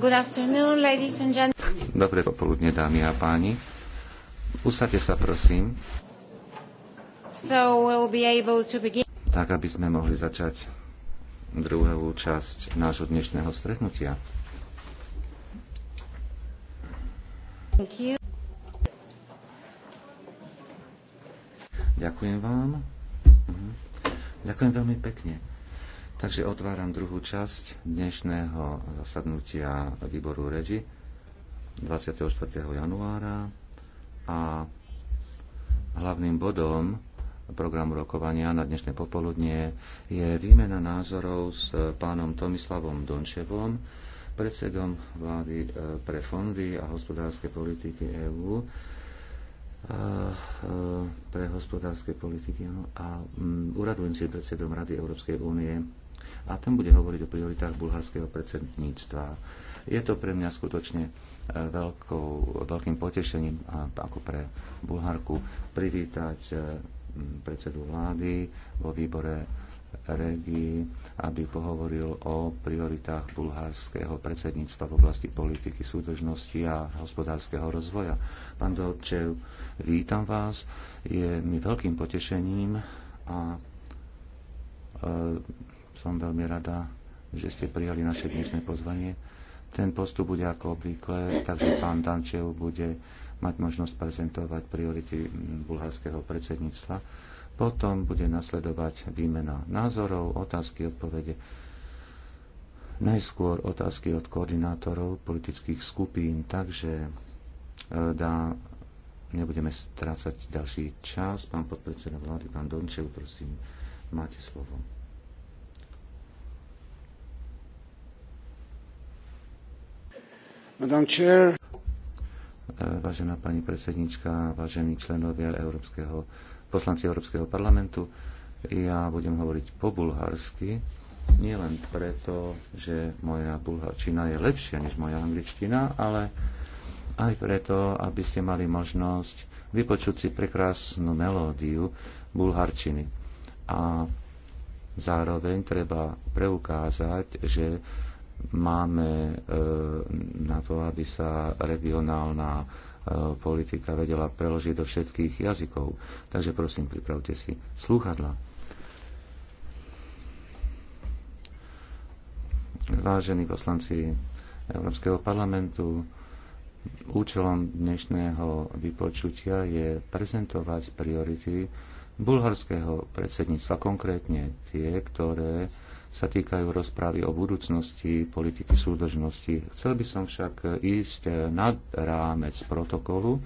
Good afternoon, ladies and gentlemen. Dobré popoludne, dámy a páni. Usadte sa, prosím. So we'll be able to begin. Tak, aby sme mohli začať druhú časť nášho dnešného stretnutia. Thank you. Ďakujem vám. Mhm. Ďakujem veľmi pekne. Takže otváram druhú časť dnešného zasadnutia výboru REGI 24. januára a hlavným bodom programu rokovania na dnešné popoludnie je výmena názorov s pánom Tomislavom Dončevom, predsedom vlády eh, pre fondy a hospodárske politiky EÚ eh, eh, pre hospodárske politiky a mm, úradujem si predsedom Rady Európskej únie a ten bude hovoriť o prioritách bulharského predsedníctva. Je to pre mňa skutočne e, veľkou, veľkým potešením ako pre Bulharku privítať e, predsedu vlády vo výbore regii, aby pohovoril o prioritách bulharského predsedníctva v oblasti politiky súdržnosti a hospodárskeho rozvoja. Pán Dolčev, vítam vás. Je mi veľkým potešením a e, som veľmi rada, že ste prijali naše dnešné pozvanie. Ten postup bude ako obvykle, takže pán Dančev bude mať možnosť prezentovať priority bulharského predsedníctva. Potom bude nasledovať výmena názorov, otázky, odpovede. Najskôr otázky od koordinátorov politických skupín, takže e, dá, nebudeme strácať ďalší čas. Pán podpredseda vlády, pán Dončev, prosím, máte slovo. E, vážená pani predsednička, vážení členovia Európskeho, poslanci Európskeho parlamentu, ja budem hovoriť po bulharsky, nielen preto, že moja bulharčina je lepšia než moja angličtina, ale aj preto, aby ste mali možnosť vypočuť si prekrásnu melódiu bulharčiny. A zároveň treba preukázať, že máme eh, na to, aby sa regionálna eh, politika vedela preložiť do všetkých jazykov. Takže prosím, pripravte si slúchadla. Vážení poslanci Európskeho parlamentu, účelom dnešného vypočutia je prezentovať priority bulharského predsedníctva, konkrétne tie, ktoré sa týkajú rozprávy o budúcnosti politiky súdržnosti. Chcel by som však ísť nad rámec protokolu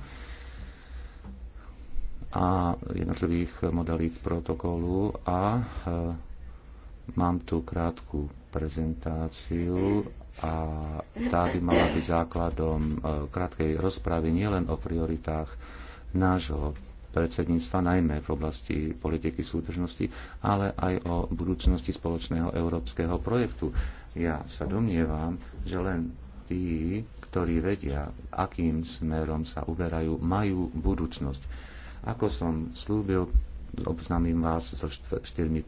a jednotlivých modalít protokolu a e, mám tu krátku prezentáciu a tá by mala byť základom e, krátkej rozpravy nielen o prioritách nášho predsedníctva, najmä v oblasti politiky súdržnosti, ale aj o budúcnosti spoločného európskeho projektu. Ja sa domnievam, že len tí, ktorí vedia, akým smerom sa uberajú, majú budúcnosť. Ako som slúbil, obznamím vás so štyrmi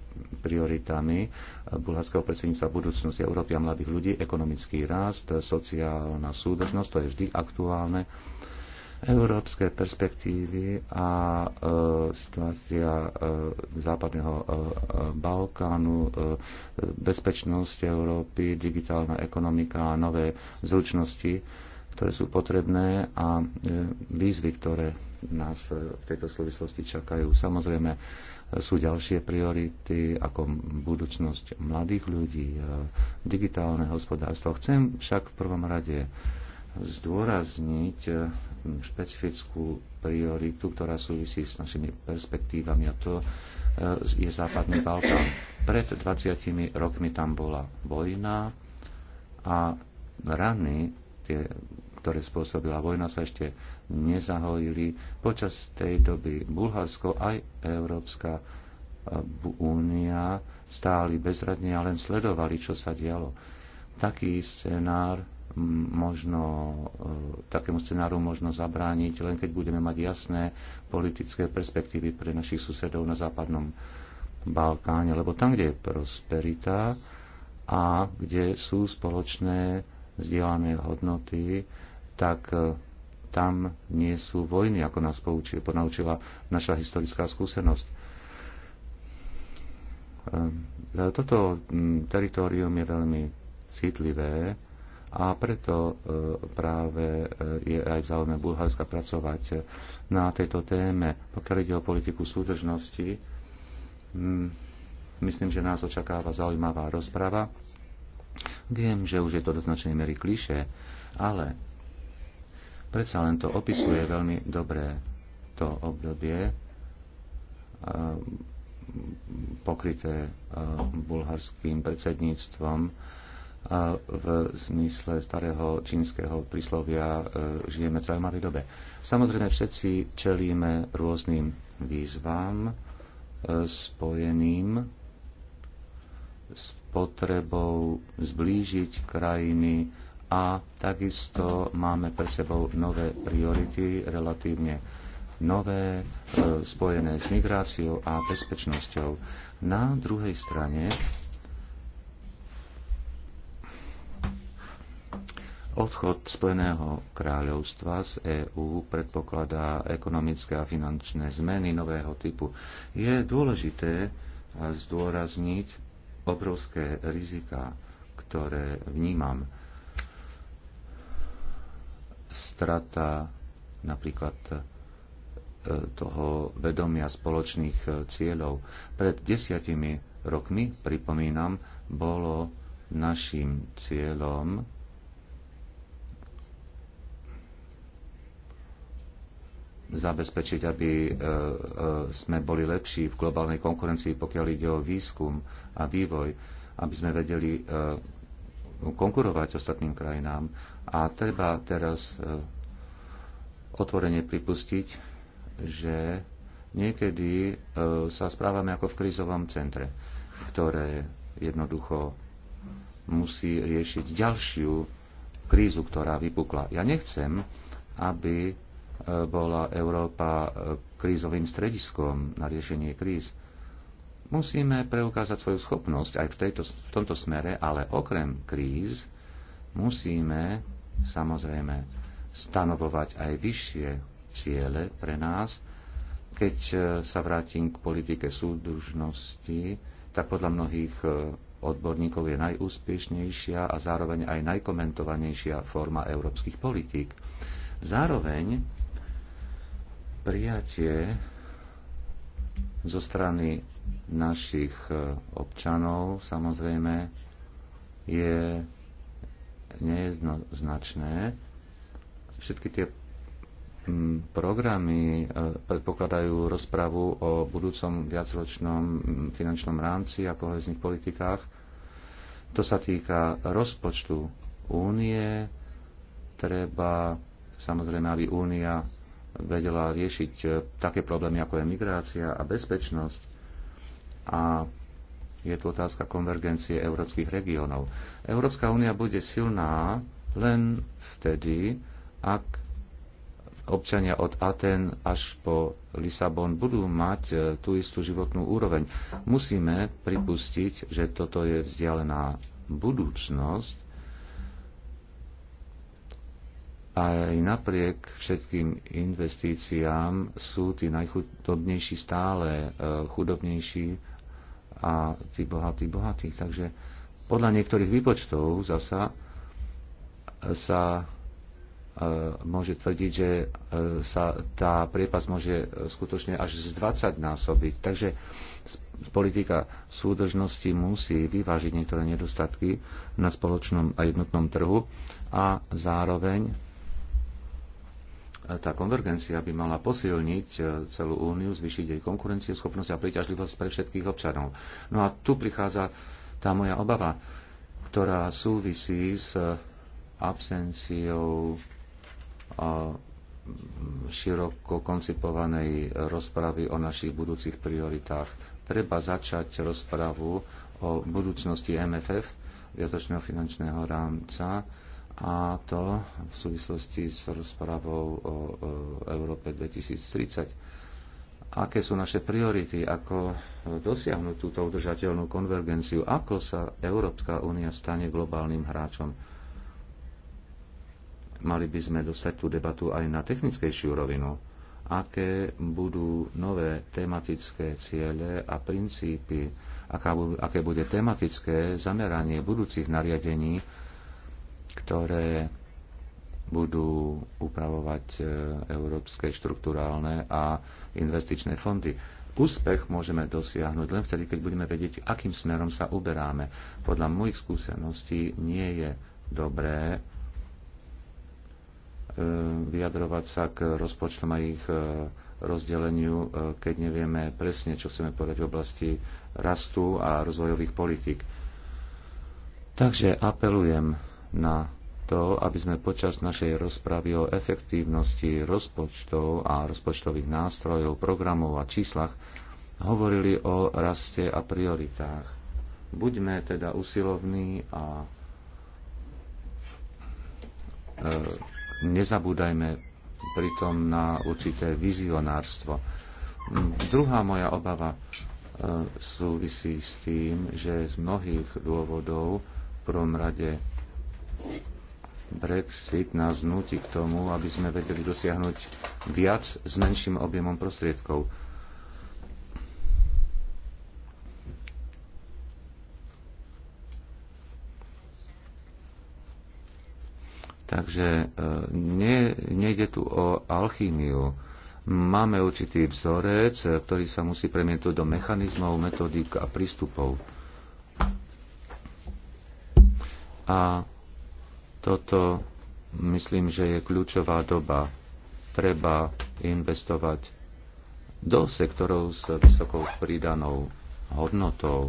prioritami bulharského predsedníctva budúcnosti Európy a mladých ľudí, ekonomický rast, sociálna súdržnosť, to je vždy aktuálne, európske perspektívy a e, situácia e, západného e, e, Balkánu, e, bezpečnosť Európy, digitálna ekonomika a nové zručnosti, ktoré sú potrebné a e, výzvy, ktoré nás e, v tejto súvislosti čakajú. Samozrejme sú ďalšie priority ako budúcnosť mladých ľudí, e, digitálne hospodárstvo. Chcem však v prvom rade zdôrazniť eh, špecifickú prioritu, ktorá súvisí s našimi perspektívami a to eh, je Západný Balkán. Pred 20 rokmi tam bola vojna a rany, tie, ktoré spôsobila vojna, sa ešte nezahojili. Počas tej doby Bulharsko aj Európska eh, únia stáli bezradne a len sledovali, čo sa dialo. Taký scenár možno e, takému scenáru možno zabrániť, len keď budeme mať jasné politické perspektívy pre našich susedov na západnom Balkáne, lebo tam, kde je prosperita a kde sú spoločné vzdielané hodnoty, tak e, tam nie sú vojny, ako nás poučil, ponaučila naša historická skúsenosť. E, toto teritorium je veľmi citlivé a preto e, práve e, je aj v záujme Bulharska pracovať e, na tejto téme. Pokiaľ ide o politiku súdržnosti, mm, myslím, že nás očakáva zaujímavá rozprava. Viem, že už je to do značnej miery klišé, ale predsa len to opisuje veľmi dobre to obdobie pokryté bulharským predsedníctvom a v zmysle starého čínskeho príslovia e, žijeme v zaujímavej dobe. Samozrejme, všetci čelíme rôznym výzvám e, spojeným s potrebou zblížiť krajiny a takisto máme pred sebou nové priority, relatívne nové, e, spojené s migráciou a bezpečnosťou. Na druhej strane Odchod Spojeného kráľovstva z EÚ predpokladá ekonomické a finančné zmeny nového typu. Je dôležité zdôrazniť obrovské rizika, ktoré vnímam. Strata napríklad e, toho vedomia spoločných e, cieľov. Pred desiatimi rokmi, pripomínam, bolo našim cieľom zabezpečiť, aby e, e, sme boli lepší v globálnej konkurencii, pokiaľ ide o výskum a vývoj, aby sme vedeli e, konkurovať ostatným krajinám. A treba teraz otvorene pripustiť, že niekedy sa správame ako v krízovom centre, ktoré jednoducho musí riešiť ďalšiu krízu, ktorá vypukla. Ja nechcem, aby bola Európa e, krízovým strediskom na riešenie kríz. Musíme preukázať svoju schopnosť aj v, tejto, v tomto smere, ale okrem kríz musíme samozrejme stanovovať aj vyššie ciele pre nás. Keď e, sa vrátim k politike súdružnosti, tak podľa mnohých e, odborníkov je najúspešnejšia a zároveň aj najkomentovanejšia forma európskych politík. Zároveň prijatie zo strany našich e, občanov samozrejme je nejednoznačné. Všetky tie programy e, predpokladajú rozpravu o budúcom viacročnom finančnom rámci a kohezných politikách. To sa týka rozpočtu únie. Treba samozrejme, aby únia vedela riešiť e, také problémy, ako je migrácia a bezpečnosť. A je tu otázka konvergencie európskych regiónov. Európska únia bude silná len vtedy, ak občania od Aten až po Lisabon budú mať e, tú istú životnú úroveň. Musíme pripustiť, že toto je vzdialená budúcnosť aj napriek všetkým investíciám sú tí najchudobnejší stále e, chudobnejší a tí bohatí bohatí. Takže podľa niektorých výpočtov zasa e, sa e, môže tvrdiť, že sa tá priepas môže skutočne až z 20 násobiť. Takže politika súdržnosti musí vyvážiť niektoré nedostatky na spoločnom a jednotnom trhu a zároveň tá konvergencia by mala posilniť e, celú úniu, zvýšiť jej konkurencieschopnosť a príťažlivosť pre všetkých občanov. No a tu prichádza tá moja obava, ktorá súvisí s e, absenciou e, široko koncipovanej rozpravy o našich budúcich prioritách. Treba začať rozpravu o budúcnosti MFF, viacročného finančného rámca, a to v súvislosti s rozprávou o Európe 2030. Aké sú naše priority, ako e, dosiahnuť túto udržateľnú konvergenciu, ako sa Európska únia stane globálnym hráčom. Mali by sme dostať tú debatu aj na technickejšiu rovinu. Aké budú nové tematické ciele a princípy, aká, aké bude tematické zameranie budúcich nariadení, ktoré budú upravovať e, európske štruktúrálne a investičné fondy. Úspech môžeme dosiahnuť len vtedy, keď budeme vedieť, akým smerom sa uberáme. Podľa mojich skúseností nie je dobré e, vyjadrovať sa k rozpočtom a ich e, rozdeleniu, keď nevieme presne, čo chceme povedať v oblasti rastu a rozvojových politik. Takže apelujem na to, aby sme počas našej rozpravy o efektívnosti rozpočtov a rozpočtových nástrojov, programov a číslach hovorili o raste a prioritách. Buďme teda usilovní a e, nezabúdajme pritom na určité vizionárstvo. Druhá moja obava e, súvisí s tým, že z mnohých dôvodov v prvom rade Brexit nás nutí k tomu, aby sme vedeli dosiahnuť viac s menším objemom prostriedkov. Takže e, ne, nejde tu o alchýmiu. Máme určitý vzorec, e, ktorý sa musí premietnúť do mechanizmov, metodík a prístupov. A toto myslím, že je kľúčová doba. Treba investovať do sektorov s vysokou pridanou hodnotou.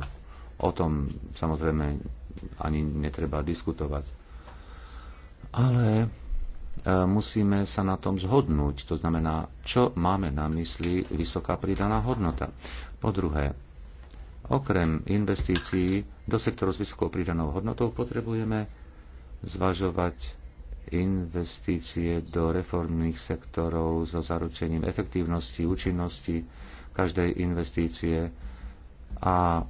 O tom samozrejme ani netreba diskutovať. Ale e, musíme sa na tom zhodnúť. To znamená, čo máme na mysli vysoká pridaná hodnota. Po druhé, okrem investícií do sektoru s vysokou pridanou hodnotou potrebujeme zvažovať investície do reformných sektorov so zaručením efektívnosti, účinnosti každej investície a e,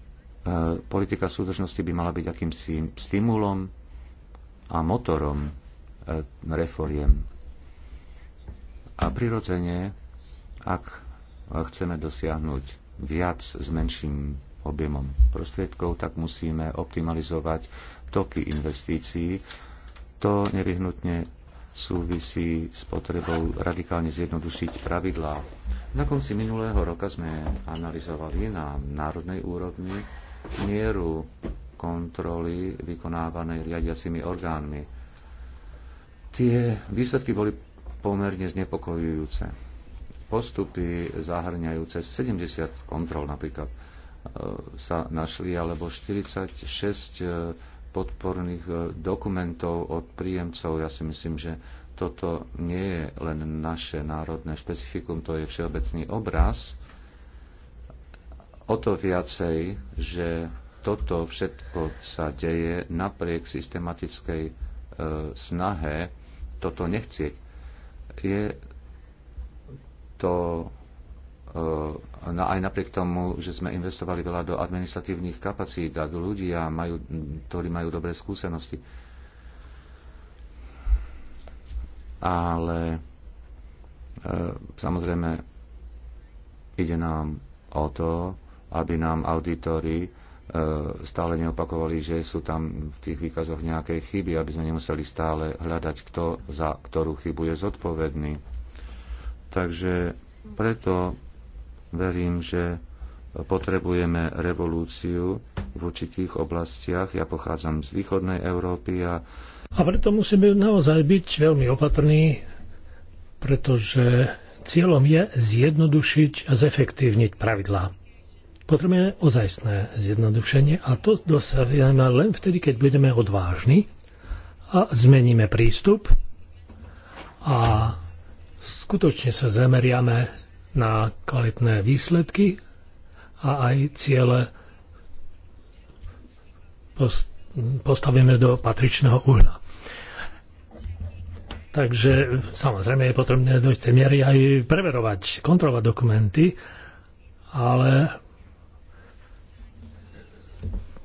politika súdržnosti by mala byť akýmsi stimulom a motorom e, reforiem. A prirodzene, ak chceme dosiahnuť viac s menším objemom prostriedkov, tak musíme optimalizovať toky investícií. To nevyhnutne súvisí s potrebou radikálne zjednodušiť pravidlá. Na konci minulého roka sme analyzovali na národnej úrovni mieru kontroly vykonávanej riadiacimi orgánmi. Tie výsledky boli pomerne znepokojujúce. Postupy zahrňajúce 70 kontrol napríklad e, sa našli, alebo 46 podporných e, dokumentov od príjemcov. Ja si myslím, že toto nie je len naše národné špecifikum, to je všeobecný obraz. O to viacej, že toto všetko sa deje napriek systematickej e, snahe toto nechcieť. Je to Eh, no aj napriek tomu, že sme investovali veľa do administratívnych kapacít a do ľudí, a majú, ktorí majú dobré skúsenosti. Ale eh, samozrejme ide nám o to, aby nám auditori eh, stále neopakovali, že sú tam v tých výkazoch nejaké chyby, aby sme nemuseli stále hľadať, kto za ktorú chybu je zodpovedný. Takže preto Verím, že potrebujeme revolúciu v určitých oblastiach. Ja pochádzam z východnej Európy a... A preto musíme naozaj byť veľmi opatrní, pretože cieľom je zjednodušiť a zefektívniť pravidlá. Potrebujeme ozajstné zjednodušenie a to dosahujeme len vtedy, keď budeme odvážni a zmeníme prístup a skutočne sa zameriame na kvalitné výsledky a aj ciele postavíme do patričného uhla. Takže samozrejme je potrebné do tej miery aj preverovať, kontrolovať dokumenty, ale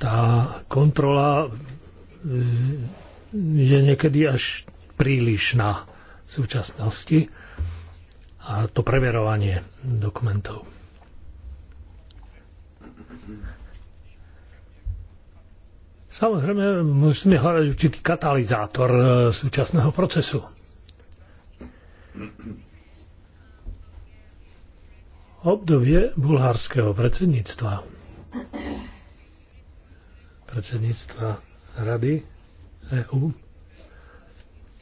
tá kontrola je niekedy až prílišná v súčasnosti a to preverovanie dokumentov. Samozrejme, musíme hľadať určitý katalizátor e, súčasného procesu. Obdobie bulharského predsedníctva. Predsedníctva Rady EU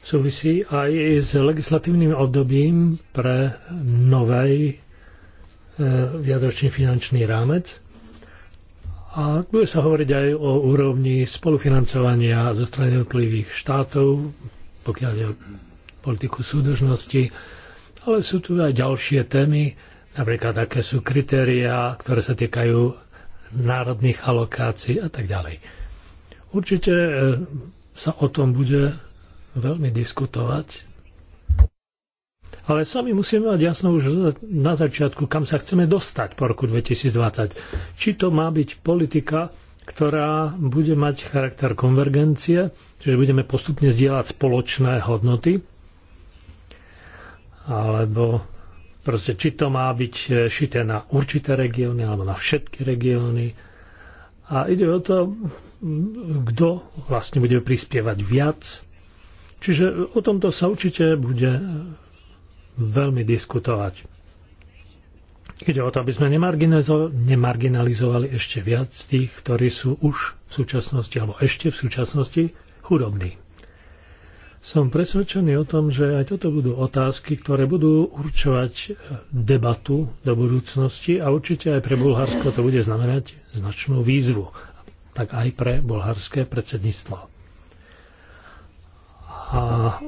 súvisí aj s legislatívnym obdobím pre novej e, viadročný finančný rámec. A bude sa hovoriť aj o úrovni spolufinancovania zo strany jednotlivých štátov, pokiaľ je o politiku súdržnosti. Ale sú tu aj ďalšie témy, napríklad aké sú kritériá, ktoré sa týkajú národných alokácií a tak ďalej. Určite e, sa o tom bude veľmi diskutovať, ale sami musíme mať jasno už na začiatku, kam sa chceme dostať po roku 2020. Či to má byť politika, ktorá bude mať charakter konvergencie, čiže budeme postupne zdieľať spoločné hodnoty, alebo proste či to má byť eh, šité na určité regióny alebo na všetky regióny. A ide o to, kto vlastne bude prispievať viac Čiže o tomto sa určite bude e, veľmi diskutovať. Ide o to, aby sme nemarginalizovali ešte viac tých, ktorí sú už v súčasnosti alebo ešte v súčasnosti chudobní. Som presvedčený o tom, že aj toto budú otázky, ktoré budú určovať e, debatu do budúcnosti a určite aj pre Bulharsko to bude znamenať značnú výzvu, tak aj pre bulharské predsedníctvo. A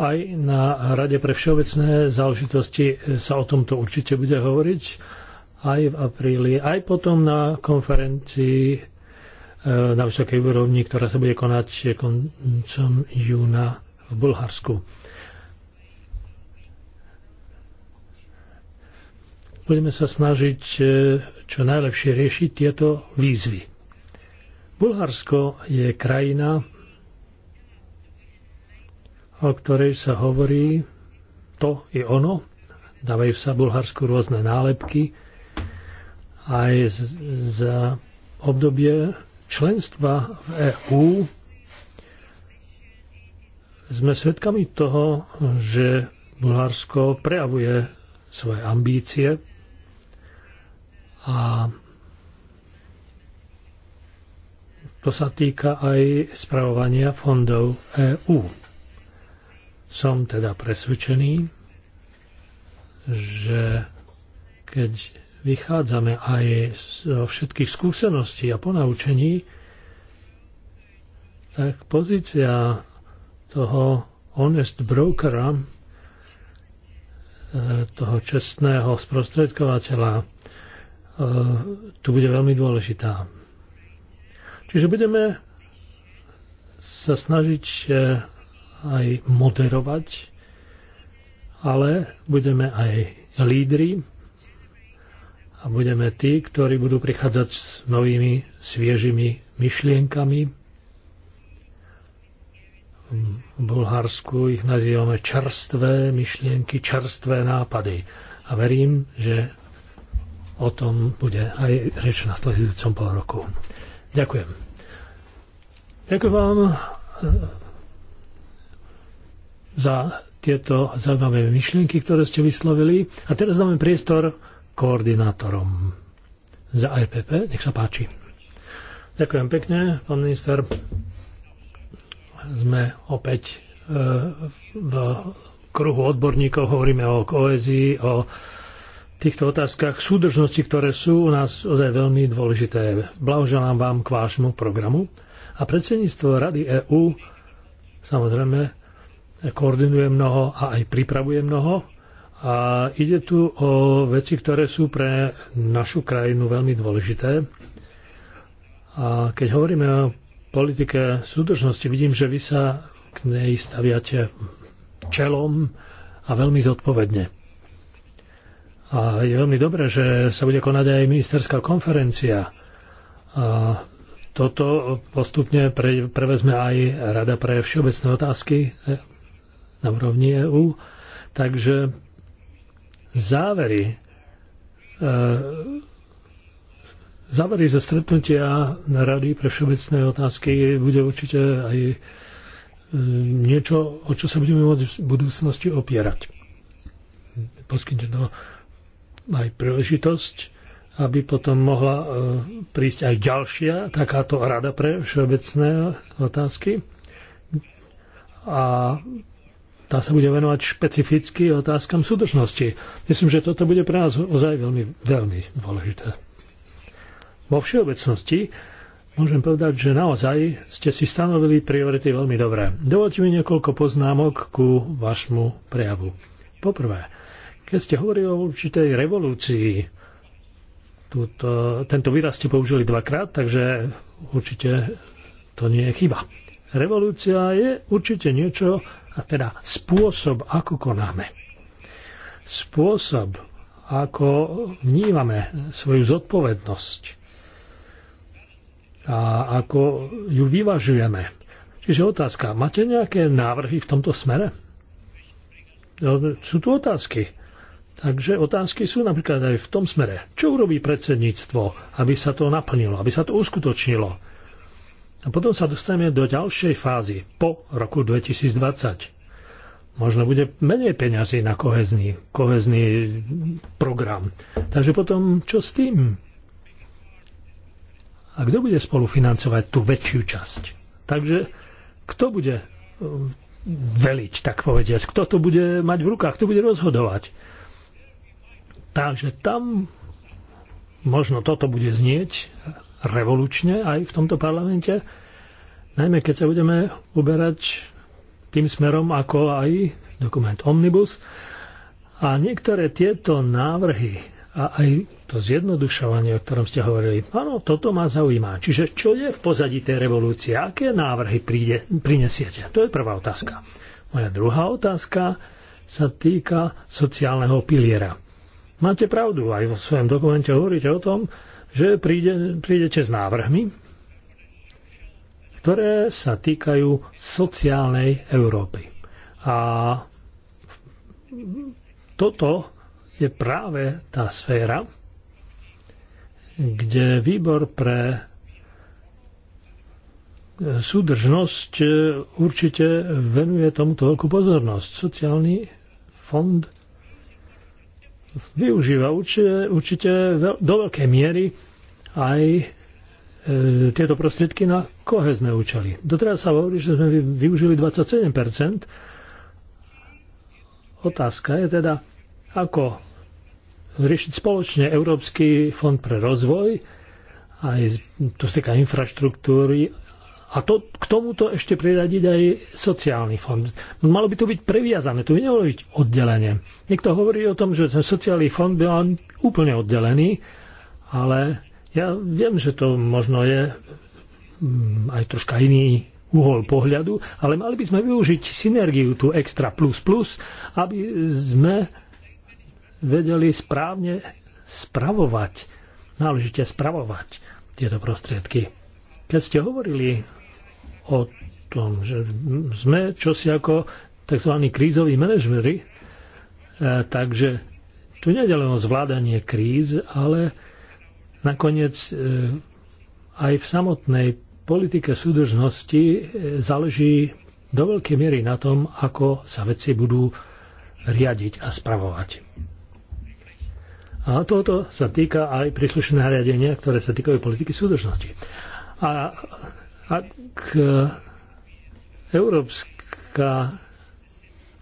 aj na Rade pre všeobecné záležitosti sa o tomto určite bude hovoriť aj v apríli, aj potom na konferencii e, na vysokej úrovni, ktorá sa bude konať koncom júna v Bulharsku. Budeme sa snažiť e, čo najlepšie riešiť tieto výzvy. Bulharsko je krajina, o ktorej sa hovorí to i ono. Dávajú sa Bulharsku rôzne nálepky aj za obdobie členstva v EÚ sme svedkami toho, že Bulharsko prejavuje svoje ambície a to sa týka aj spravovania fondov EÚ. Som teda presvedčený, že keď vychádzame aj zo všetkých skúseností a ponaučení, tak pozícia toho honest brokera, e, toho čestného sprostredkovateľa, e, tu bude veľmi dôležitá. Čiže budeme sa snažiť e, aj moderovať, ale budeme aj lídri a budeme tí, ktorí budú prichádzať s novými, sviežimi myšlienkami. V Bulharsku ich nazývame čerstvé myšlienky, čerstvé nápady. A verím, že o tom bude aj reč na sledujúcom pol roku. Ďakujem. Ďakujem vám za tieto zaujímavé myšlienky, ktoré ste vyslovili. A teraz dáme priestor koordinátorom za IPP. E Nech sa páči. Ďakujem pekne, pán minister. Sme opäť e, v kruhu odborníkov, hovoríme o koezii, o týchto otázkach súdržnosti, ktoré sú u nás ozaj veľmi dôležité. Blahoželám vám k vášmu programu. A predsedníctvo Rady EÚ samozrejme koordinuje mnoho a aj pripravuje mnoho. A ide tu o veci, ktoré sú pre našu krajinu veľmi dôležité. A keď hovoríme o politike súdržnosti, vidím, že vy sa k nej staviate čelom a veľmi zodpovedne. A je veľmi dobré, že sa bude konať aj ministerská konferencia. A toto postupne pre, prevezme aj Rada pre všeobecné otázky na úrovni EÚ. Takže závery e, Závery ze stretnutia na Rady pre všeobecné otázky bude určite aj e, niečo, o čo sa budeme môcť v budúcnosti opierať. Poskytne to aj príležitosť, aby potom mohla e, prísť aj ďalšia takáto rada pre všeobecné otázky. A tá sa bude venovať špecificky otázkam súdržnosti. Myslím, že toto bude pre nás ozaj veľmi, veľmi dôležité. Vo všeobecnosti môžem povedať, že naozaj ste si stanovili priority veľmi dobré. Dovolte mi niekoľko poznámok ku vašmu prejavu. Poprvé, keď ste hovorili o určitej revolúcii, túto, tento výraz ste použili dvakrát, takže určite to nie je chyba. Revolúcia je určite niečo, a teda spôsob, ako konáme. Spôsob, ako vnímame svoju zodpovednosť a ako ju vyvažujeme. Čiže otázka, máte nejaké návrhy v tomto smere? No, sú tu otázky. Takže otázky sú napríklad aj v tom smere. Čo urobí predsedníctvo, aby sa to naplnilo, aby sa to uskutočnilo? A potom sa dostaneme do ďalšej fázy po roku 2020. Možno bude menej peňazí na kohezný, kohezný program. Takže potom čo s tým? A kto bude spolufinancovať tú väčšiu časť? Takže kto bude um, veliť, tak povediať? Kto to bude mať v rukách? Kto bude rozhodovať? Takže tam možno toto bude znieť revolučne aj v tomto parlamente, najmä keď sa budeme uberať tým smerom ako aj dokument Omnibus. A niektoré tieto návrhy a aj to zjednodušovanie, o ktorom ste hovorili, áno, toto ma zaujíma. Čiže čo je v pozadí tej revolúcie? Aké návrhy príde, prinesiete? To je prvá otázka. Moja druhá otázka sa týka sociálneho piliera. Máte pravdu, aj vo svojom dokumente hovoríte o tom, že príde, prídete s návrhmi, ktoré sa týkajú sociálnej Európy. A toto je práve tá sféra, kde výbor pre súdržnosť určite venuje tomuto veľkú pozornosť. Sociálny fond využíva určite, určite do veľkej miery aj e, tieto prostriedky na kohezné účely. Doteraz sa hovorí, že sme využili 27 Otázka je teda, ako riešiť spoločne Európsky fond pre rozvoj, aj to sa týka infraštruktúry a to, k tomuto ešte priradiť aj sociálny fond. Malo by to byť previazané, to by nemalo byť oddelené. Niekto hovorí o tom, že ten sociálny fond by len úplne oddelený, ale ja viem, že to možno je mm, aj troška iný uhol pohľadu, ale mali by sme využiť synergiu tu extra plus plus, aby sme vedeli správne spravovať, náležite spravovať tieto prostriedky. Keď ste hovorili o tom, že sme čosi ako tzv. krízoví manažmery, e, takže tu nie je len o zvládanie kríz, ale nakoniec e, aj v samotnej politike súdržnosti e, záleží do veľkej miery na tom, ako sa veci budú riadiť a spravovať. A toto sa týka aj príslušné riadenia, ktoré sa týkajú politiky súdržnosti. A ak e, európska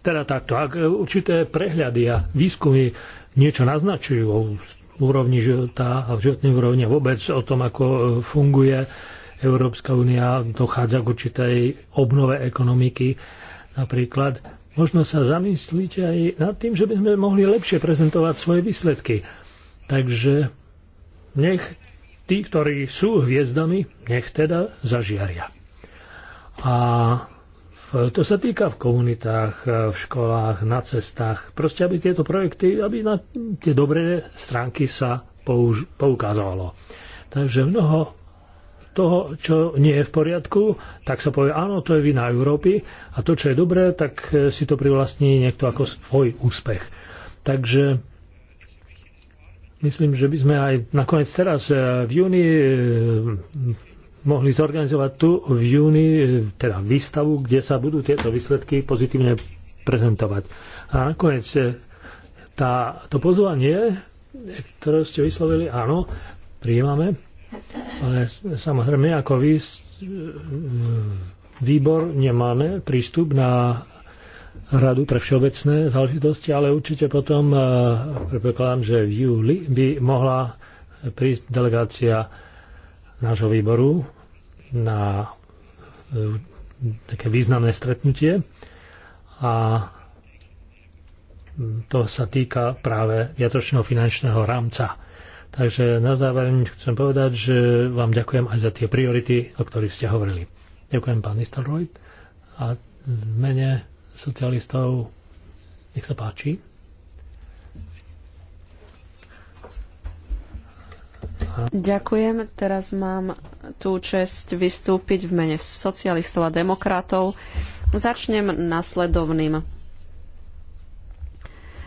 teda takto, ak e, určité prehľady a výskumy niečo naznačujú o úrovni života a životnej úrovni vôbec o tom, ako e, funguje Európska únia, dochádza k určitej obnove ekonomiky napríklad, možno sa zamyslíť aj nad tým, že by sme mohli lepšie prezentovať svoje výsledky. Takže nech tí, ktorí sú hviezdami, nech teda zažiaria. A to sa týka v komunitách, v školách, na cestách. Proste, aby tieto projekty, aby na tie dobré stránky sa použ- poukázalo. Takže mnoho toho, čo nie je v poriadku, tak sa povie, áno, to je vina Európy a to, čo je dobré, tak si to privlastní niekto ako svoj úspech. Takže Myslím, že by sme aj nakoniec teraz eh, v júni eh, mohli zorganizovať tu v júni eh, teda výstavu, kde sa budú tieto výsledky pozitívne prezentovať. A nakoniec tá, to pozvanie, ktoré ste vyslovili, áno, prijímame, ale samozrejme ako vy výbor nemáme prístup na radu pre všeobecné záležitosti, ale určite potom predpokladám, že v júli by mohla prísť delegácia nášho výboru na e, také významné stretnutie a to sa týka práve viatočného finančného rámca. Takže na záver chcem povedať, že vám ďakujem aj za tie priority, o ktorých ste hovorili. Ďakujem pán Nistelrooy a v mene socialistov. Nech sa páči. Ďakujem. Teraz mám tú čest vystúpiť v mene socialistov a demokratov. Začnem nasledovným.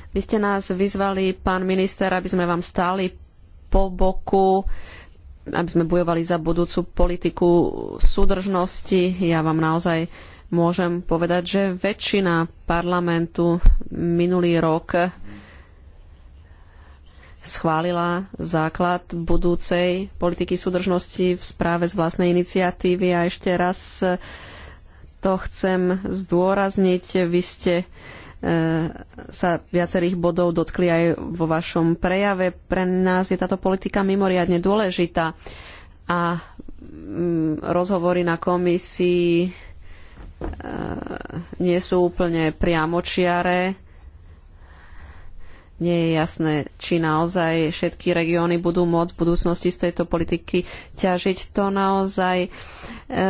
Vy ste nás vyzvali, pán minister, aby sme vám stáli po boku, aby sme bojovali za budúcu politiku súdržnosti. Ja vám naozaj môžem povedať, že väčšina parlamentu minulý rok schválila základ budúcej politiky súdržnosti v správe z vlastnej iniciatívy a ešte raz to chcem zdôrazniť. Vy ste e, sa viacerých bodov dotkli aj vo vašom prejave. Pre nás je táto politika mimoriadne dôležitá a mm, rozhovory na komisii E, nie sú úplne priamočiare. Nie je jasné, či naozaj všetky regióny budú môcť v budúcnosti z tejto politiky ťažiť. To naozaj e,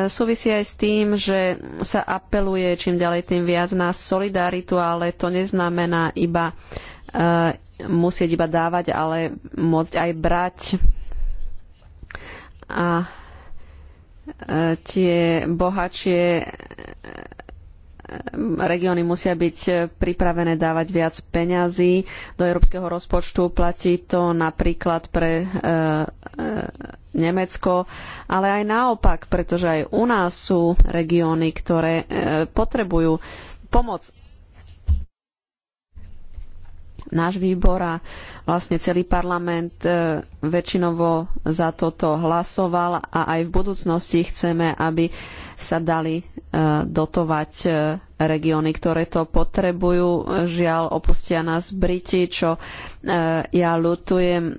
súvisí aj s tým, že sa apeluje čím ďalej tým viac na solidaritu, ale to neznamená iba e, musieť iba dávať, ale môcť aj brať. A tie bohatšie regióny musia byť pripravené dávať viac peňazí do európskeho rozpočtu. Platí to napríklad pre e, e, Nemecko, ale aj naopak, pretože aj u nás sú regióny, ktoré e, potrebujú pomoc. Náš výbor a vlastne celý parlament e, väčšinovo za toto hlasoval a aj v budúcnosti chceme, aby sa dali e, dotovať e, regióny, ktoré to potrebujú. Žiaľ, opustia nás Briti, čo e, ja lutujem.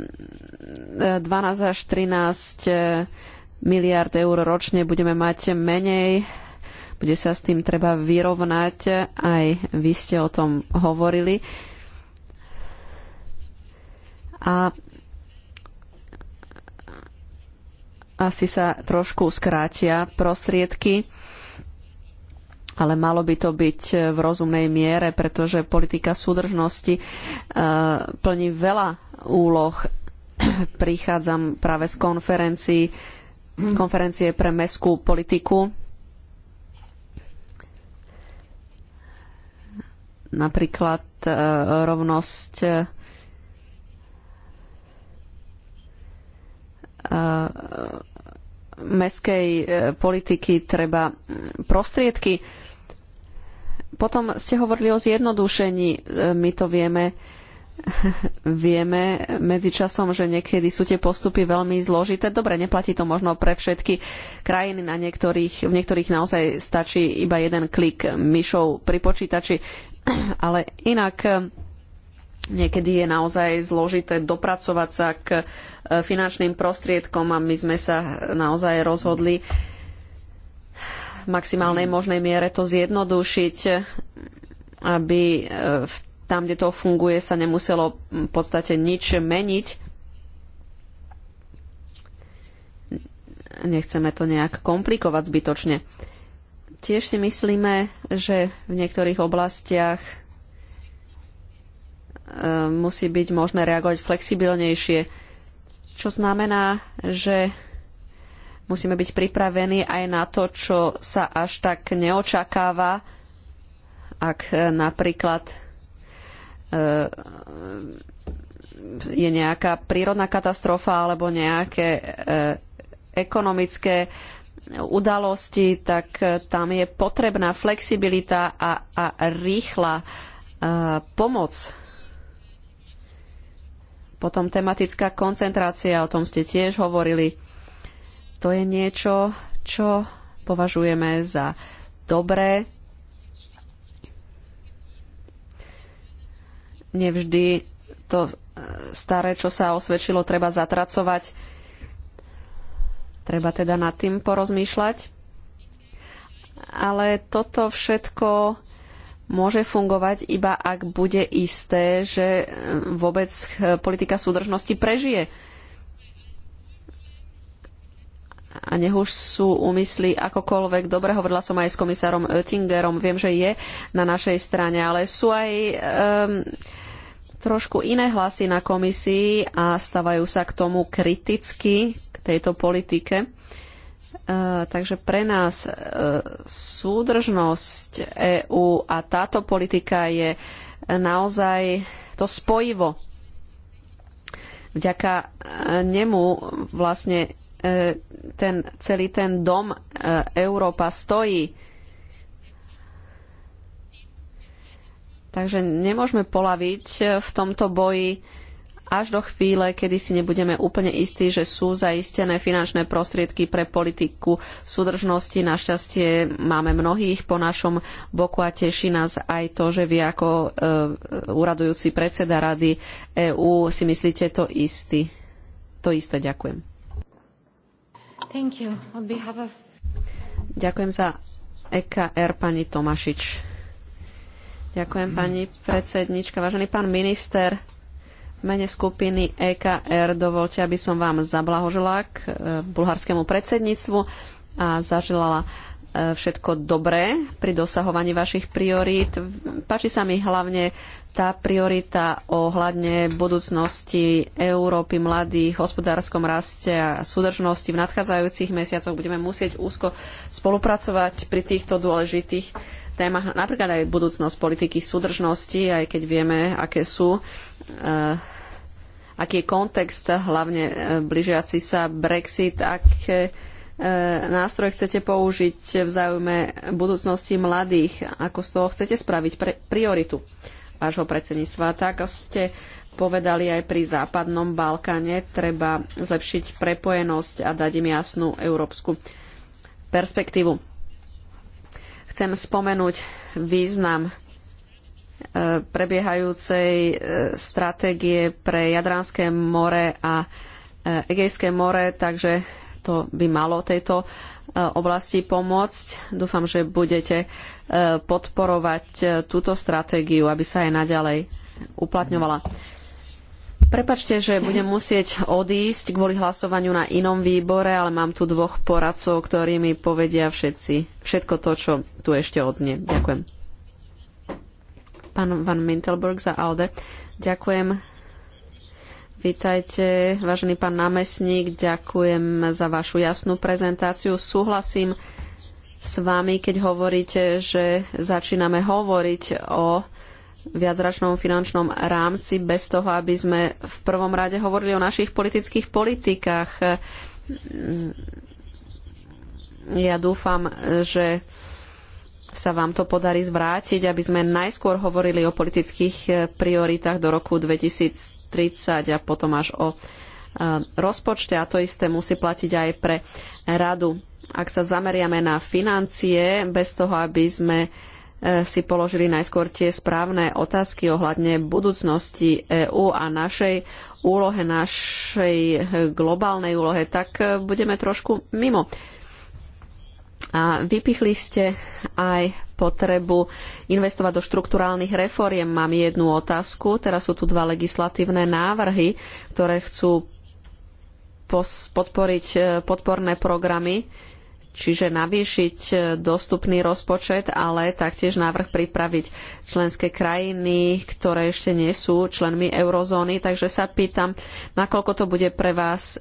12 až 13 miliard eur ročne budeme mať menej. Bude sa s tým treba vyrovnať. Aj vy ste o tom hovorili. A asi sa trošku skrátia prostriedky, ale malo by to byť v rozumnej miere, pretože politika súdržnosti eh, plní veľa úloh. Prichádzam práve z konferencií, konferencie pre mestskú politiku. Napríklad eh, rovnosť eh, meskej e, politiky treba prostriedky. Potom ste hovorili o zjednodušení. E, my to vieme, vieme medzičasom, že niekedy sú tie postupy veľmi zložité. Dobre, neplatí to možno pre všetky krajiny. Na niektorých, v niektorých naozaj stačí iba jeden klik myšou pri počítači. Ale inak Niekedy je naozaj zložité dopracovať sa k e, finančným prostriedkom a my sme sa naozaj rozhodli v maximálnej mm. možnej miere to zjednodušiť, aby e, tam, kde to funguje, sa nemuselo v podstate nič meniť. nechceme to nejak komplikovať zbytočne. Tiež si myslíme, že v niektorých oblastiach E, musí byť možné reagovať flexibilnejšie, čo znamená, že musíme byť pripravení aj na to, čo sa až tak neočakáva, ak e, napríklad e, je nejaká prírodná katastrofa alebo nejaké ekonomické udalosti, tak tam je potrebná flexibilita a, a rýchla pomoc potom tematická koncentrácia, o tom ste tiež hovorili. To je niečo, čo považujeme za dobré. Nevždy to e, staré, čo sa osvedčilo, treba zatracovať. Treba teda nad tým porozmýšľať. Ale toto všetko môže fungovať iba ak bude isté, že e, vôbec politika súdržnosti prežije. A nech už sú úmysly akokoľvek. Dobre, hovorila som aj s komisárom Oettingerom, viem, že je na našej strane, ale sú aj um, trošku iné hlasy na komisii a stavajú sa k tomu kriticky, k tejto politike. Eh, takže pre nás eh, súdržnosť EÚ a táto politika je naozaj to spojivo. Vďaka eh, nemu vlastne ten, celý ten dom Európa stojí. Takže nemôžeme polaviť v tomto boji až do chvíle, kedy si nebudeme úplne istí, že sú zaistené finančné prostriedky pre politiku súdržnosti. Našťastie máme mnohých po našom boku a teší nás aj to, že vy ako e, uradujúci predseda Rady EÚ si myslíte to istý. To isté ďakujem. Of... Ďakujem za EKR pani Tomašič. Ďakujem pani predsednička. Vážený pán minister, mene skupiny EKR dovolte, aby som vám zablahožila k e, bulharskému predsedníctvu a zaželala e, všetko dobré pri dosahovaní vašich priorít. Páči sa mi hlavne tá priorita ohľadne budúcnosti Európy, mladých, hospodárskom raste a súdržnosti v nadchádzajúcich mesiacoch. Budeme musieť úzko spolupracovať pri týchto dôležitých témach, napríklad aj budúcnosť politiky súdržnosti, aj keď vieme, aké sú Eh, aký je kontext, hlavne eh, blížiaci sa Brexit, aké eh, nástroje chcete použiť v záujme budúcnosti mladých, ako z toho chcete spraviť pre, prioritu vášho predsedníctva. Tak ste povedali aj pri západnom Balkáne, treba zlepšiť prepojenosť a dať im jasnú európsku perspektívu. Chcem spomenúť význam prebiehajúcej e, stratégie pre Jadranské more a e, Egejské more, takže to by malo tejto e, oblasti pomôcť. Dúfam, že budete podporovať túto stratégiu, aby sa aj naďalej uplatňovala. Prepačte, že budem musieť odísť kvôli hlasovaniu na inom výbore, ale mám tu dvoch poradcov, ktorí mi povedia všetci všetko to, čo tu ešte odznie. Ďakujem pán Van Mintelberg za ALDE. Ďakujem. Vítajte, vážený pán námestník, ďakujem za vašu jasnú prezentáciu. Súhlasím s vami, keď hovoríte, že začíname hovoriť o viacračnom finančnom rámci bez toho, aby sme v prvom rade hovorili o našich politických politikách. Ja dúfam, že sa vám to podarí zvrátiť, aby sme najskôr hovorili o politických e, prioritách do roku 2030 a potom až o e, rozpočte a to isté musí platiť aj pre radu. Ak sa zameriame na financie, bez toho, aby sme e, si položili najskôr tie správne otázky ohľadne budúcnosti EÚ a našej úlohe, našej globálnej úlohe, tak budeme trošku mimo. A vypichli ste aj potrebu investovať do štrukturálnych reforiem. Mám jednu otázku. Teraz sú tu dva legislatívne návrhy, ktoré chcú podporiť e, podporné programy, čiže navýšiť e, dostupný rozpočet, ale taktiež návrh pripraviť členské krajiny, ktoré ešte nie sú členmi eurozóny. Takže sa pýtam, nakoľko to bude pre vás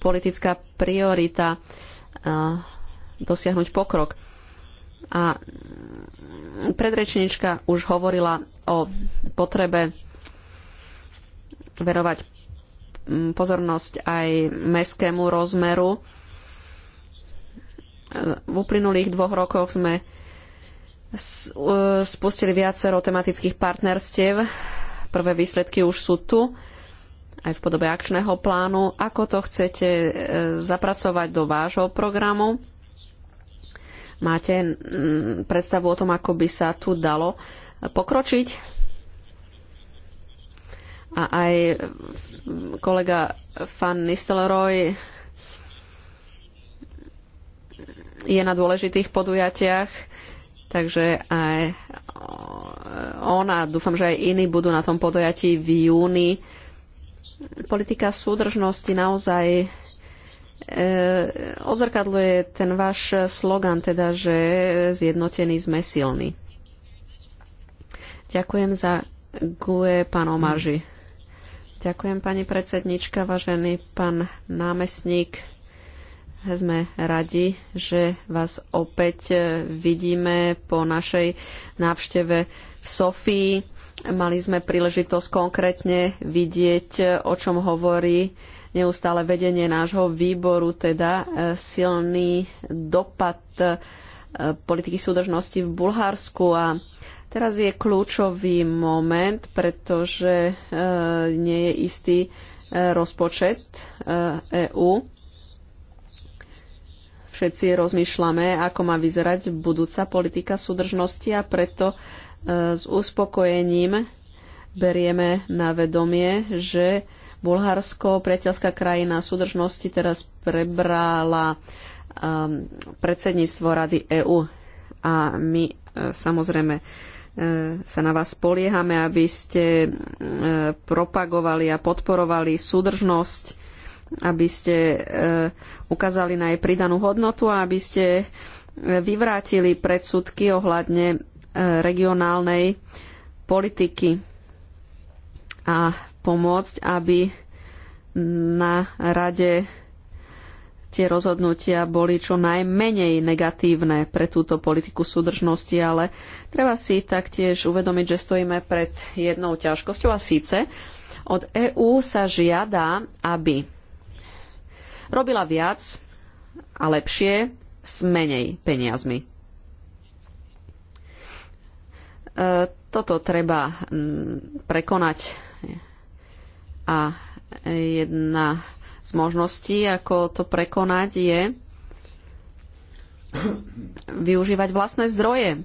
politická priorita dosiahnuť pokrok. A predrečnička už hovorila o potrebe verovať mm, pozornosť aj mestskému rozmeru. V uplynulých dvoch rokoch sme spustili viacero tematických partnerstiev. Prvé výsledky už sú tu, aj v podobe akčného plánu. Ako to chcete e, zapracovať do vášho programu? Máte mm, predstavu o tom, ako by sa tu dalo pokročiť? A aj kolega Fan Nistelroj je na dôležitých podujatiach, takže aj on a dúfam, že aj iní budú na tom podujatí v júni. Politika súdržnosti naozaj E, odzrkadluje ten váš slogan, teda, že zjednotení sme silní. Ďakujem za GUE, pán Omaži. Ďakujem, pani predsednička, vážený pán námestník. Sme radi, že vás opäť vidíme po našej návšteve v Sofii. Mali sme príležitosť konkrétne vidieť, o čom hovorí neustále vedenie nášho výboru, teda e, silný dopad e, politiky súdržnosti v Bulharsku a teraz je kľúčový moment, pretože e, nie je istý rozpočet EÚ. Všetci rozmýšľame, ako má vyzerať budúca politika súdržnosti a preto s uspokojením berieme na vedomie, že Bulharsko, priateľská krajina súdržnosti, teraz prebrala um, predsedníctvo Rady EÚ a my e, samozrejme e, sa na vás spoliehame, aby ste e, propagovali a podporovali súdržnosť, aby ste ukázali na jej pridanú hodnotu a aby ste vyvrátili predsudky ohľadne regionálnej politiky. A pomôcť, aby na rade tie rozhodnutia boli čo najmenej negatívne pre túto politiku súdržnosti, ale treba si taktiež uvedomiť, že stojíme pred jednou ťažkosťou a síce od EÚ sa žiada, aby robila viac a lepšie s menej peniazmi. E, toto treba prekonať a jedna z možností, ako to prekonať, je využívať vlastné zdroje.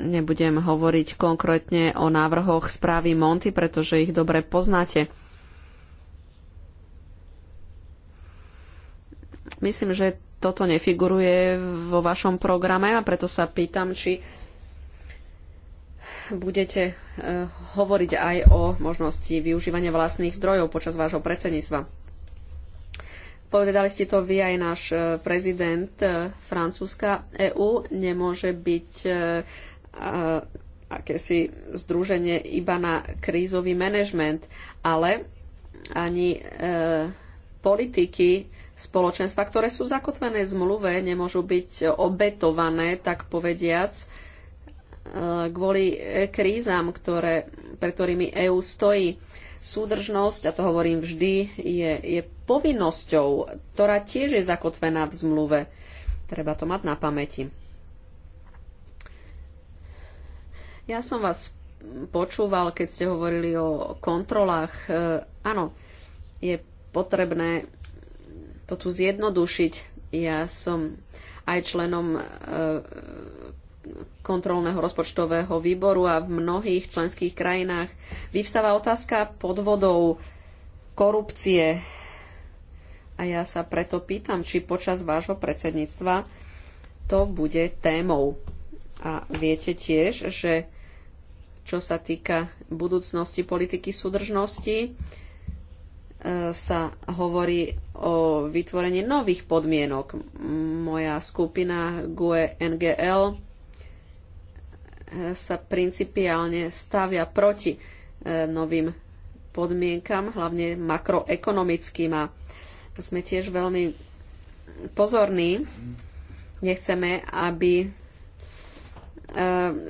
Nebudem hovoriť konkrétne o návrhoch správy Monty, pretože ich dobre poznáte. Myslím, že toto nefiguruje vo vašom programe a preto sa pýtam, či budete e, hovoriť aj o možnosti využívania vlastných zdrojov počas vášho predsedníctva. Povedali ste to vy aj náš e, prezident e, Francúzska. EÚ nemôže byť akési združenie iba na krízový manažment, ale ani politiky spoločenstva, ktoré sú zakotvené v zmluve, nemôžu byť obetované, tak povediac, E, kvôli e, krízam, ktoré, pre ktorými EÚ stojí. Súdržnosť, a to hovorím vždy, je, je povinnosťou, ktorá tiež je zakotvená v zmluve. Treba to mať na pamäti. Ja som vás počúval, keď ste hovorili o kontrolách. E, áno, je potrebné to tu zjednodušiť. Ja som aj členom e, kontrolného rozpočtového výboru a v mnohých členských krajinách vyvstáva otázka podvodov, korupcie. A ja sa preto pýtam, či počas vášho predsedníctva to bude témou. A viete tiež, že čo sa týka budúcnosti politiky súdržnosti, e, sa hovorí o vytvorení nových podmienok. Moja skupina GUE NGL sa principiálne stavia proti e, novým podmienkam, hlavne makroekonomickým. A sme tiež veľmi pozorní. Nechceme, aby e,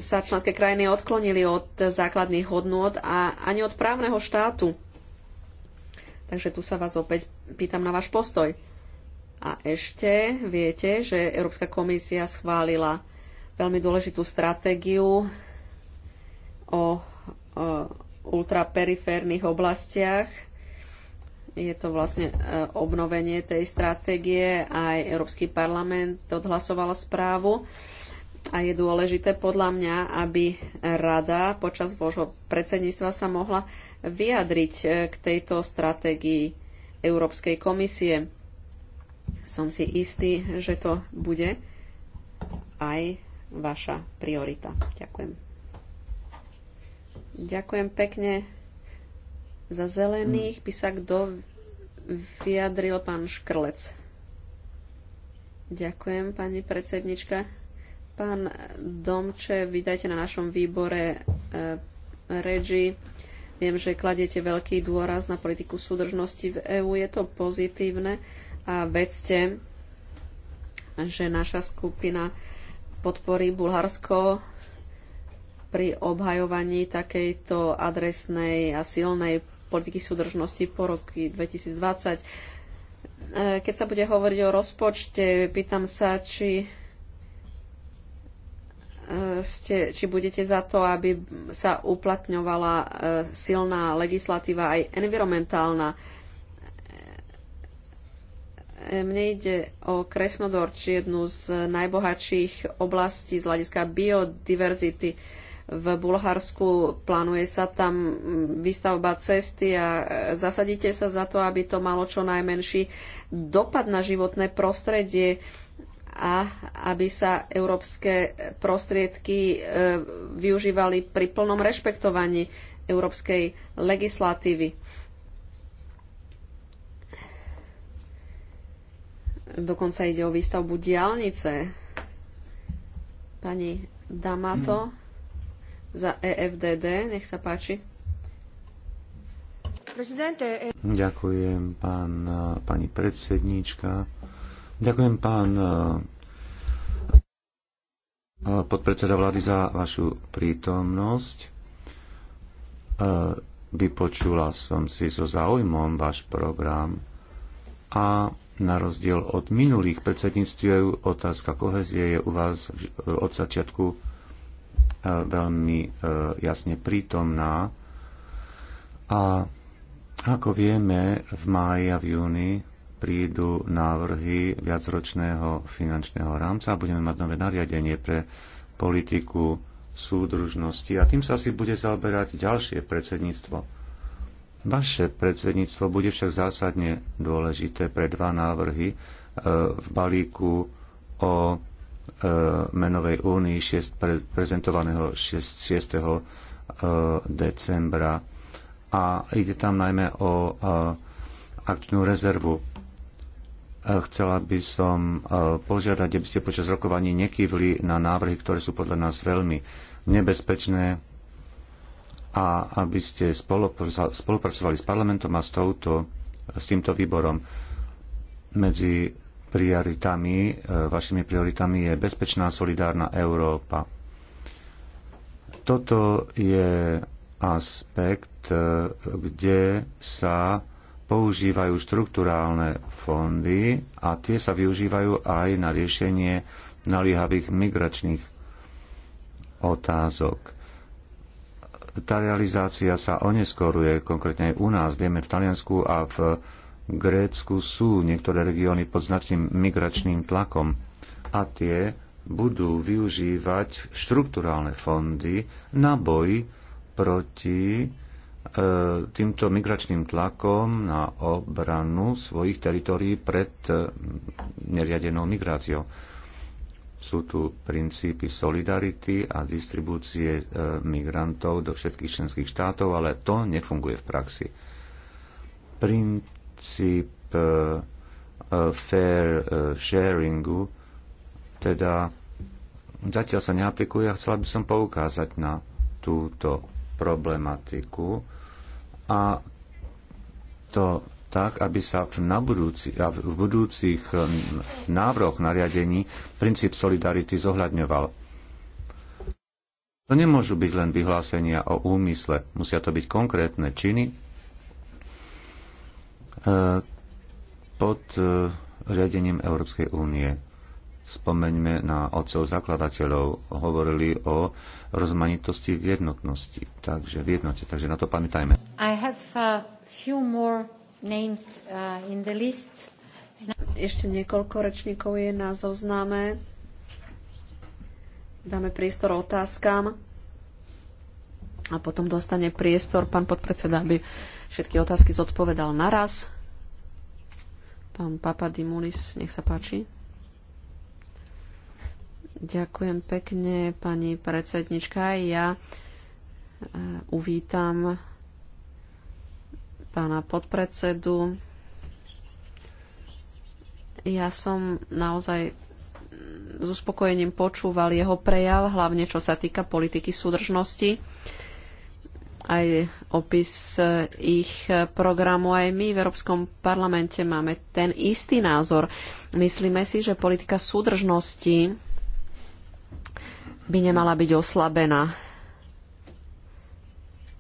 sa členské krajiny odklonili od základných hodnôt a ani od právneho štátu. Takže tu sa vás opäť pýtam na váš postoj. A ešte viete, že Európska komisia schválila veľmi dôležitú stratégiu o, o ultraperiférnych oblastiach. Je to vlastne e, obnovenie tej stratégie. Aj Európsky parlament odhlasoval správu. A je dôležité podľa mňa, aby rada počas vôjho predsedníctva sa mohla vyjadriť e, k tejto stratégii Európskej komisie. Som si istý, že to bude aj vaša priorita. Ďakujem. Ďakujem pekne. Za zelených by sa kto vyjadril pán Škrlec. Ďakujem, pani predsednička. Pán Domče, vydajte na našom výbore e, reči. Viem, že kladiete veľký dôraz na politiku súdržnosti v EÚ. Je to pozitívne a vedzte, že naša skupina e, podporí Bulharsko pri obhajovaní takejto adresnej a silnej politiky súdržnosti po roky 2020. E, keď sa bude hovoriť o rozpočte, pýtam sa, či, e, ste, či budete za to, aby sa uplatňovala e, silná legislatíva aj environmentálna mne ide o Kresnodorč, jednu z najbohatších oblastí z hľadiska biodiverzity. V Bulharsku plánuje sa tam výstavba cesty a zasadíte sa za to, aby to malo čo najmenší dopad na životné prostredie a aby sa európske prostriedky e, využívali pri plnom rešpektovaní európskej legislatívy Dokonca ide o výstavbu diálnice. Pani Damato hmm. za EFDD, nech sa páči. E- Ďakujem, pán, e, pani predsedníčka. Ďakujem, pán e, podpredseda vlády, za vašu prítomnosť. Vypočula som si so záujmom váš program a na rozdiel od minulých predsedníctiev otázka kohezie je u vás od začiatku e, veľmi e, jasne prítomná. A ako vieme, v máji a v júni prídu návrhy viacročného finančného rámca a budeme mať nové nariadenie pre politiku súdružnosti a tým sa asi bude zaoberať ďalšie predsedníctvo. Vaše predsedníctvo bude však zásadne dôležité pre dva návrhy e, v balíku o e, menovej únii prezentovaného 6. E, decembra. A ide tam najmä o akčnú rezervu. Chcela by som požiadať, aby ste počas rokovaní nekývli na návrhy, ktoré sú podľa nás veľmi nebezpečné, a aby ste spolupracovali s parlamentom a s, touto, s týmto výborom. Medzi prioritami, e, vašimi prioritami je bezpečná, solidárna Európa. Toto je aspekt, e, kde sa používajú štruktúrálne fondy a tie sa využívajú aj na riešenie naliehavých migračných otázok tá realizácia sa oneskoruje, konkrétne aj u nás. Vieme, v Taliansku a v Grécku sú niektoré regióny pod značným migračným tlakom a tie budú využívať štruktúrálne fondy na boj proti e, týmto migračným tlakom na obranu svojich teritórií pred e, neriadenou migráciou. Sú tu princípy solidarity a distribúcie e, migrantov do všetkých členských štátov, ale to nefunguje v praxi. Princíp e, e, fair sharingu teda zatiaľ sa neaplikuje a chcela by som poukázať na túto problematiku a to tak, aby sa v, budúci, v budúcich um, návroch nariadení princíp solidarity zohľadňoval. To nemôžu byť len vyhlásenia o úmysle, musia to byť konkrétne činy uh, pod uh, riadením Európskej únie. Spomeňme na otcov zakladateľov, hovorili o rozmanitosti v jednotnosti, takže v jednote, takže na to pamätajme. I have a uh, few more names uh, in the list. Ešte niekoľko rečníkov je na zozname. Dáme priestor otázkam a potom dostane priestor pán podpredseda, aby všetky otázky zodpovedal naraz. Pán Dimulis, nech sa páči. Ďakujem pekne, pani predsednička. Ja eh, uvítam pána podpredsedu. Ja som naozaj s uspokojením počúval jeho prejav, hlavne čo sa týka politiky súdržnosti aj opis eh, ich programu. Aj my v Európskom parlamente máme ten istý názor. Myslíme si, že politika súdržnosti by nemala byť oslabená,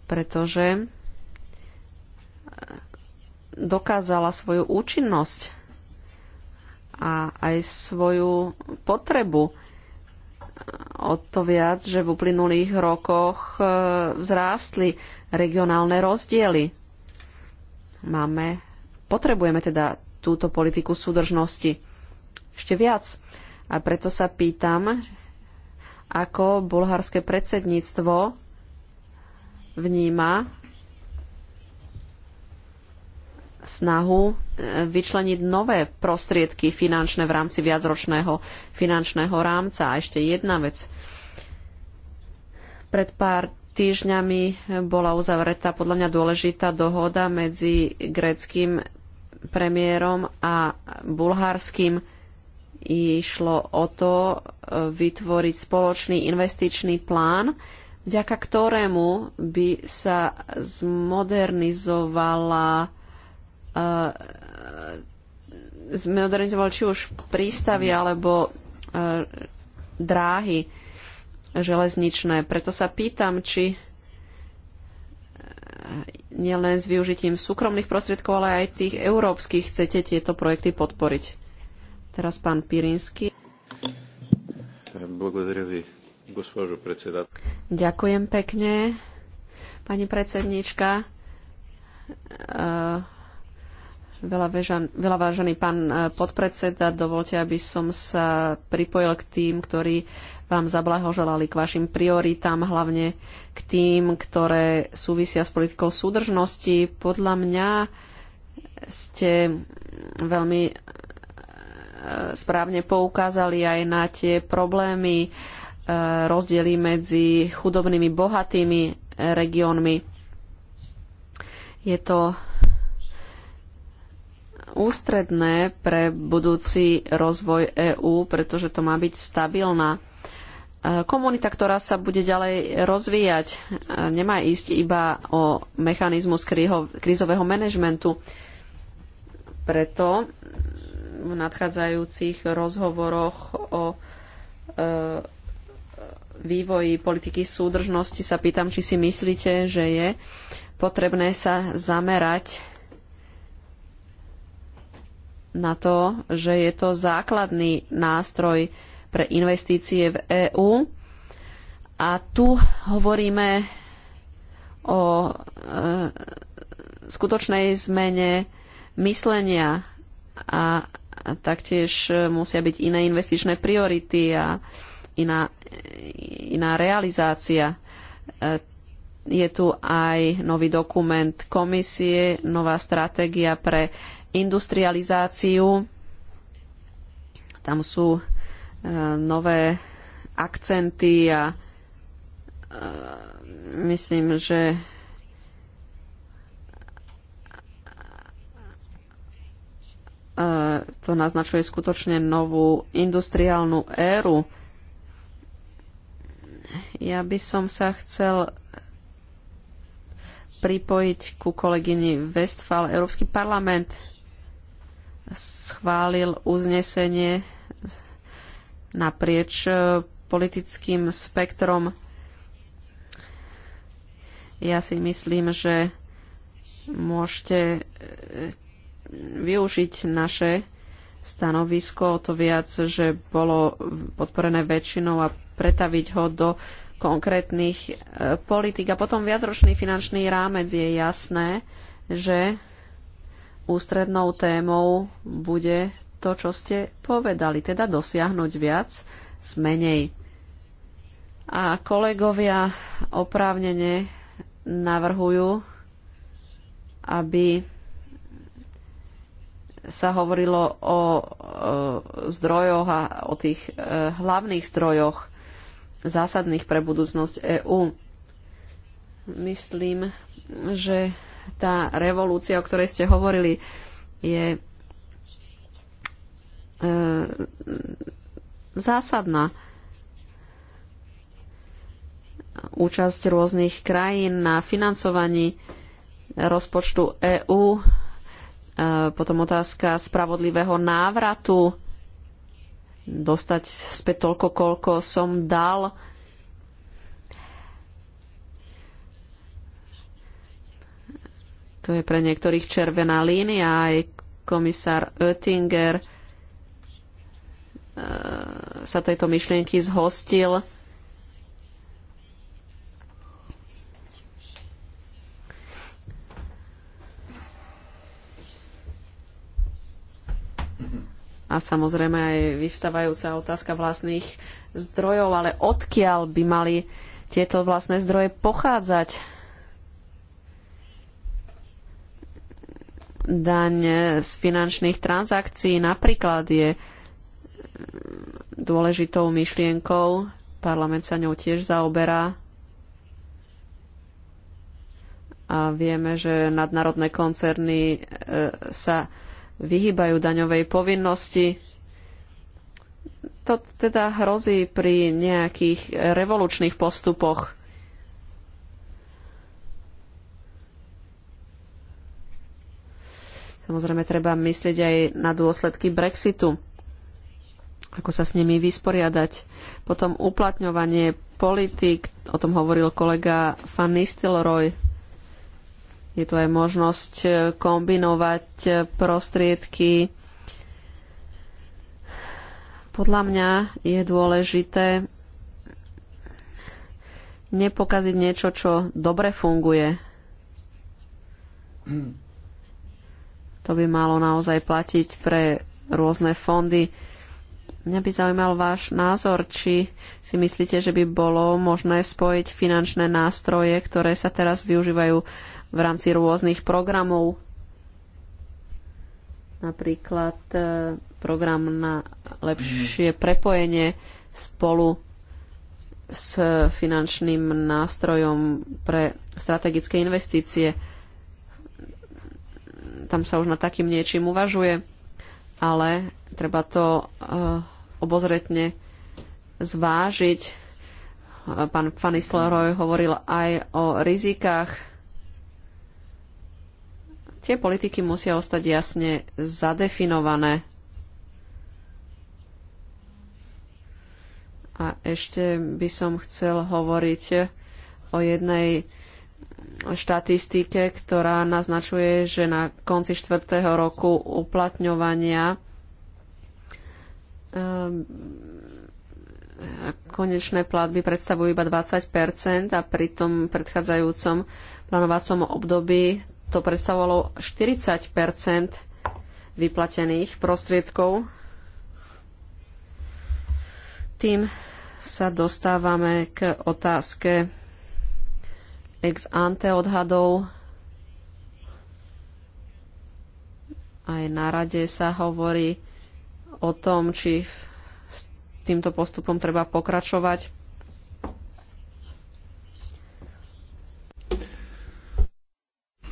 pretože dokázala svoju účinnosť a aj svoju potrebu. O to viac, že v uplynulých rokoch e, vzrástli regionálne rozdiely. Máme, potrebujeme teda túto politiku súdržnosti ešte viac. A preto sa pýtam, ako bulharské predsedníctvo vníma snahu e, vyčleniť nové prostriedky finančné v rámci viacročného finančného rámca. A ešte jedna vec. Pred pár týždňami bola uzavretá podľa mňa dôležitá dohoda medzi gréckým premiérom a bulharským išlo o to e, vytvoriť spoločný investičný plán, vďaka ktorému by sa zmodernizovala Eh, sme zmodernizovali či už prístavy mhm. alebo eh, dráhy železničné. Preto sa pýtam, či eh, nielen s využitím súkromných prostriedkov, ale aj tých európskych chcete tieto projekty podporiť. Teraz pán Pirinsky. Ďakujem pekne, pani predsednička. Э, Veľa, vežan, veľa vážený pán e, podpredseda, dovolte, aby som sa pripojil k tým, ktorí vám zablahoželali k vašim prioritám, hlavne k tým, ktoré súvisia s politikou súdržnosti. Podľa mňa ste veľmi e, správne poukázali aj na tie problémy, e, rozdiely medzi chudobnými, bohatými regiónmi. Je to ústredné pre budúci rozvoj EÚ, pretože to má byť stabilná e, komunita, ktorá sa bude ďalej rozvíjať. E, nemá ísť iba o mechanizmus krízového manažmentu. Preto v nadchádzajúcich rozhovoroch o e, vývoji politiky súdržnosti sa pýtam, či si myslíte, že je potrebné sa zamerať na to, že je to základný nástroj pre investície v EÚ. A tu hovoríme o e, skutočnej zmene myslenia a, a taktiež musia byť iné investičné priority a iná, iná realizácia. E, je tu aj nový dokument komisie, nová stratégia pre industrializáciu. Tam sú e, nové akcenty a e, myslím, že e, to naznačuje skutočne novú industriálnu éru. Ja by som sa chcel pripojiť ku kolegyni Westfal. Európsky parlament schválil uznesenie naprieč e, politickým spektrom. Ja si myslím, že môžete e, využiť naše stanovisko, o to viac, že bolo podporené väčšinou a pretaviť ho do konkrétnych e, politik. A potom viacročný finančný rámec je jasné, že ústrednou témou bude to, čo ste povedali, teda dosiahnuť viac s menej. A kolegovia oprávnene navrhujú, aby sa hovorilo o zdrojoch a o tých e, hlavných zdrojoch zásadných pre budúcnosť EÚ. Myslím, že tá revolúcia, o ktorej ste hovorili, je e, zásadná. Účasť rôznych krajín na financovaní rozpočtu EÚ, e, potom otázka spravodlivého návratu, dostať späť toľko, koľko som dal, To je pre niektorých červená línia. Aj komisár Oettinger e, sa tejto myšlienky zhostil. A samozrejme aj vyvstávajúca otázka vlastných zdrojov, ale odkiaľ by mali tieto vlastné zdroje pochádzať? daň z finančných transakcií napríklad je dôležitou myšlienkou. Parlament sa ňou tiež zaoberá. A vieme, že nadnárodné koncerny e, sa vyhýbajú daňovej povinnosti. To teda hrozí pri nejakých revolučných postupoch Samozrejme, treba myslieť aj na dôsledky Brexitu, ako sa s nimi vysporiadať. Potom uplatňovanie politik, o tom hovoril kolega Van Nistelrooy. Je tu aj možnosť e, kombinovať e, prostriedky. Podľa mňa je dôležité nepokaziť niečo, čo dobre funguje. To by malo naozaj platiť pre rôzne fondy. Mňa by zaujímal váš názor, či si myslíte, že by bolo možné spojiť finančné nástroje, ktoré sa teraz využívajú v rámci rôznych programov, napríklad e, program na lepšie mhm. prepojenie spolu s finančným nástrojom pre strategické investície tam sa už na takým niečím uvažuje, ale treba to eh, obozretne zvážiť. Pán Fanisleroj hovoril aj o rizikách. Tie politiky musia ostať jasne zadefinované. A ešte by som chcel hovoriť o jednej štatistike, ktorá naznačuje, že na konci štvrtého roku uplatňovania ehm, konečné platby predstavujú iba 20 a pri tom predchádzajúcom plánovacom období to predstavovalo 40 vyplatených prostriedkov. Tým sa dostávame k otázke ex ante odhadov. Aj na rade sa hovorí o tom, či s týmto postupom treba pokračovať.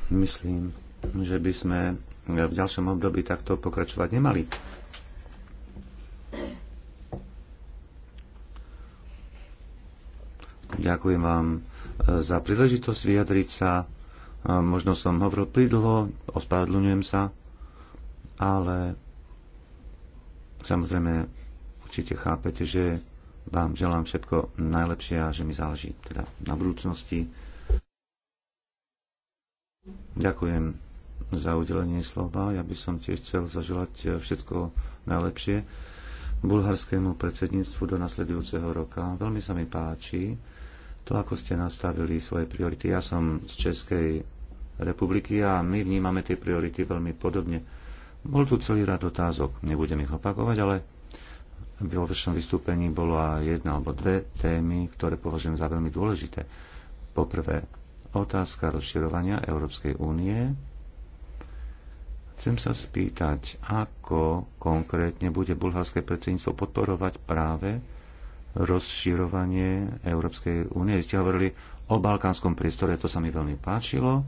Myslím, že by sme v ďalšom období takto pokračovať nemali. Ďakujem vám za príležitosť vyjadriť sa. Možno som hovoril pridlho, ospravedlňujem sa, ale samozrejme určite chápete, že vám želám všetko najlepšie a že mi záleží teda na budúcnosti. Ďakujem za udelenie slova. Ja by som tiež chcel zaželať všetko najlepšie bulharskému predsedníctvu do nasledujúceho roka. Veľmi sa mi páči, to, ako ste nastavili svoje priority. Ja som z Českej republiky a my vnímame tie priority veľmi podobne. Bol tu celý rad otázok, nebudem ich opakovať, ale v vašom vystúpení bola jedna alebo dve témy, ktoré považujem za veľmi dôležité. Poprvé, otázka rozširovania Európskej únie. Chcem sa spýtať, ako konkrétne bude bulharské predsedníctvo podporovať práve rozširovanie Európskej únie. Ste hovorili o balkánskom priestore, to sa mi veľmi páčilo.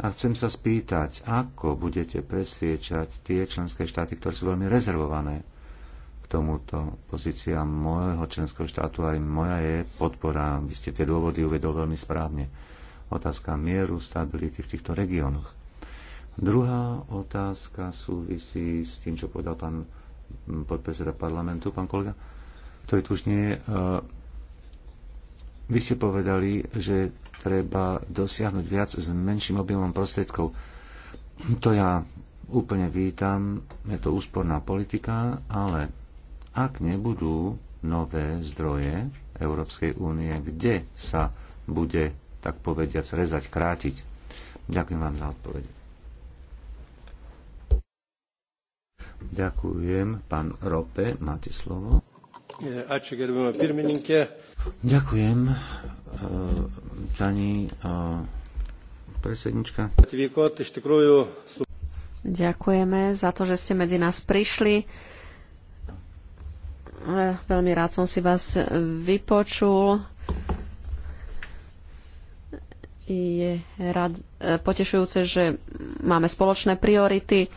A chcem sa spýtať, ako budete presviečať tie členské štáty, ktoré sú veľmi rezervované k tomuto. Pozícia môjho členského štátu aj moja je podpora. Vy ste tie dôvody uvedol veľmi správne. Otázka mieru, stability v týchto regiónoch. Druhá otázka súvisí s tým, čo povedal pán podpredseda parlamentu, pán kolega ktorý tu už nie je. E, vy ste povedali, že treba dosiahnuť viac s menším objemom prostriedkov. To ja úplne vítam, je to úsporná politika, ale ak nebudú nové zdroje Európskej únie, kde sa bude, tak povediac, rezať, krátiť? Ďakujem vám za odpoveď. Ďakujem. Pán Rope, máte slovo. Ďakujem, e, pani e, predsednička. Ďakujeme za to, že ste medzi nás prišli. E, veľmi rád som si vás vypočul. Je rád, potešujúce, že máme spoločné priority,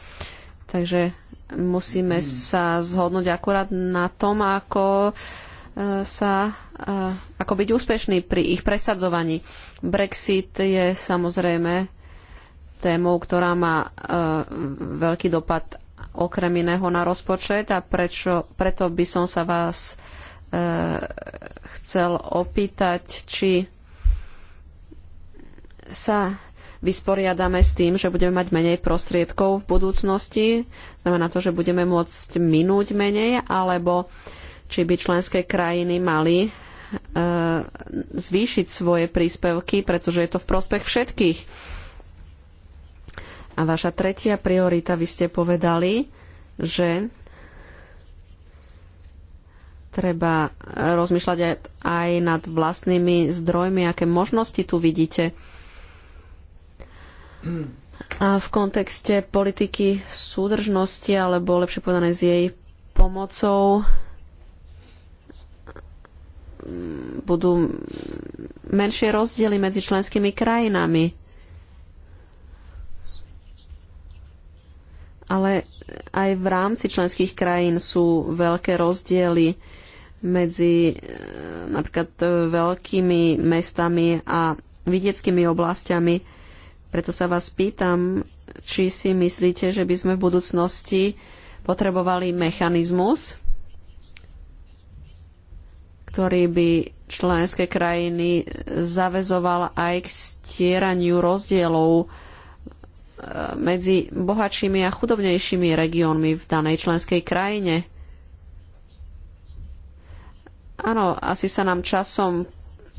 takže Musíme sa zhodnúť akurát na tom, ako e, sa e, ako byť úspešný pri ich presadzovaní. Brexit je samozrejme témou, ktorá má e, veľký dopad okrem iného na rozpočet a prečo, preto by som sa vás chcel opýtať, či sa vysporiadame s tým, že budeme mať menej prostriedkov v budúcnosti. Znamená to, že budeme môcť minúť menej, alebo či by členské krajiny mali e, zvýšiť svoje príspevky, pretože je to v prospech všetkých. A vaša tretia priorita, vy ste povedali, že treba rozmýšľať aj nad vlastnými zdrojmi, aké možnosti tu vidíte a v kontexte politiky súdržnosti, alebo lepšie povedané s jej pomocou, budú menšie rozdiely medzi členskými krajinami. Ale aj v rámci členských krajín sú veľké rozdiely medzi eh, napríklad eh, veľkými mestami a vidieckými oblastiami preto sa vás pýtam, či si myslíte, že by sme v budúcnosti potrebovali mechanizmus, ktorý by členské krajiny zavezoval aj k stieraniu rozdielov eh, medzi bohatšími a chudobnejšími regiónmi v danej členskej krajine. Áno, asi sa nám časom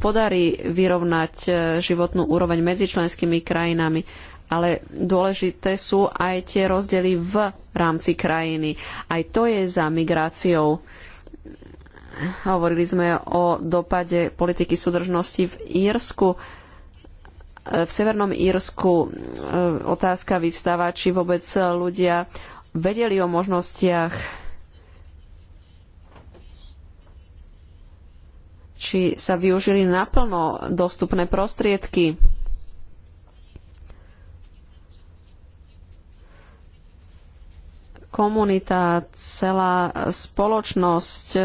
podarí vyrovnať e, životnú úroveň medzi členskými krajinami. Ale dôležité sú aj tie rozdiely v rámci krajiny. Aj to je za migráciou. Hovorili sme o dopade politiky súdržnosti v Írsku e, v Severnom Írsku e, otázka vyvstáva, či vôbec ľudia vedeli o možnostiach či sa využili naplno dostupné prostriedky. Komunita, celá spoločnosť e,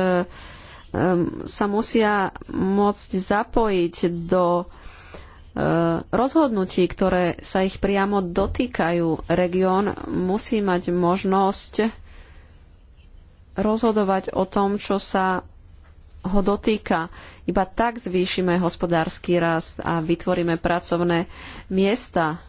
sa musia môcť zapojiť do e, rozhodnutí, ktoré sa ich priamo dotýkajú. Región musí mať možnosť rozhodovať o tom, čo sa ho dotýka. Iba tak zvýšime hospodársky rast a vytvoríme pracovné miesta.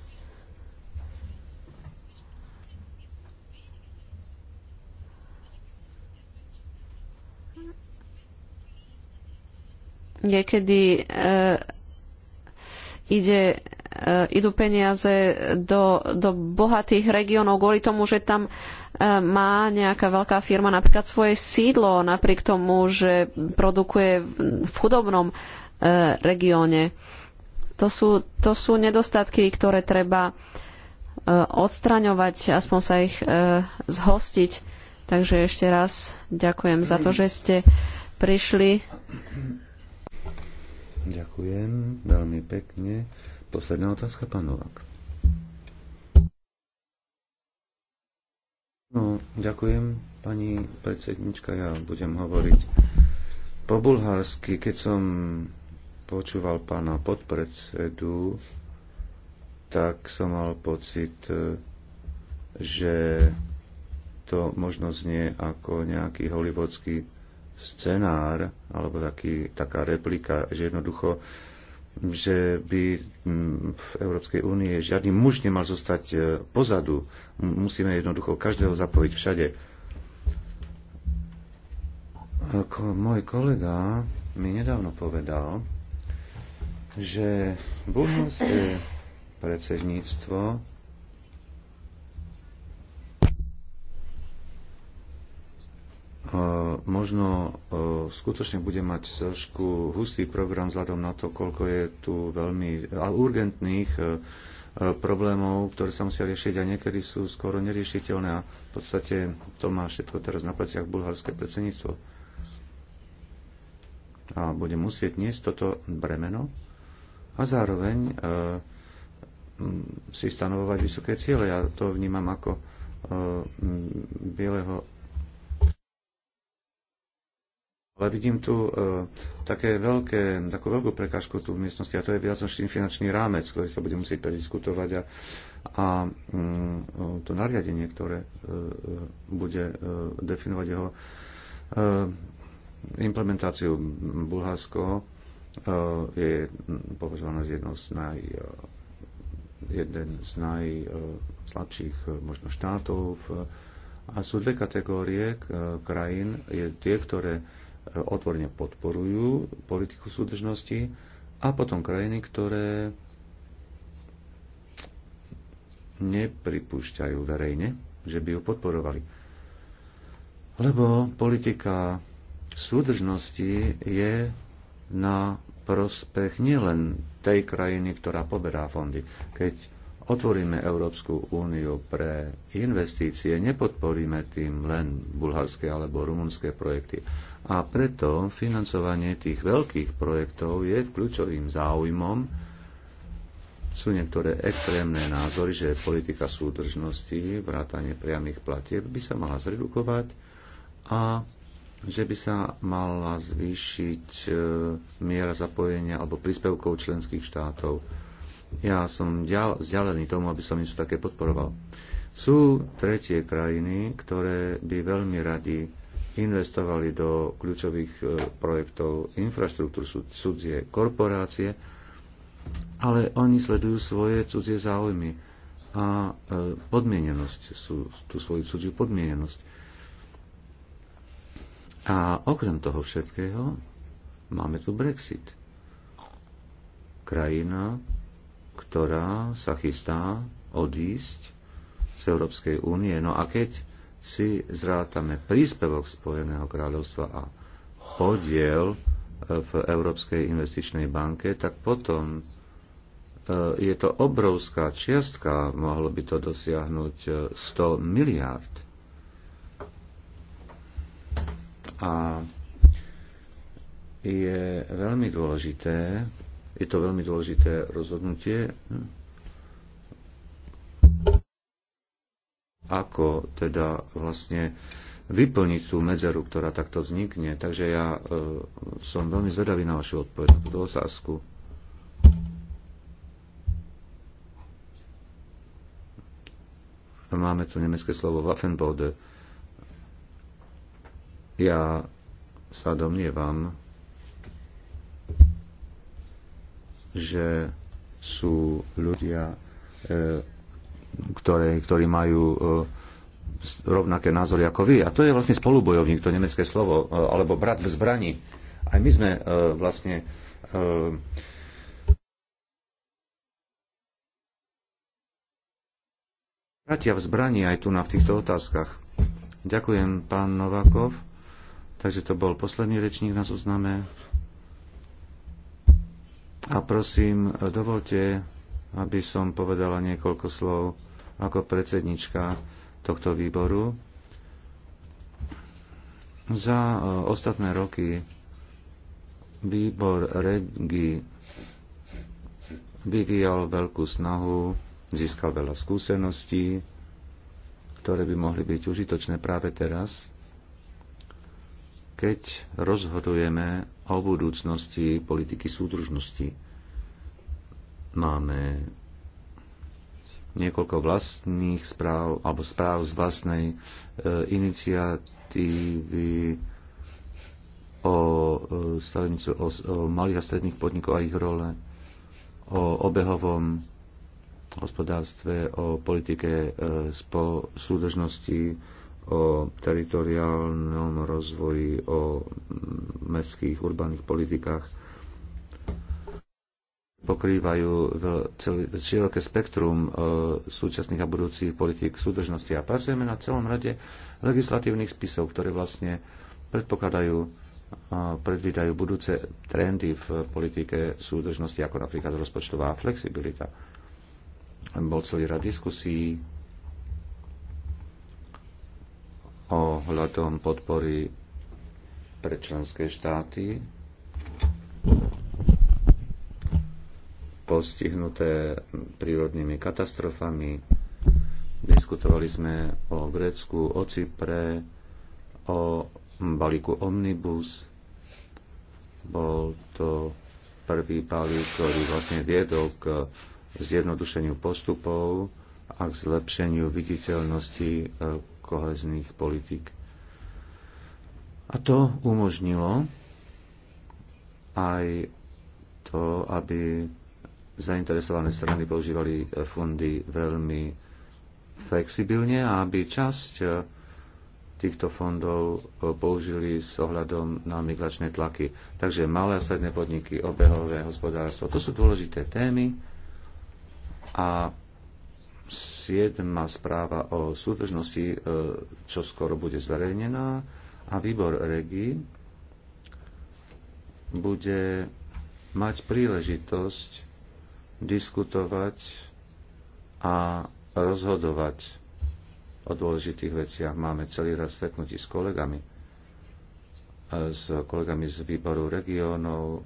Niekedy e, ide, e, idú peniaze do, do bohatých regiónov kvôli tomu, že tam e, E, má nejaká veľká firma napríklad svoje sídlo, napriek tomu, že produkuje v chudobnom e, regióne. To sú, to sú nedostatky, ktoré treba e, odstraňovať, aspoň sa ich zhostiť. Takže ešte raz ďakujem za to, že ste prišli. Ďakujem veľmi pekne. Posledná otázka, pán Novák. No, ďakujem, pani predsednička, ja budem hovoriť po bulharsky. Keď som počúval pána podpredsedu, tak som mal pocit, e, že to možno znie ako nejaký hollywoodský scenár alebo taký, taká replika, že jednoducho že by mm, v Európskej únie žiadny muž nemal zostať e, pozadu. Musíme jednoducho každého zapojiť všade. Ako môj kolega mi nedávno povedal, že bulharské predsedníctvo E, možno e, skutočne bude mať trošku hustý program vzhľadom na to, koľko je tu veľmi urgentných e, problémov, ktoré sa musia riešiť a niekedy sú skoro neriešiteľné a v podstate to má všetko teraz na pleciach bulharské predsedníctvo. A bude musieť niesť toto bremeno a zároveň e, si stanovovať vysoké ciele. Ja to vnímam ako e, bieleho ale vidím tu e, také veľké, takú veľkú prekážku tu v miestnosti a to je viacnočný finančný rámec, ktorý sa bude musieť prediskutovať a, a mm, e, to nariadenie, ktoré e, bude definovať jeho implementáciu Bulharsko je považované z jednou z naj, jeden z najslabších možno štátov E, a sú dve kategórie krajín, je tie, ktoré otvorene podporujú politiku súdržnosti a potom krajiny, ktoré nepripúšťajú verejne, že by ju podporovali. Lebo politika súdržnosti je na prospech nielen tej krajiny, ktorá poberá fondy. Keď otvoríme Európsku úniu pre investície, nepodporíme tým len bulharské alebo rumunské projekty, a preto financovanie tých veľkých projektov je kľúčovým záujmom sú niektoré extrémne názory, že politika súdržnosti, vrátanie priamých platieb by sa mala zredukovať a že by sa mala zvýšiť e, miera zapojenia alebo príspevkov členských štátov. Ja som ďal, vzdialený tomu, aby som niečo také podporoval. Sú tretie krajiny, ktoré by veľmi radi investovali do kľúčových e, projektov infraštruktúr, sú cudzie korporácie, ale oni sledujú svoje cudzie záujmy a e, podmienenosť, sú, tú svoju cudziu podmienenosť. A okrem toho všetkého máme tu Brexit. Krajina, ktorá sa chystá odísť z Európskej únie. No a keď si zrátame príspevok Spojeného kráľovstva a podiel e, v Európskej investičnej banke, tak potom e, je to obrovská čiastka, mohlo by to dosiahnuť 100 e, miliárd. A je veľmi dôležité, je to veľmi dôležité rozhodnutie, hm, ako teda vlastne vyplniť tú medzeru, ktorá takto vznikne. Takže ja e, som veľmi zvedavý na vašu odpoveď na túto otázku. Máme tu nemecké slovo Waffenbode. Ja sa domnievam, že sú ľudia e, ktoré, ktorí majú e, rovnaké názory ako vy. A to je vlastne spolubojovník, to nemecké slovo, e, alebo brat v zbrani. Aj my sme e, vlastne bratia v zbrani aj tu na v týchto otázkach. Ďakujem, pán Novákov. Takže to bol posledný rečník na zozname. A prosím, dovolte aby som povedala niekoľko slov ako predsednička tohto výboru. Za e, ostatné roky výbor REGI vyvíjal veľkú snahu, získal veľa skúseností, ktoré by mohli byť užitočné práve teraz, keď rozhodujeme o budúcnosti politiky súdružnosti. Máme niekoľko vlastných správ alebo správ z vlastnej e, iniciatívy o e, stavebnicu, o, o malých a stredných podnikov a ich role, o obehovom hospodárstve, o politike e, spo, súdržnosti, o teritoriálnom rozvoji, o mestských urbaných politikách pokrývajú celý, široké spektrum e, súčasných a budúcich politík súdržnosti a pracujeme na celom rade legislatívnych spisov, ktoré vlastne predpokladajú a e, predvídajú budúce trendy v politike súdržnosti, ako napríklad rozpočtová flexibilita. Bol celý rad diskusí ohľadom podpory pre členské štáty postihnuté prírodnými katastrofami. Diskutovali sme o Grécku, o Cypre, o balíku Omnibus. Bol to prvý balík, ktorý vlastne viedol k zjednodušeniu postupov a k zlepšeniu viditeľnosti e, kohezných politík. A to umožnilo aj to, aby zainteresované strany používali e, fondy veľmi flexibilne a aby časť e, týchto fondov e, použili s ohľadom na migračné tlaky. Takže malé a stredné podniky, obehové hospodárstvo, to sú dôležité témy. A siedma správa o súdržnosti, čo skoro bude zverejnená, a výbor REGI bude mať príležitosť diskutovať a rozhodovať o dôležitých veciach. Máme celý raz stretnutí s kolegami, s kolegami z výboru regiónov,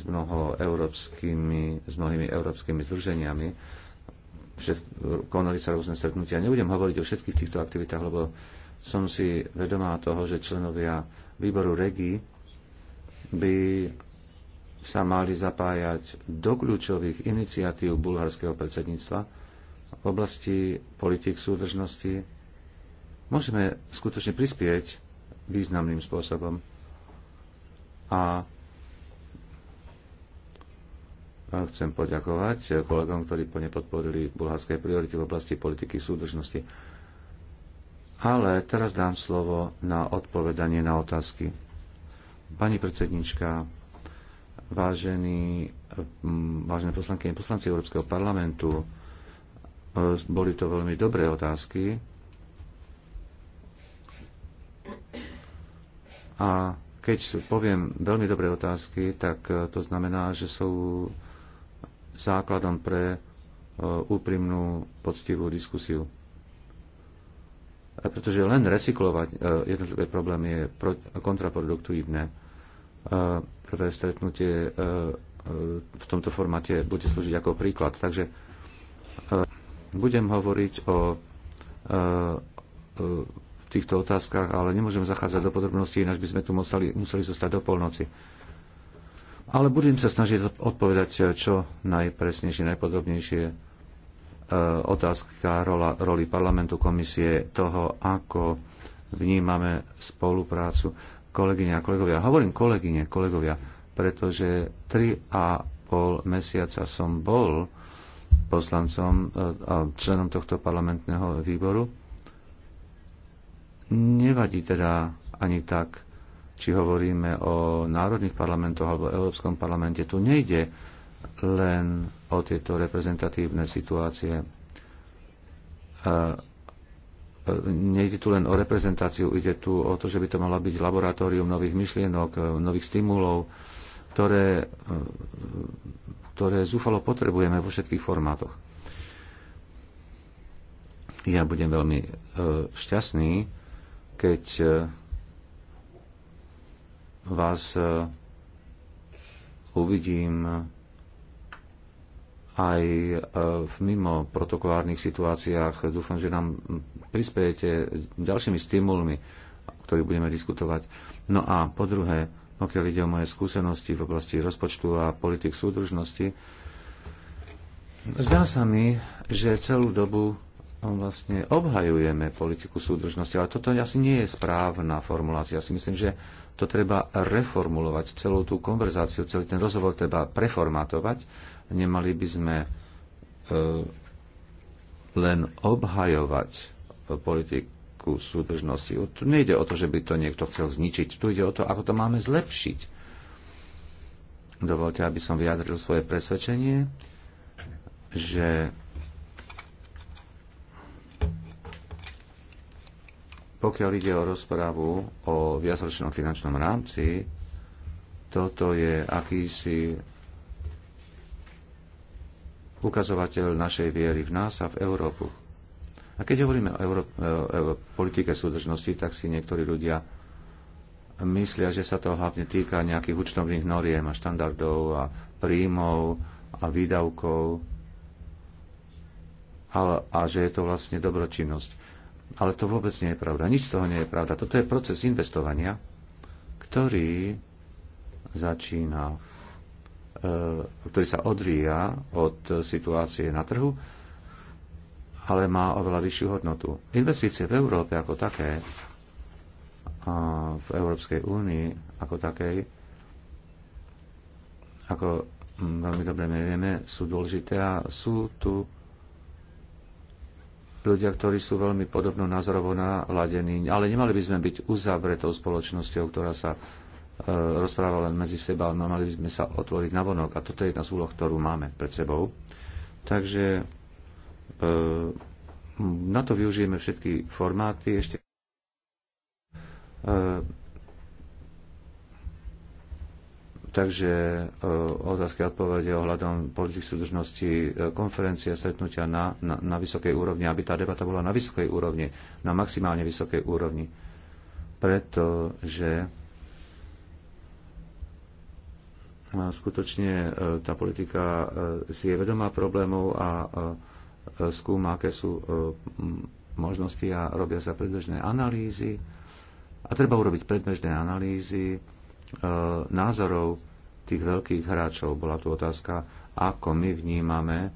s, mnoho európskymi, s mnohými európskymi združeniami. Konali sa rôzne stretnutia. Nebudem hovoriť o všetkých týchto aktivitách, lebo som si vedomá toho, že členovia výboru REGI by sa mali zapájať do kľúčových iniciatív bulharského predsedníctva v oblasti politik súdržnosti, môžeme skutočne prispieť významným spôsobom. A chcem poďakovať kolegom, ktorí plne podporili bulharské priority v oblasti politiky súdržnosti. Ale teraz dám slovo na odpovedanie na otázky. Pani predsednička, vážení, vážené poslanky a poslanci Európskeho parlamentu. E, boli to veľmi dobré otázky. A keď poviem veľmi dobré otázky, tak e, to znamená, že sú základom pre e, úprimnú, poctivú diskusiu. Pretože len recyklovať jednotlivé problémy je kontraproduktívne prvé stretnutie e, e, v tomto formáte bude slúžiť ako príklad. Takže e, budem hovoriť o týchto otázkach, ale nemôžem zachádzať do podrobností, ináč by sme tu museli, museli zostať do polnoci. Ale budem sa snažiť odpovedať čo najpresnejšie, najpodrobnejšie otázka rola, roli parlamentu, komisie, toho, ako vnímame spoluprácu kolegyne a kolegovia. Hovorím kolegyne, kolegovia, pretože tri a pol mesiaca som bol poslancom eh, a členom tohto parlamentného výboru. Nevadí teda ani tak, či hovoríme o národných parlamentoch alebo Európskom parlamente. Tu nejde len o tieto reprezentatívne situácie eh, nejde tu len o reprezentáciu, ide tu o to, že by to mala byť laboratórium nových myšlienok, e, nových stimulov, ktoré, e, ktoré zúfalo potrebujeme vo všetkých formátoch. Ja budem veľmi e, šťastný, keď vás uvidím aj v mimo protokolárnych situáciách. Dúfam, že nám prispiejete ďalšími stimulmi, o ktorých budeme diskutovať. No a po druhé, pokiaľ ide o moje skúsenosti v oblasti rozpočtu a politik súdržnosti, zdá sa mi, že celú dobu vlastne obhajujeme politiku súdržnosti, ale toto asi nie je správna formulácia. Ja si myslím, že to treba reformulovať, celú tú konverzáciu, celý ten rozhovor treba preformatovať. Nemali by sme e, len obhajovať politiku súdržnosti. Tu nejde o to, že by to niekto chcel zničiť. Tu ide o to, ako to máme zlepšiť. Dovolte, aby som vyjadril svoje presvedčenie, že pokiaľ ide o rozprávu o viacročnom finančnom rámci, toto je akýsi ukazovateľ našej viery v nás a v Európu. A keď hovoríme o, Euró- o e, e, politike súdržnosti, tak si niektorí ľudia myslia, že sa to hlavne týka nejakých účtovných noriem a štandardov a príjmov a výdavkov a, a že je to vlastne dobročinnosť. Ale to vôbec nie je pravda. Nič z toho nie je pravda. Toto je proces investovania, ktorý začína, e, ktorý sa odvíja od situácie na trhu ale má oveľa vyššiu hodnotu. Investície v Európe ako také, a v Európskej únii ako takej, ako mm, veľmi dobre vieme, sú dôležité a sú tu ľudia, ktorí sú veľmi podobno názorovo naladení, ale nemali by sme byť uzavretou spoločnosťou, ktorá sa e, rozpráva len medzi seba, no mali by sme sa otvoriť na vonok a toto je jedna z úloh, ktorú máme pred sebou. Takže Ehm, na to využijeme všetky formáty. Ešte ehm, Takže ehm, otázky a odpovede ohľadom politik súdržnosti, konferencia, stretnutia na, na, na vysokej úrovni, aby tá debata bola na vysokej úrovni, na maximálne vysokej úrovni. Pretože skutočne tá politika si je vedomá problémov a skúma, aké sú e, možnosti a robia sa predbežné analýzy. A treba urobiť predbežné analýzy e, názorov tých veľkých hráčov. Bola tu otázka, ako my vnímame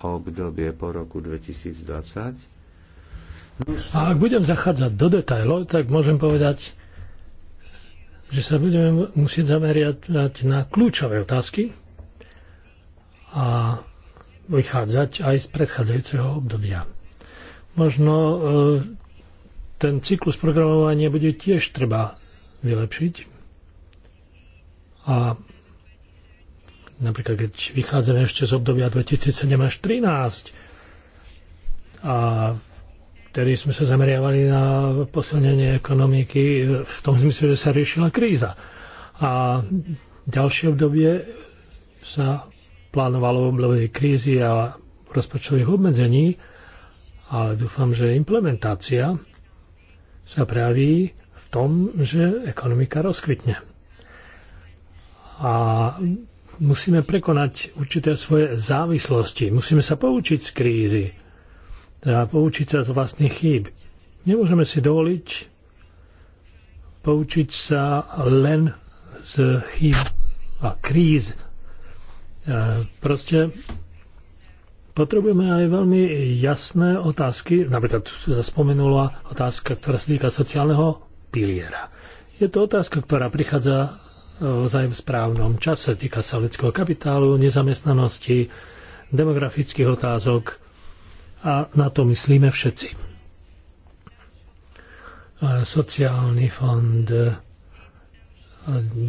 obdobie po roku 2020 no, a ak budem zachádzať do detajlov, tak môžem povedať, že sa budeme musieť zameriať na kľúčové otázky a vychádzať aj z predchádzajúceho obdobia. Možno e, ten cyklus programovania bude tiež treba vylepšiť. A napríklad keď vychádzame ešte z obdobia 2007 až 2013 a vtedy sme sa zameriavali na posilnenie ekonomiky v tom zmysle, že sa riešila kríza. A ďalšie obdobie sa plánovalo obľovej krízy a rozpočtových obmedzení, ale dúfam, že implementácia sa prejaví v tom, že ekonomika rozkvitne. A musíme prekonať určité svoje závislosti. Musíme sa poučiť z krízy. Teda poučiť sa z vlastných chýb. Nemôžeme si dovoliť poučiť sa len z chýb a kríz Proste potrebujeme aj veľmi jasné otázky, napríklad sa spomenula otázka, ktorá sa týka sociálneho piliera. Je to otázka, ktorá prichádza e, ozaj v správnom čase. Týka sa ľudského kapitálu, nezamestnanosti, demografických otázok a na to myslíme všetci. Sociálny fond,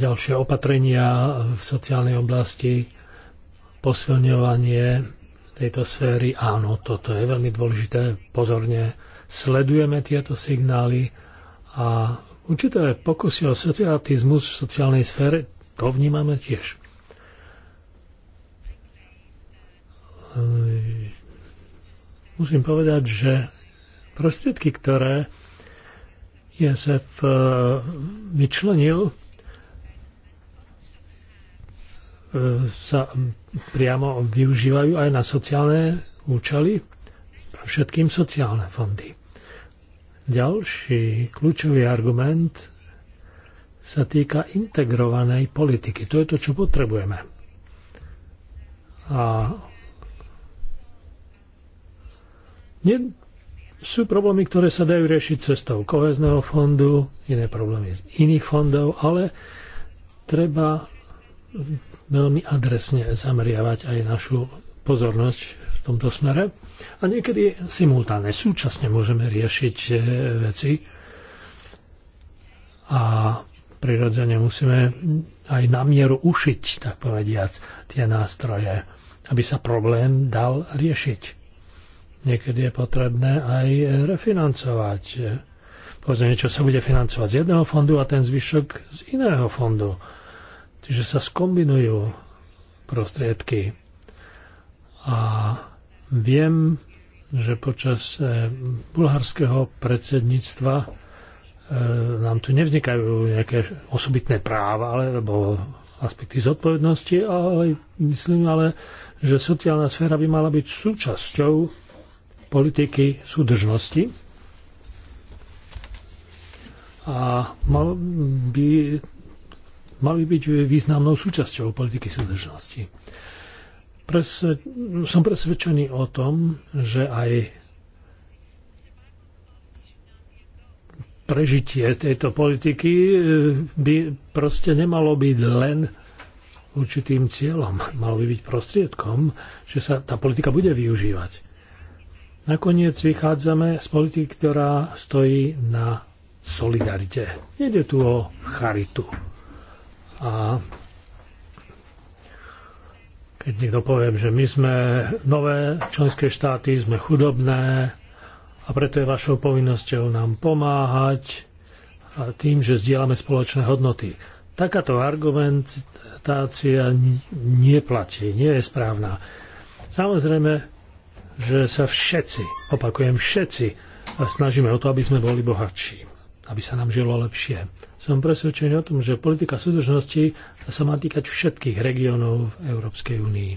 ďalšie opatrenia v sociálnej oblasti, posilňovanie tejto sféry, áno, toto je veľmi dôležité, pozorne sledujeme tieto signály a určité pokusy o separatizmus v sociálnej sfére, to vnímame tiež. E, musím povedať, že prostriedky, ktoré ISF e, vyčlenil, e, sa priamo využívajú aj na sociálne účely, všetkým sociálne fondy. Ďalší kľúčový argument sa týka integrovanej politiky. To je to, čo potrebujeme. A nie, sú problémy, ktoré sa dajú riešiť cestou kohezného fondu, iné problémy z iných fondov, ale treba veľmi adresne zameriavať aj našu pozornosť v tomto smere. A niekedy simultáne, súčasne môžeme riešiť e, veci a prirodzene musíme aj na mieru ušiť, tak povediac, tie nástroje, aby sa problém dal riešiť. Niekedy je potrebné aj refinancovať. Pozrieme, čo sa bude financovať z jedného fondu a ten zvyšok z iného fondu Čiže sa skombinujú prostriedky. A viem, že počas eh, bulharského predsedníctva eh, nám tu nevznikajú nejaké osobitné práva alebo aspekty zodpovednosti, ale myslím ale, že sociálna sféra by mala byť súčasťou politiky súdržnosti a mal by mali byť významnou súčasťou politiky súdržnosti. Presve, som presvedčený o tom, že aj prežitie tejto politiky e, by proste nemalo byť len určitým cieľom, malo by byť prostriedkom, že sa tá politika bude využívať. Nakoniec vychádzame z politiky, ktorá stojí na solidarite. Nede tu o charitu. A keď niekto povie, že my sme nové členské štáty, sme chudobné a preto je vašou povinnosťou nám pomáhať a tým, že zdieľame spoločné hodnoty. Takáto argumentácia neplatí, nie je správna. Samozrejme, že sa všetci, opakujem všetci, snažíme o to, aby sme boli bohatší aby sa nám žilo lepšie. Som presvedčený o tom, že politika súdržnosti sa má týkať všetkých regiónov v Európskej únii.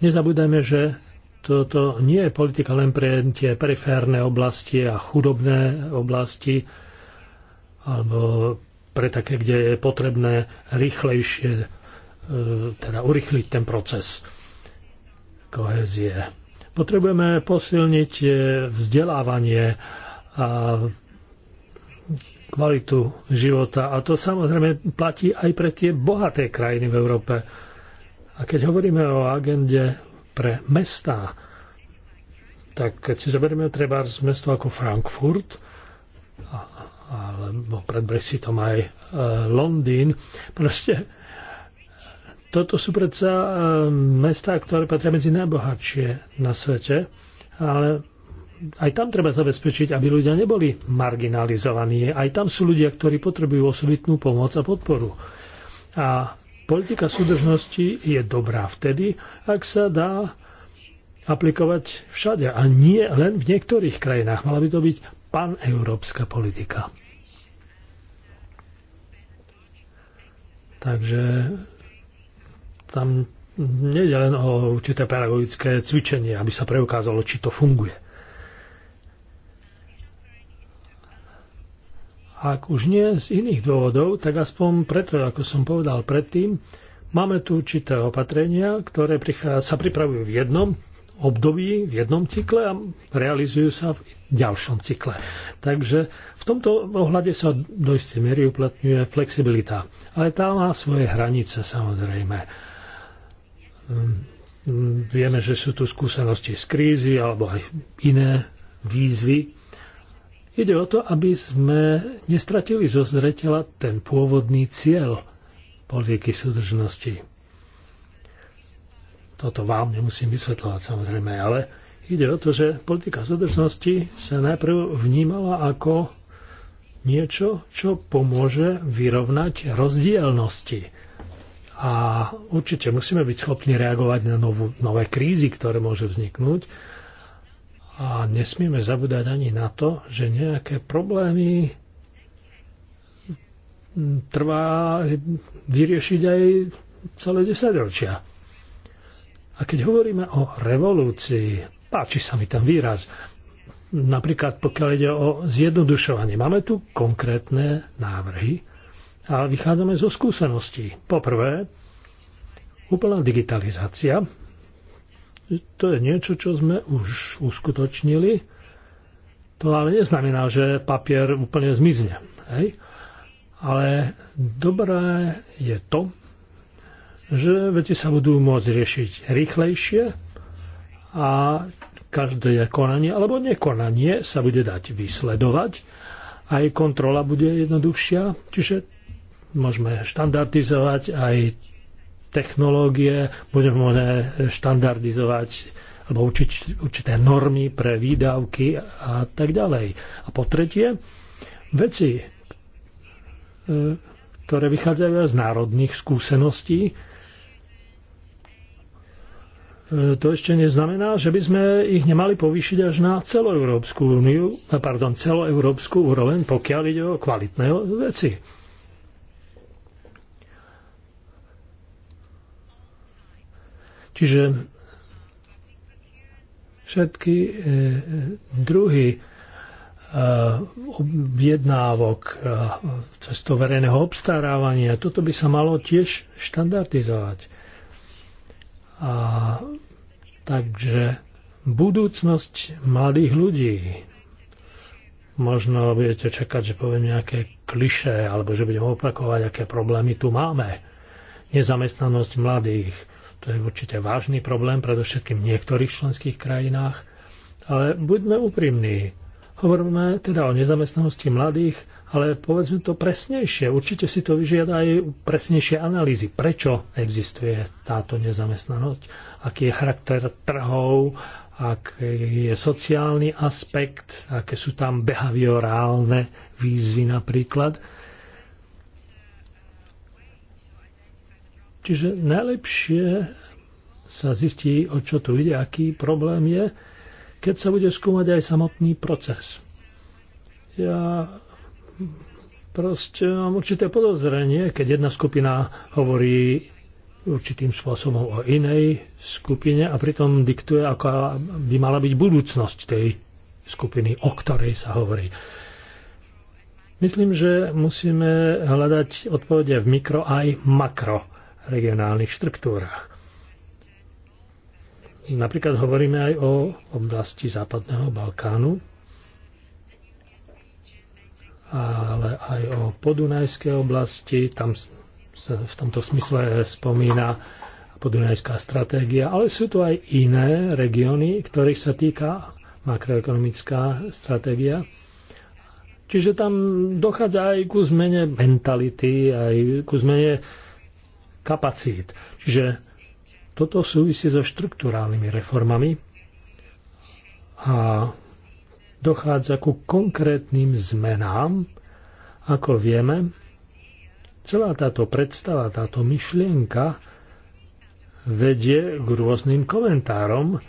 Nezabúdajme, že toto nie je politika len pre tie periférne oblasti a chudobné oblasti, alebo pre také, kde je potrebné rýchlejšie e, teda urychliť ten proces kohezie. Potrebujeme posilniť e, vzdelávanie a kvalitu života. A to samozrejme platí aj pre tie bohaté krajiny v Európe. A keď hovoríme o agende pre mestá, tak keď si zoberieme treba z mesto ako Frankfurt, alebo pred Brexitom aj e, Londýn, proste toto sú predsa e, mestá, ktoré patria medzi najbohatšie na svete, ale aj tam treba zabezpečiť, aby ľudia neboli marginalizovaní. Aj tam sú ľudia, ktorí potrebujú osobitnú pomoc a podporu. A politika súdržnosti je dobrá vtedy, ak sa dá aplikovať všade a nie len v niektorých krajinách. Mala by to byť paneurópska politika. Takže tam nejde len o určité pedagogické cvičenie, aby sa preukázalo, či to funguje. Ak už nie z iných dôvodov, tak aspoň preto, ako som povedal predtým, máme tu určité opatrenia, ktoré sa pripravujú v jednom období, v jednom cykle a realizujú sa v ďalšom cykle. Takže v tomto ohľade sa do istej miery uplatňuje flexibilita. Ale tá má svoje hranice samozrejme. Ehm, ehm, vieme, že sú tu skúsenosti z krízy alebo aj iné výzvy, Ide o to, aby sme nestratili zo zretela ten pôvodný cieľ politiky súdržnosti. Toto vám nemusím vysvetľovať samozrejme, ale ide o to, že politika súdržnosti sa najprv vnímala ako niečo, čo pomôže vyrovnať rozdielnosti. A určite musíme byť schopní reagovať na novú, nové krízy, ktoré môže vzniknúť a nesmieme zabúdať ani na to, že nejaké problémy trvá vyriešiť aj celé desaťročia. A keď hovoríme o revolúcii, páči sa mi tam výraz, napríklad pokiaľ ide o zjednodušovanie, máme tu konkrétne návrhy, a vychádzame zo skúseností. Poprvé, úplná digitalizácia to je niečo, čo sme už uskutočnili. To ale neznamená, že papier úplne zmizne. Hej? Ale dobré je to, že veci sa budú môcť riešiť rýchlejšie a každé konanie alebo nekonanie sa bude dať vysledovať. Aj kontrola bude jednoduchšia, čiže môžeme štandardizovať aj technológie, bude možné štandardizovať alebo učiť určité normy pre výdavky a tak ďalej. A po tretie, veci, e, ktoré vychádzajú z národných skúseností, e, to ešte neznamená, že by sme ich nemali povýšiť až na celoeurópsku úniu, pardon, celoeurópsku úroveň, pokiaľ ide o kvalitné veci. Čiže všetky e, e, druhy e, objednávok to verejného obstarávania. Toto by sa malo tiež štandardizovať. A takže budúcnosť mladých ľudí. Možno budete čakať, že poviem nejaké klišé, alebo že budem opakovať, aké problémy tu máme. Nezamestnanosť mladých, to je určite vážny problém, predovšetkým v niektorých členských krajinách. Ale buďme úprimní. Hovoríme teda o nezamestnanosti mladých, ale povedzme to presnejšie. Určite si to vyžiada aj presnejšie analýzy. Prečo existuje táto nezamestnanosť? Aký je charakter trhov? Aký je sociálny aspekt? Aké sú tam behaviorálne výzvy napríklad? Čiže najlepšie sa zistí, o čo tu ide, aký problém je, keď sa bude skúmať aj samotný proces. Ja proste mám určité podozrenie, keď jedna skupina hovorí určitým spôsobom o inej skupine a pritom diktuje, aká by mala byť budúcnosť tej skupiny, o ktorej sa hovorí. Myslím, že musíme hľadať odpovede v mikro aj makro regionálnych štruktúrach. Napríklad hovoríme aj o oblasti Západného Balkánu, ale aj o podunajskej oblasti. Tam sa v tomto smysle spomína podunajská stratégia, ale sú tu aj iné regióny, ktorých sa týka makroekonomická stratégia. Čiže tam dochádza aj ku zmene mentality, aj ku zmene kapacít. Čiže toto súvisí so štruktúrálnymi reformami a dochádza ku konkrétnym zmenám. Ako vieme, celá táto predstava, táto myšlienka vedie k rôznym komentárom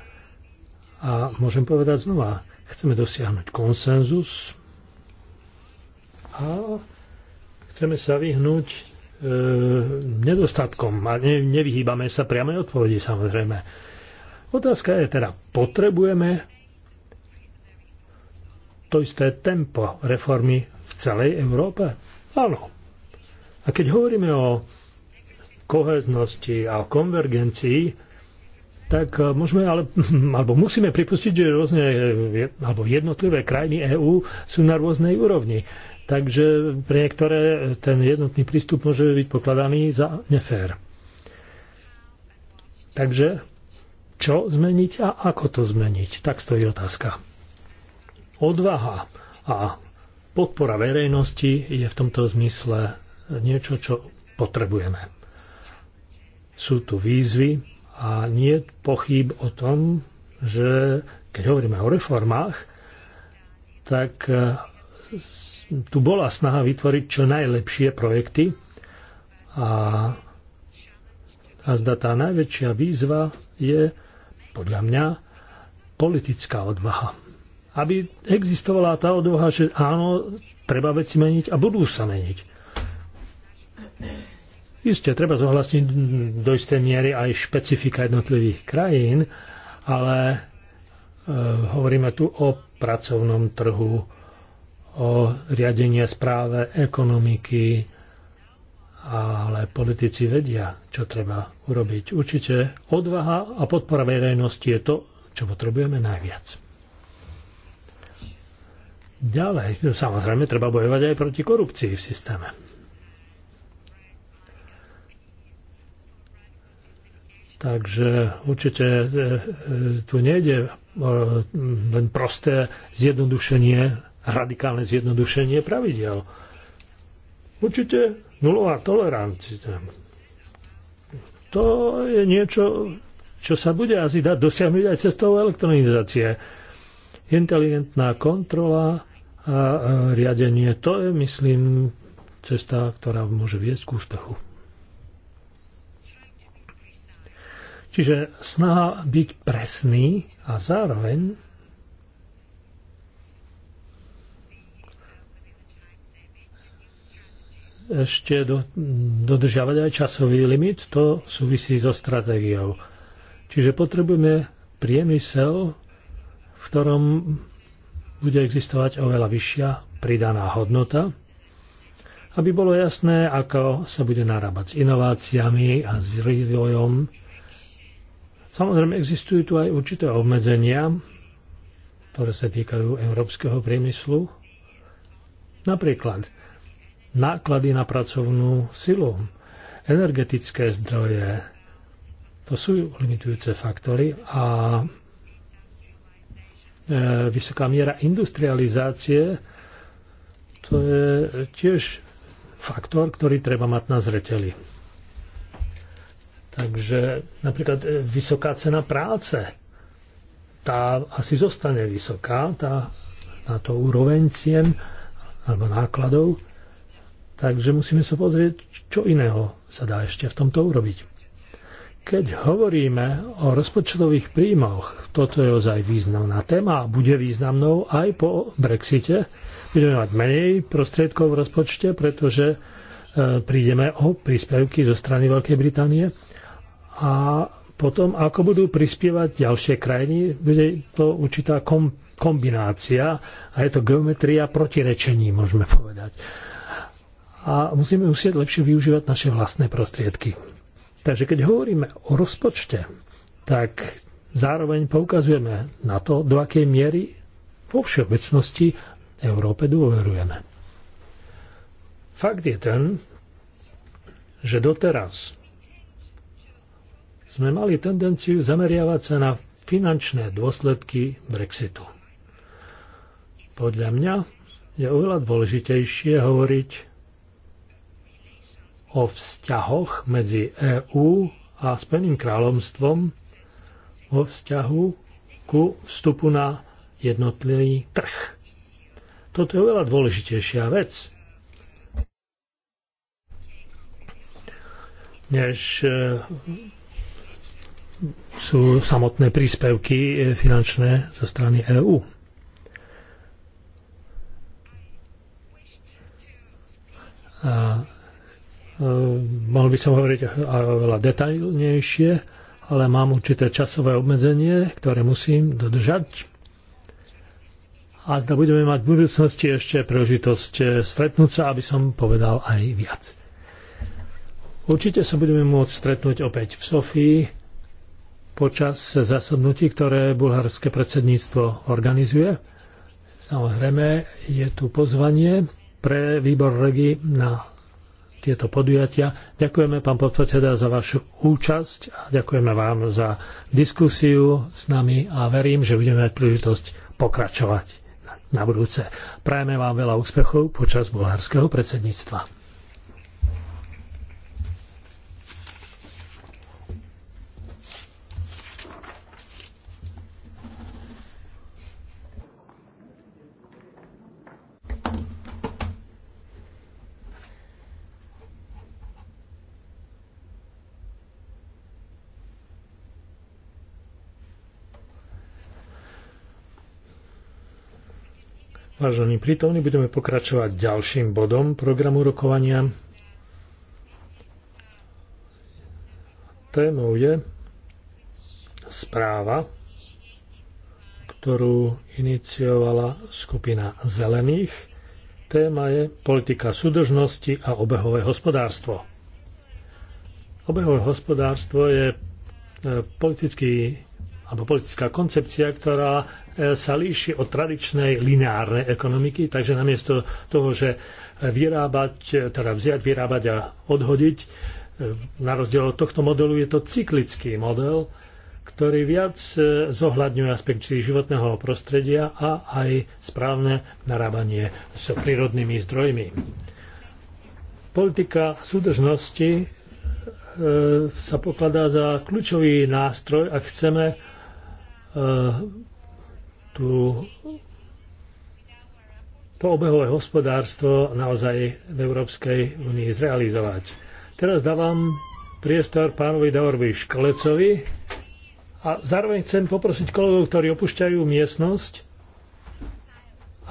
a môžem povedať znova, chceme dosiahnuť konsenzus a chceme sa vyhnúť E, nedostatkom a ne, nevyhýbame sa priamej odpovedi samozrejme. Otázka je teda, potrebujeme to isté tempo reformy v celej Európe? Áno. A keď hovoríme o koheznosti a o konvergencii, tak e, môžeme, ale, alebo musíme pripustiť, že rôzne, e, alebo jednotlivé krajiny EÚ sú na rôznej úrovni. Takže pre niektoré ten jednotný prístup môže byť pokladaný za nefér. Takže čo zmeniť a ako to zmeniť? Tak stojí otázka. Odvaha a podpora verejnosti je v tomto zmysle niečo, čo potrebujeme. Sú tu výzvy a nie pochyb o tom, že keď hovoríme o reformách, tak tu bola snaha vytvoriť čo najlepšie projekty a, a zda tá najväčšia výzva je podľa mňa politická odvaha. Aby existovala tá odvaha, že áno, treba veci meniť a budú sa meniť. Isté, treba zohlasniť do istej miery aj špecifika jednotlivých krajín, ale e, hovoríme tu o pracovnom trhu, o riadenie správe ekonomiky, ale politici vedia, čo treba urobiť. Určite odvaha a podpora verejnosti je to, čo potrebujeme najviac. Ďalej, samozrejme, treba bojovať aj proti korupcii v systéme. Takže určite e, e, tu nejde e, len prosté zjednodušenie radikálne zjednodušenie pravidel. Určite nulová tolerancia. To je niečo, čo sa bude asi dať dosiahnuť aj cestou elektronizácie. Inteligentná kontrola a riadenie, to je, myslím, cesta, ktorá môže viesť k úspechu. Čiže snaha byť presný a zároveň ešte do, dodržiavať aj časový limit, to súvisí so stratégiou. Čiže potrebujeme priemysel, v ktorom bude existovať oveľa vyššia pridaná hodnota, aby bolo jasné, ako sa bude narábať s inováciami a s vývojom. Samozrejme, existujú tu aj určité obmedzenia, ktoré sa týkajú európskeho priemyslu. Napríklad, náklady na pracovnú silu, energetické zdroje. To sú limitujúce faktory a e, vysoká miera industrializácie to je tiež faktor, ktorý treba mať na zreteli. Takže napríklad vysoká cena práce, tá asi zostane vysoká, tá, na to úroveň cien alebo nákladov, Takže musíme sa pozrieť, čo iného sa dá ešte v tomto urobiť. Keď hovoríme o rozpočtových príjmoch, toto je ozaj významná téma a bude významnou aj po Brexite. Budeme mať menej prostriedkov v rozpočte, pretože e, prídeme o príspevky zo strany Veľkej Británie a potom, ako budú prispievať ďalšie krajiny, bude to určitá kombinácia a je to geometria protirečení, môžeme povedať a musíme musieť lepšie využívať naše vlastné prostriedky. Takže keď hovoríme o rozpočte, tak zároveň poukazujeme na to, do akej miery vo všeobecnosti Európe dôverujeme. Fakt je ten, že doteraz sme mali tendenciu zameriavať sa na finančné dôsledky Brexitu. Podľa mňa je oveľa dôležitejšie hovoriť o vzťahoch medzi EÚ a Spojeným kráľovstvom vo vzťahu ku vstupu na jednotlivý trh. Toto je oveľa dôležitejšia vec, než e, sú samotné príspevky e, finančné zo strany EÚ. A Ehm, mal by som hovoriť oveľa detailnejšie, ale mám určité časové obmedzenie, ktoré musím dodržať. A zda budeme mať v budúcnosti ešte príležitosť eh, stretnúť sa, aby som povedal aj viac. Určite sa budeme môcť stretnúť opäť v Sofii počas zasadnutí, ktoré bulharské predsedníctvo organizuje. Samozrejme, je tu pozvanie pre výbor regi na tieto podujatia. Ďakujeme, pán podpredseda, za vašu účasť a ďakujeme vám za diskusiu s nami a verím, že budeme mať príležitosť pokračovať na budúce. Prajeme vám veľa úspechov počas bulharského predsedníctva. Vážení prítomní, budeme pokračovať ďalším bodom programu rokovania. Témou je správa, ktorú iniciovala skupina zelených. Téma je politika súdržnosti a obehové hospodárstvo. Obehové hospodárstvo je e, politický alebo politická koncepcia, ktorá sa líši od tradičnej lineárnej ekonomiky, takže namiesto toho, že vyrábať, teda vziať, vyrábať a odhodiť, e, na rozdiel od tohto modelu je to cyklický model, ktorý viac e, zohľadňuje aspekt životného prostredia a aj správne narábanie s prírodnými zdrojmi. Politika súdržnosti e, sa pokladá za kľúčový nástroj, ak chceme tú, to obehové hospodárstvo naozaj v Európskej únii zrealizovať. Teraz dávam priestor pánovi Davorovi Školecovi a zároveň chcem poprosiť kolegov, ktorí opúšťajú miestnosť,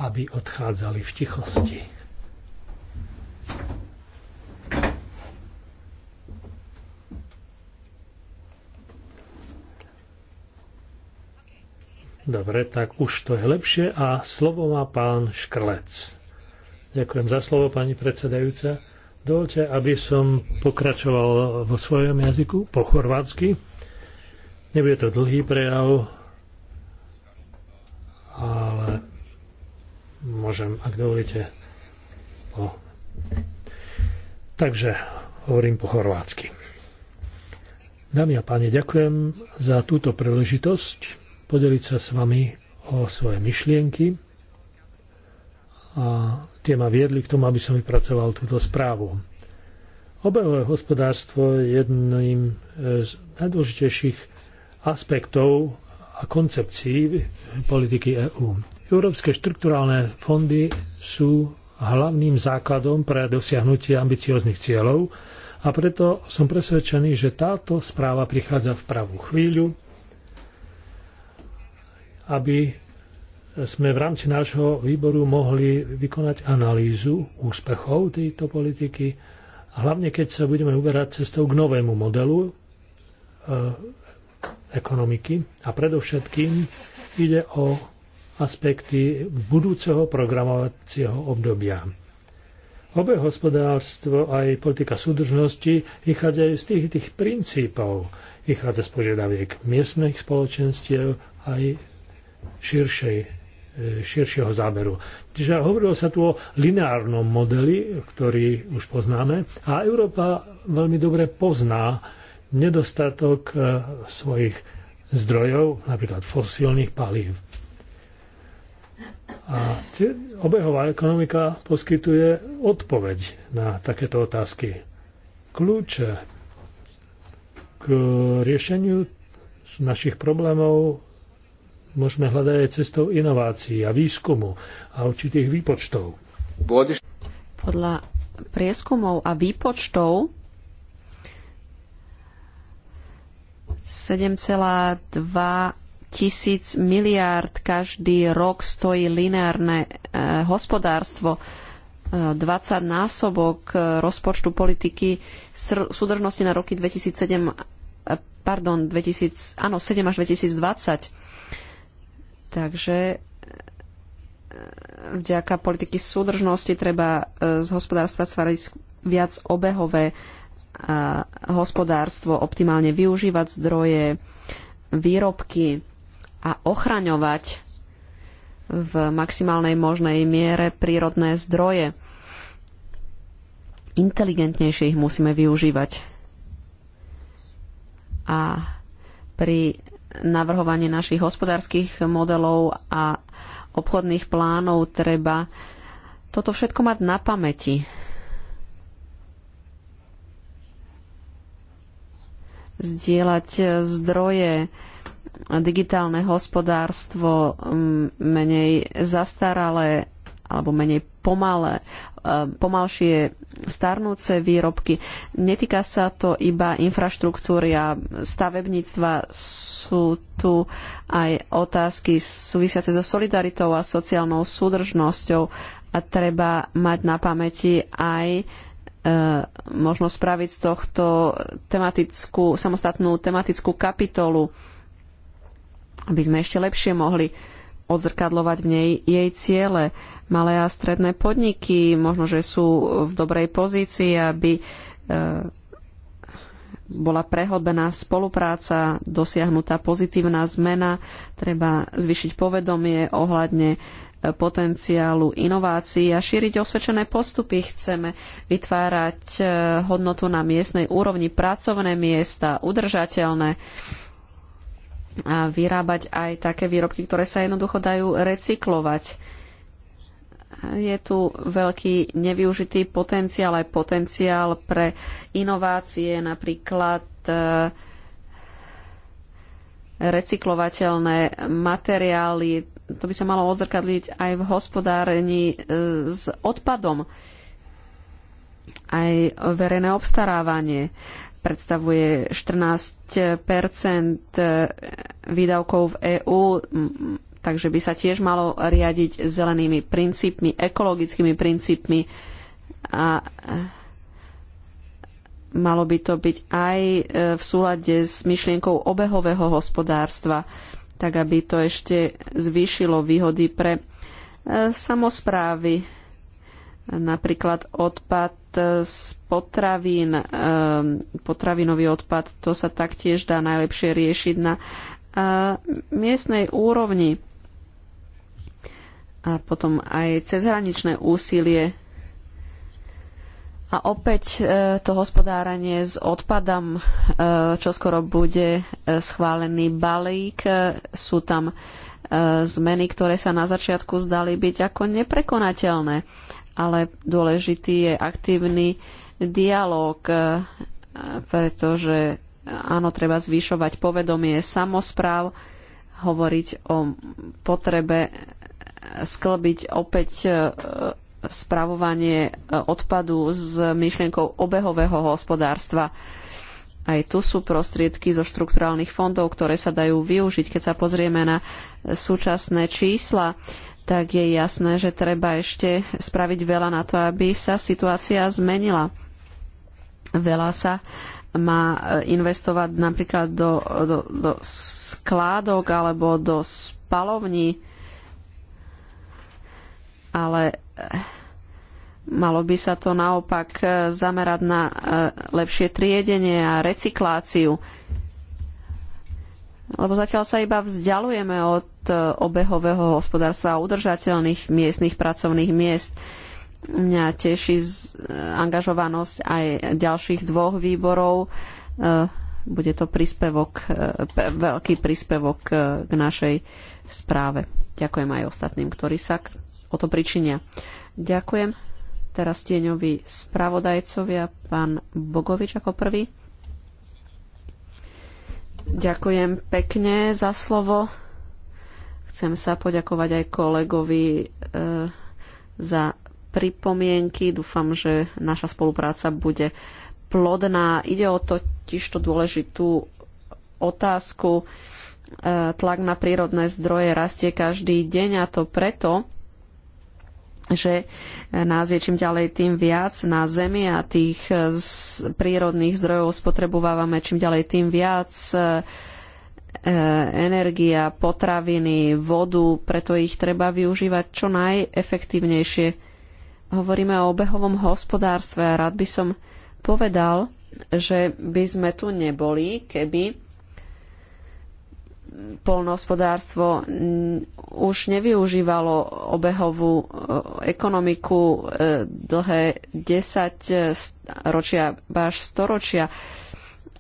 aby odchádzali v tichosti. Dobre, tak už to je lepšie a slovo má pán Škrlec. Ďakujem za slovo, pani predsedajúca. Dovolte, aby som pokračoval vo svojom jazyku, po chorvátsky. Nebude to dlhý prejav, ale môžem, ak dovolíte, po... Takže hovorím po chorvátsky. Dámy a páni, ďakujem za túto príležitosť podeliť sa s vami o svoje myšlienky a tie ma viedli k tomu, aby som vypracoval túto správu. Obehové hospodárstvo je jedným e, z najdôležitejších aspektov a koncepcií politiky EÚ. Európske štrukturálne fondy sú hlavným základom pre dosiahnutie ambicióznych cieľov a preto som presvedčený, že táto správa prichádza v pravú chvíľu aby sme v rámci nášho výboru mohli vykonať analýzu úspechov tejto politiky, hlavne keď sa budeme uberať cestou k novému modelu e, ekonomiky. A predovšetkým ide o aspekty budúceho programovacieho obdobia. Obe hospodárstvo aj politika súdržnosti vychádzajú z tých, tých princípov. Vychádza z požiadaviek miestnych spoločenstiev aj širšej, e, širšieho záberu. Čiže hovorilo sa tu o lineárnom modeli, ktorý už poznáme a Európa veľmi dobre pozná nedostatok e, svojich zdrojov, napríklad fosílnych palív. A obehová ekonomika poskytuje odpoveď na takéto otázky. Kľúče k riešeniu našich problémov môžeme hľadať aj cestou inovácií a výskumu a určitých výpočtov. Podľa prieskumov a výpočtov 7,2 tisíc miliárd každý rok stojí lineárne e, hospodárstvo. 20 eh, násobok eh, rozpočtu politiky súdržnosti na roky 2007 pardon, 2000, áno, 7 až 2020. Takže e, vďaka politiky súdržnosti treba e, z hospodárstva stvárať viac obehové a hospodárstvo, optimálne využívať zdroje, výrobky a ochraňovať v maximálnej možnej miere prírodné zdroje. Inteligentnejšie ich musíme využívať. A pri navrhovanie našich hospodárskych modelov a obchodných plánov treba toto všetko mať na pamäti. Zdieľať zdroje, digitálne hospodárstvo, menej zastaralé alebo menej pomalé Eh, pomalšie starnúce výrobky. Netýka sa to iba infraštruktúry a stavebníctva. Sú tu aj otázky súvisiace so solidaritou a sociálnou súdržnosťou a treba mať na pamäti aj eh, možno spraviť z tohto tematickú, samostatnú tematickú kapitolu, aby sme ešte lepšie mohli odzrkadlovať v nej jej ciele. Malé a stredné podniky možno, že sú v dobrej pozícii, aby e, bola prehlbená spolupráca, dosiahnutá pozitívna zmena, treba zvyšiť povedomie ohľadne e, potenciálu inovácií a šíriť osvedčené postupy. Chceme vytvárať e, hodnotu na miestnej úrovni, pracovné miesta, udržateľné vyrábať aj také výrobky, ktoré sa jednoducho dajú recyklovať. Je tu veľký nevyužitý potenciál, aj potenciál pre inovácie, napríklad e, recyklovateľné materiály. To by sa malo odzrkadliť aj v hospodárení e, s odpadom, aj verejné obstarávanie predstavuje 14 eh, výdavkov v EÚ, takže by sa tiež malo riadiť zelenými princípmi, ekologickými princípmi a eh, malo by to byť aj eh, v súlade s myšlienkou obehového hospodárstva, tak aby to ešte zvýšilo výhody pre samozprávy Napríklad odpad z potravín, eh, potravinový odpad, to sa taktiež dá najlepšie riešiť na eh, miestnej úrovni. A potom aj cezhraničné úsilie a opäť eh, to hospodárenie s odpadom, čo skoro bude schválený balík. Sú tam zmeny, ktoré sa na začiatku zdali byť ako neprekonateľné ale dôležitý je aktívny dialog, e, pretože e, áno, treba zvyšovať povedomie samozpráv, hovoriť o potrebe sklbiť opäť e, spravovanie odpadu s myšlienkou obehového hospodárstva. Aj tu sú prostriedky zo štrukturálnych fondov, ktoré sa dajú využiť. Keď sa pozrieme na súčasné čísla, tak je jasné, že treba ešte spraviť veľa na to, aby sa situácia zmenila. Veľa sa má e, investovať napríklad do, do, do skládok alebo do spalovní, ale e, malo by sa to naopak e, zamerať na lepšie triedenie a recykláciu lebo zatiaľ sa iba vzdialujeme od e, obehového hospodárstva a udržateľných miestnych pracovných miest. Mňa teší e, angažovanosť aj ďalších dvoch výborov. E, bude to príspevok, veľký príspevok k našej správe. Ďakujem aj ostatným, ktorí sa o to pričinia. Ďakujem. Teraz tieňovi spravodajcovia, pán Bogovič ako prvý. Ďakujem pekne za slovo. Chcem sa poďakovať aj kolegovi e, za pripomienky. Dúfam, že naša spolupráca bude plodná. Ide o totiž to dôležitú otázku. E, tlak na prírodné zdroje rastie každý deň a to preto, že e, nás je čím ďalej tým viac na Zemi a tých e, prírodných zdrojov spotrebovávame čím ďalej tým viac e, energia, potraviny, vodu, preto ich treba využívať čo najefektívnejšie. Hovoríme o obehovom hospodárstve a rád by som povedal, že by sme tu neboli, keby polnohospodárstvo už nevyužívalo obehovú e, ekonomiku e, dlhé 10 ročia, až 100 ročia.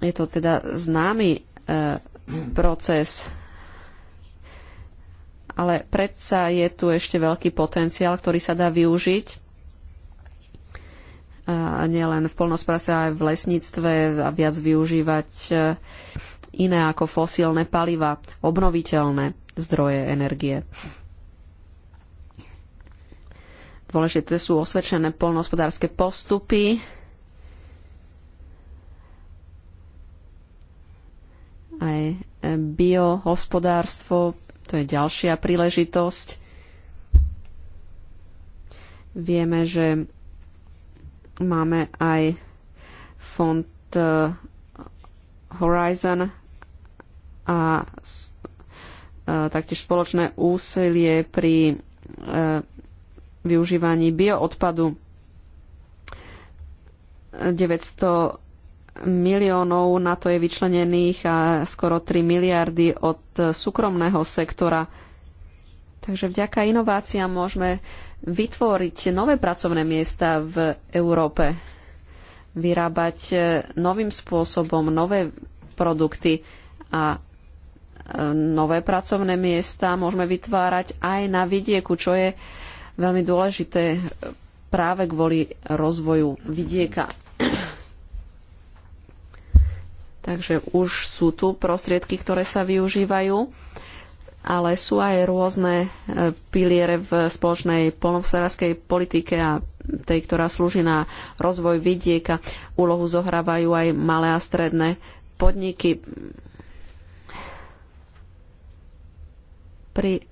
Je to teda známy e, proces, ale predsa je tu ešte veľký potenciál, ktorý sa dá využiť nielen v polnospodárstve, ale aj v lesníctve a viac využívať iné ako fosílne paliva, obnoviteľné zdroje energie. Dôležité sú osvedčené polnohospodárske postupy, aj e, biohospodárstvo, to je ďalšia príležitosť. Vieme, že máme aj fond e, Horizon a e, taktiež spoločné úsilie pri e, využívaní bioodpadu. 900 miliónov na to je vyčlenených a skoro 3 miliardy od súkromného sektora. Takže vďaka inováciám môžeme vytvoriť nové pracovné miesta v Európe, vyrábať novým spôsobom nové produkty a nové pracovné miesta môžeme vytvárať aj na vidieku, čo je veľmi dôležité práve kvôli rozvoju vidieka. Takže už sú tu prostriedky, ktoré sa využívajú, ale sú aj rôzne e, piliere v spoločnej polnohospodárskej politike a tej, ktorá slúži na rozvoj vidieka. Úlohu zohrávajú aj malé a stredné podniky. Pri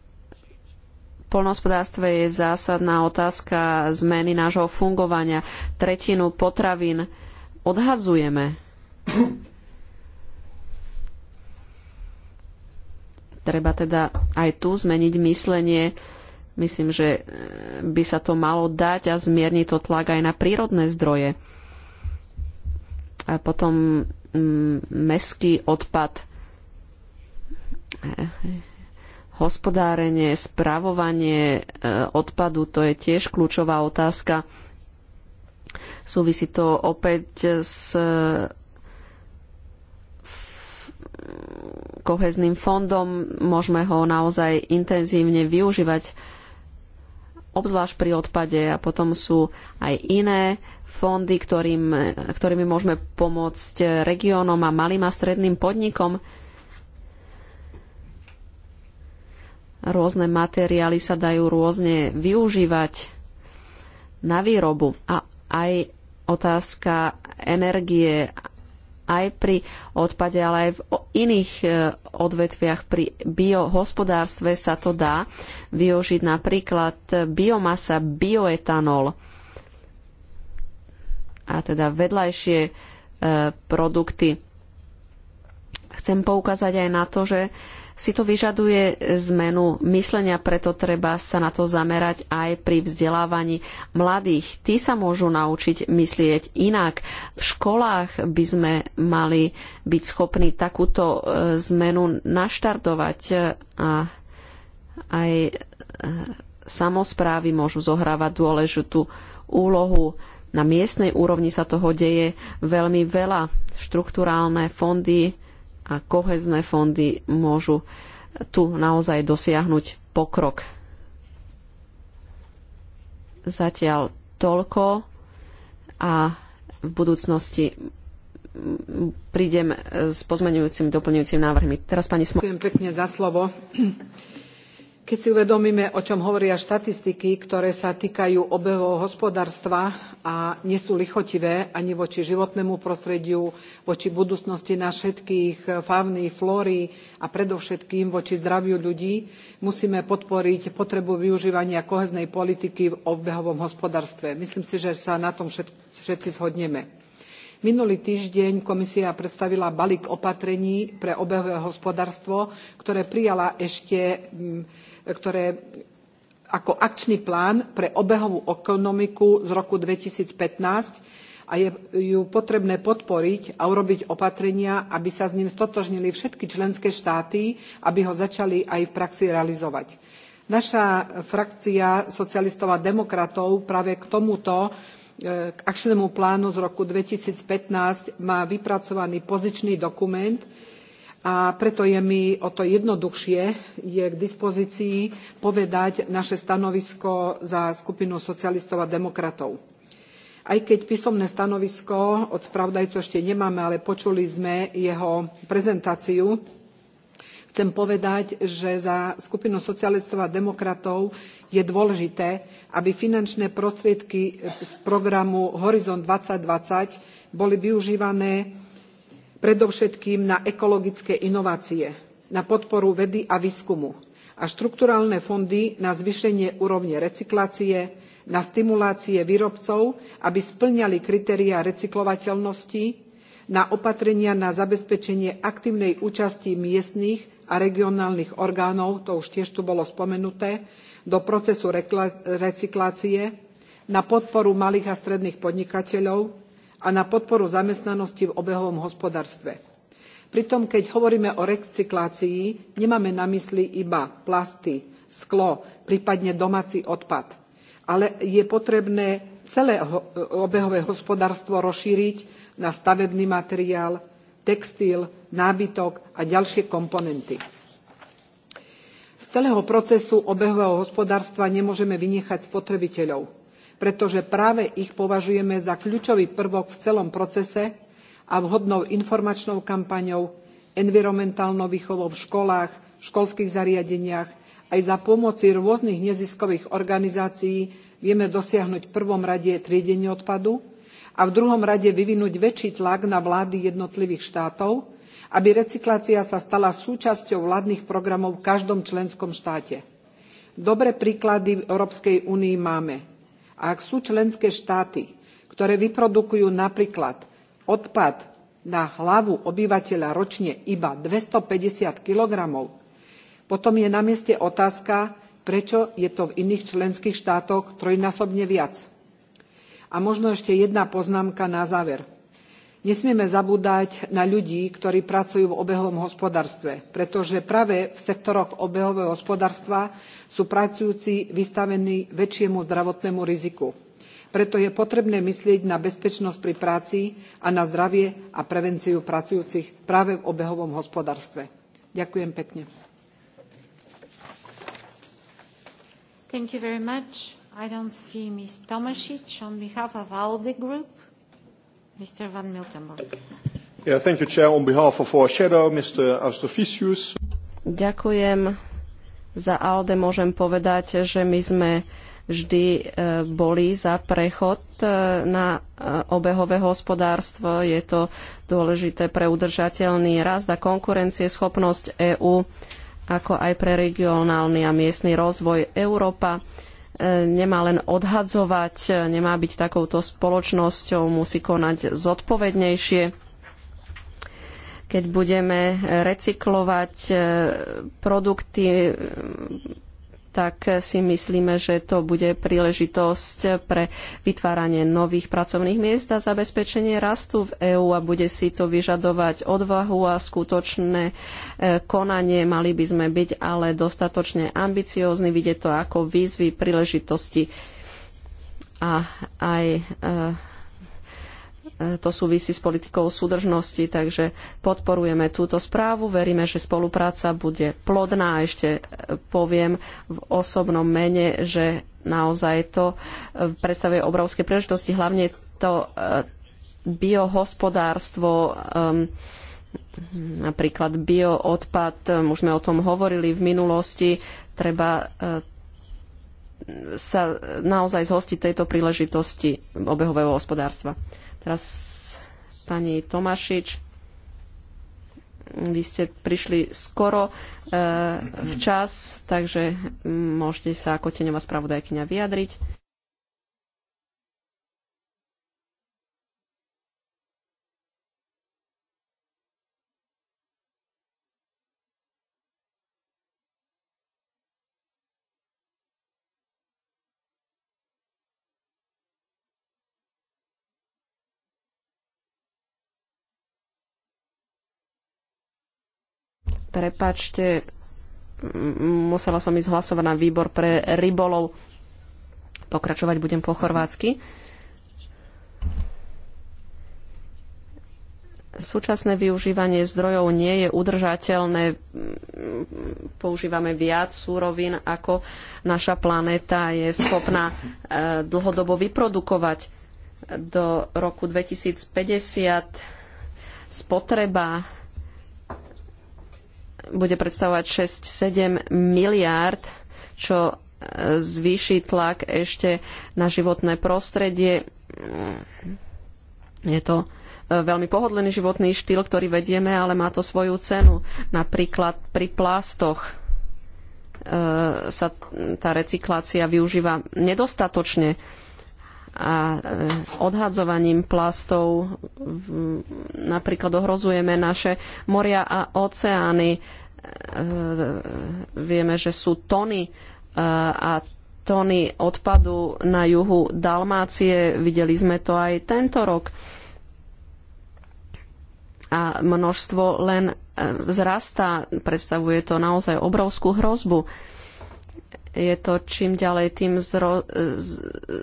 poľnohospodárstve je zásadná otázka zmeny nášho fungovania. Tretinu potravín odhadzujeme. Treba teda aj tu zmeniť myslenie. Myslím, že eh, by sa to malo dať a zmierni to tlak aj na prírodné zdroje. A potom mm, meský odpad eh, eh, hospodárenie, spravovanie e, odpadu, to je tiež kľúčová otázka. Súvisí to opäť s e, kohezným fondom, môžeme ho naozaj intenzívne využívať, obzvlášť pri odpade a potom sú aj iné fondy, ktorým, ktorými môžeme pomôcť regiónom a malým a stredným podnikom. Rôzne materiály sa dajú rôzne využívať na výrobu. A aj otázka energie aj pri odpade, ale aj v iných e, odvetviach pri biohospodárstve sa to dá využiť napríklad biomasa, bioetanol a teda vedľajšie e, produkty. Chcem poukázať aj na to, že si to vyžaduje zmenu myslenia, preto treba sa na to zamerať aj pri vzdelávaní mladých. Tí sa môžu naučiť myslieť inak. V školách by sme mali byť schopní takúto e, zmenu naštartovať e, a aj e, samozprávy môžu zohrávať dôležitú úlohu. Na miestnej úrovni sa toho deje veľmi veľa. Štruktúrálne fondy a kohezné fondy môžu tu naozaj dosiahnuť pokrok. Zatiaľ toľko a v budúcnosti prídem s pozmeňujúcimi, doplňujúcimi návrhmi. Teraz pani Smo. Ďakujem pekne za slovo. Keď si uvedomíme, o čom hovoria štatistiky, ktoré sa týkajú obehového hospodárstva a nie sú lichotivé ani voči životnému prostrediu, voči budúcnosti na všetkých fauny, flóry a predovšetkým voči zdraviu ľudí, musíme podporiť potrebu využívania kohéznej politiky v obehovom hospodárstve. Myslím si, že sa na tom všetci zhodneme minulý týždeň komisia predstavila balík opatrení pre obehové hospodárstvo ktoré prijala ešte ktoré ako akčný plán pre obehovú ekonomiku z roku 2015 a je ju potrebné podporiť a urobiť opatrenia, aby sa s ním stotožnili všetky členské štáty, aby ho začali aj v praxi realizovať. Naša frakcia socialistov a demokratov práve k tomuto e, akčnému plánu z roku 2015 má vypracovaný pozičný dokument, a preto je mi o to jednoduchšie je k dispozícii povedať naše stanovisko za skupinu socialistov a demokratov. Aj keď písomné stanovisko od spravodajcu ešte nemáme, ale počuli sme jeho prezentáciu, chcem povedať že za skupinu socialistov a demokratov je dôležité aby finančné prostriedky z programu horizont two thousand and twenty boli využívané predovšetkým na ekologické inovácie, na podporu vedy a výskumu a štrukturálne fondy na zvýšenie úrovne recyklácie, na stimulácie výrobcov, aby splňali kritériá recyklovateľnosti, na opatrenia na zabezpečenie aktívnej účasti miestnych a regionálnych orgánov, to už tiež tu bolo spomenuté, do procesu recyklácie, na podporu malých a stredných podnikateľov, a na podporu zamestnanosti v obehovom hospodárstve. Pritom, keď hovoríme o recyklácii, nemáme na mysli iba plasty, sklo, prípadne domáci odpad. Ale je potrebné celé obehové hospodárstvo rozšíriť na stavebný materiál, textil, nábytok a ďalšie komponenty. Z celého procesu obehového hospodárstva nemôžeme vynechať spotrebiteľov pretože práve ich považujeme za kľúčový prvok v celom procese a vhodnou informačnou kampaňou, environmentálnou výchovou v školách, v školských zariadeniach, aj za pomoci rôznych neziskových organizácií vieme dosiahnuť v prvom rade triedenie odpadu a v druhom rade vyvinúť väčší tlak na vlády jednotlivých štátov, aby recyklácia sa stala súčasťou vládnych programov v každom členskom štáte. Dobré príklady v Európskej únii máme a ak sú členské štáty, ktoré vyprodukujú napríklad odpad na hlavu obyvateľa ročne iba 250 kg, potom je na mieste otázka, prečo je to v iných členských štátoch trojnásobne viac. A možno ešte jedna poznámka na záver Nesmieme zabúdať na ľudí, ktorí pracujú v obehovom hospodárstve, pretože práve v sektoroch obehového hospodárstva sú pracujúci vystavení väčšiemu zdravotnému riziku. Preto je potrebné myslieť na bezpečnosť pri práci a na zdravie a prevenciu pracujúcich práve v obehovom hospodárstve. Ďakujem pekne. Thank you very much. I don't see Ms. Tomasic on behalf of Group. Mr. Van Miltenburg. Yeah, thank you, Chair. On behalf of our shadow, Mr. Ďakujem. Za ALDE môžem povedať, že my sme vždy e, boli za prechod e, na e, obehové hospodárstvo. Je to dôležité pre udržateľný rast a konkurencieschopnosť EÚ, ako aj pre regionálny a miestny rozvoj Európa nemá len odhadzovať, nemá byť takouto spoločnosťou, musí konať zodpovednejšie. Keď budeme recyklovať eh, produkty, tak si myslíme, že to bude príležitosť pre vytváranie nových pracovných miest a zabezpečenie rastu v EÚ a bude si to vyžadovať odvahu a skutočné e, konanie. Mali by sme byť ale dostatočne ambiciózni, vidieť to ako výzvy, príležitosti a aj e, E, to súvisí s politikou súdržnosti, takže podporujeme túto správu. Veríme, že spolupráca bude plodná. Ešte e, poviem v osobnom mene, že naozaj to e, predstavuje obrovské príležitosti, hlavne to biohospodárstvo, napríklad bioodpad, už sme o tom hovorili v minulosti, treba sa naozaj zhostiť tejto príležitosti obehového hospodárstva. Teraz pani Tomašič, vy ste prišli skoro e, včas, takže mm, môžete sa ako teňová spravodajkyňa vyjadriť. Prepačte, musela som ísť hlasovať na výbor pre rybolov. Pokračovať budem po chorvátsky. Súčasné využívanie zdrojov nie je udržateľné. Používame viac súrovín, ako naša planéta je schopná e, dlhodobo vyprodukovať. Do roku 2050 spotreba bude predstavovať 6-7 miliárd, čo e, zvýši tlak ešte na životné prostredie. Je to e, veľmi pohodlný životný štýl, ktorý vedieme, ale má to svoju cenu. Napríklad pri plastoch e, sa tá recyklácia využíva nedostatočne a e, odhadzovaním plastov napríklad ohrozujeme naše moria a oceány. E, vieme, že sú tony e, a tony odpadu na juhu Dalmácie. Videli sme to aj tento rok. A množstvo len vzrastá. Predstavuje to naozaj obrovskú hrozbu je to čím ďalej tým zro, z,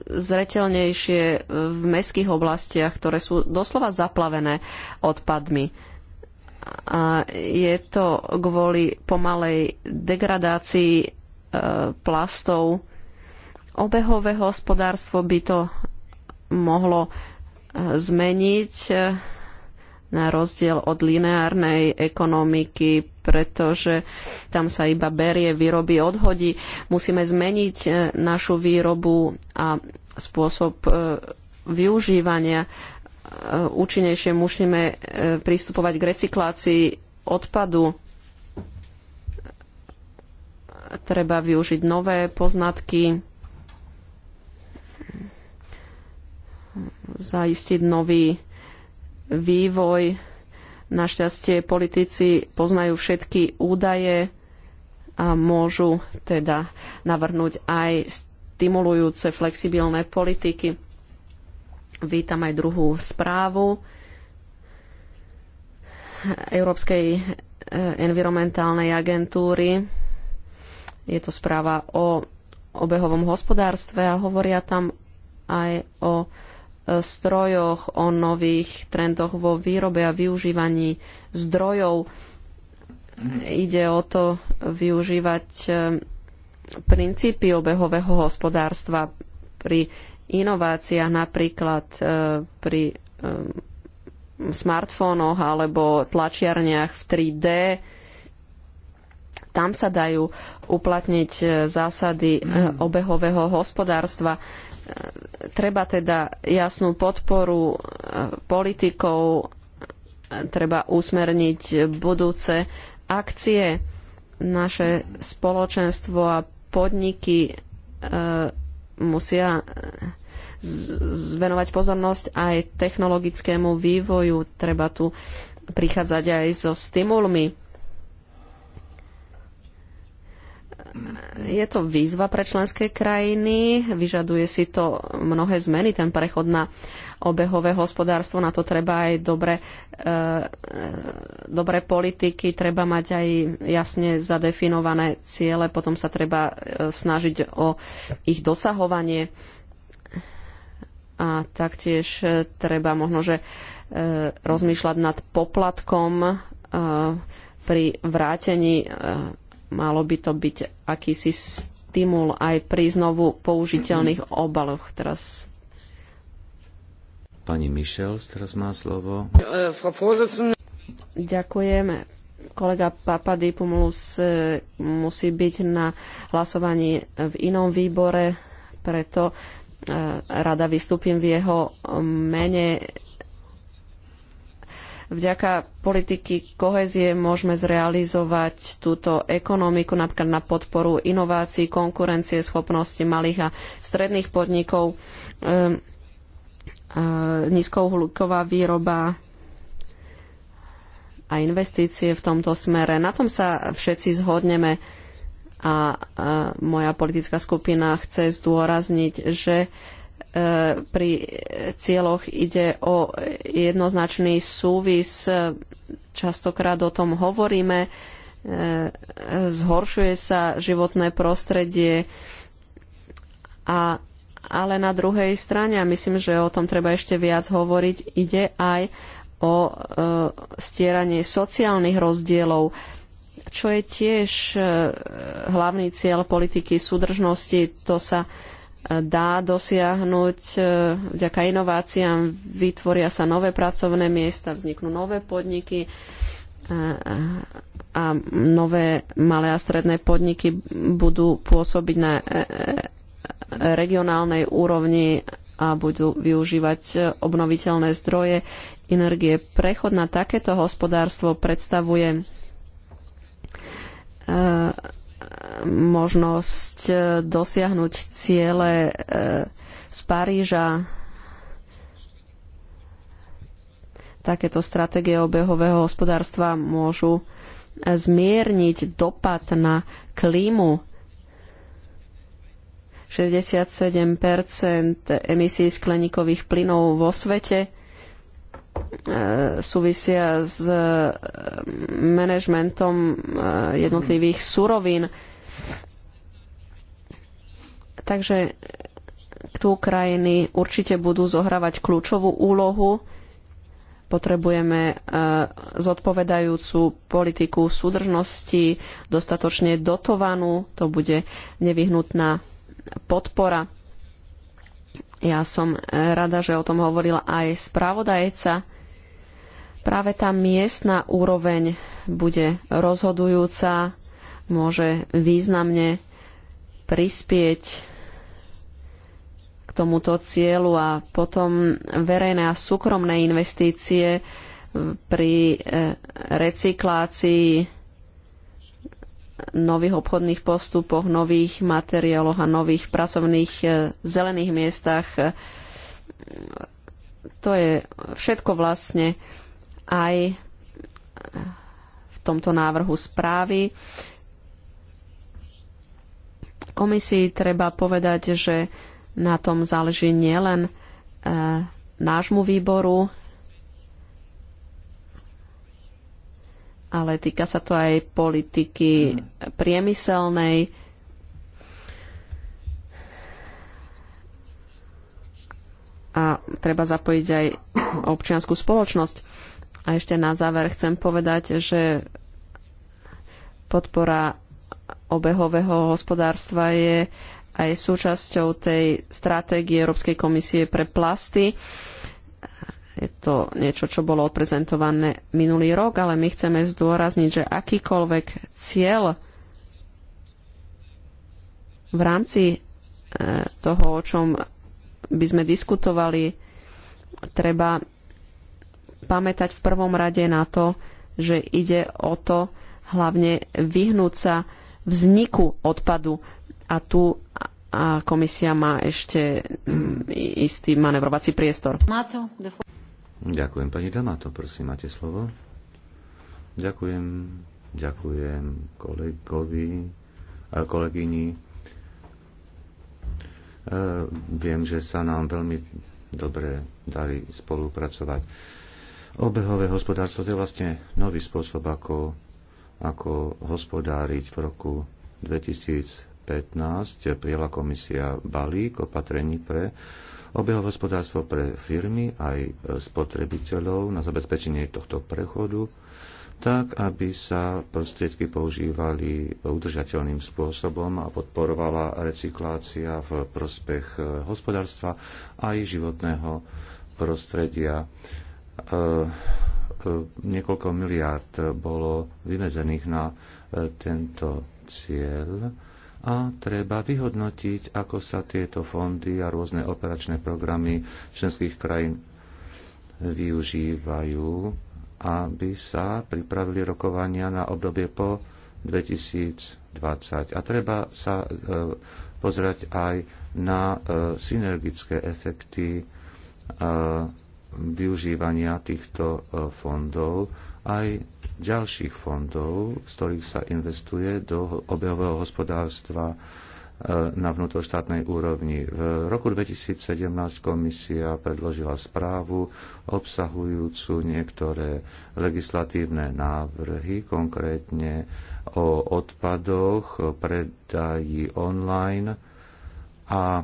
zretelnejšie v mestských oblastiach, ktoré sú doslova zaplavené odpadmi. A je to kvôli pomalej degradácii e, plastov. Obehové hospodárstvo by to mohlo e, zmeniť e, na rozdiel od lineárnej ekonomiky pretože tam sa iba berie, vyrobí, odhodí. Musíme zmeniť e, našu výrobu a spôsob e, využívania. E, účinnejšie musíme pristupovať k recyklácii odpadu. Treba využiť nové poznatky, zaistiť nový vývoj Našťastie politici poznajú všetky údaje a môžu teda navrhnúť aj stimulujúce flexibilné politiky. Vítam aj druhú správu Európskej e, environmentálnej agentúry. Je to správa o obehovom hospodárstve a hovoria tam aj o strojoch, o nových trendoch vo výrobe a využívaní zdrojov. Ide o to využívať e, princípy obehového hospodárstva pri inováciách, napríklad e, pri e, smartfónoch alebo tlačiarniach v 3D. Tam sa dajú uplatniť zásady obehového hospodárstva Treba teda jasnú podporu e, politikov, e, treba usmerniť budúce akcie. Naše spoločenstvo a podniky e, musia zvenovať pozornosť aj technologickému vývoju. Treba tu prichádzať aj so stimulmi. je to výzva pre členské krajiny, vyžaduje si to mnohé zmeny, ten prechod na obehové hospodárstvo, na to treba aj dobre, e, dobre politiky, treba mať aj jasne zadefinované ciele, potom sa treba eh, snažiť o ich dosahovanie a taktiež eh, treba možno, že e, rozmýšľať nad poplatkom e, pri vrátení Malo by to byť akýsi stimul aj pri znovu použiteľných obaloch. Teraz Pani Michel, teraz má slovo. Ďakujem. Kolega Papadipumulus e, musí byť na hlasovaní v inom výbore, preto e, rada vystúpim v jeho mene vďaka politiky kohezie môžeme zrealizovať túto ekonomiku napríklad na podporu inovácií, konkurencie, schopnosti malých a stredných podnikov, e, e, výroba a investície v tomto smere. Na tom sa všetci zhodneme a, a moja politická skupina chce zdôrazniť, že E, pri cieľoch ide o jednoznačný súvis. E, častokrát o tom hovoríme. E, zhoršuje sa životné prostredie a ale na druhej strane, a myslím, že o tom treba ešte viac hovoriť, ide aj o stieranie sociálnych rozdielov, čo je tiež hlavný cieľ politiky súdržnosti. To sa e, dá dosiahnuť e, vďaka inováciám, vytvoria sa nové pracovné miesta, vzniknú nové podniky e, a nové malé a stredné podniky budú pôsobiť na e, regionálnej úrovni a budú využívať obnoviteľné zdroje energie. Prechod na takéto hospodárstvo predstavuje možnosť e, dosiahnuť ciele e, z Paríža. Takéto stratégie obehového hospodárstva môžu e, zmierniť dopad na klímu. 67 emisí skleníkových plynov vo svete E, súvisia s e, manažmentom e, jednotlivých surovín. Takže tu krajiny určite budú zohrávať kľúčovú úlohu. Potrebujeme zodpovedajúcu politiku súdržnosti, dostatočne dotovanú, to bude nevyhnutná podpora. Ja som rada, že o tom hovorila aj spravodajca. Práve tá miestna úroveň bude rozhodujúca, môže významne prispieť k tomuto cieľu a potom verejné a súkromné investície e, pri e, recyklácii nových obchodných postupoch, nových materiáloch a nových pracovných e, zelených miestach. To je všetko vlastne aj v tomto návrhu správy. Komisii treba povedať, že na tom záleží nielen e, nášmu výboru, ale týka sa to aj politiky priemyselnej. A treba zapojiť aj občianskú spoločnosť. A ešte na záver chcem povedať, že podpora obehového hospodárstva je aj súčasťou tej stratégie Európskej komisie pre plasty. Je to niečo, čo bolo odprezentované minulý rok, ale my chceme zdôrazniť, že akýkoľvek cieľ v rámci e, toho, o čom by sme diskutovali, treba pamätať v prvom rade na to, že ide o to hlavne vyhnúť sa vzniku odpadu a tu a komisia má ešte mm, istý manevrovací priestor. Ďakujem, pani Damato, prosím, máte slovo. Ďakujem, ďakujem kolegovi a kolegyni. E, viem, že sa nám veľmi dobre darí spolupracovať. Obehové hospodárstvo to je vlastne nový spôsob, ako, ako hospodáriť v roku 2015. Prijela komisia balík opatrení pre obehové hospodárstvo pre firmy aj e, spotrebiteľov na zabezpečenie tohto prechodu tak, aby sa prostriedky používali udržateľným spôsobom a podporovala recyklácia v prospech e, hospodárstva aj životného prostredia. E, e, niekoľko miliárd bolo vymezených na e, tento cieľ a treba vyhodnotiť, ako sa tieto fondy a rôzne operačné programy členských krajín využívajú, aby sa pripravili rokovania na obdobie po 2020. A treba sa pozerať aj na synergické efekty využívania týchto e, fondov aj ďalších fondov, z ktorých sa investuje do obehového hospodárstva e, na vnútroštátnej úrovni. V roku 2017 komisia predložila správu obsahujúcu niektoré legislatívne návrhy, konkrétne o odpadoch, predaji online a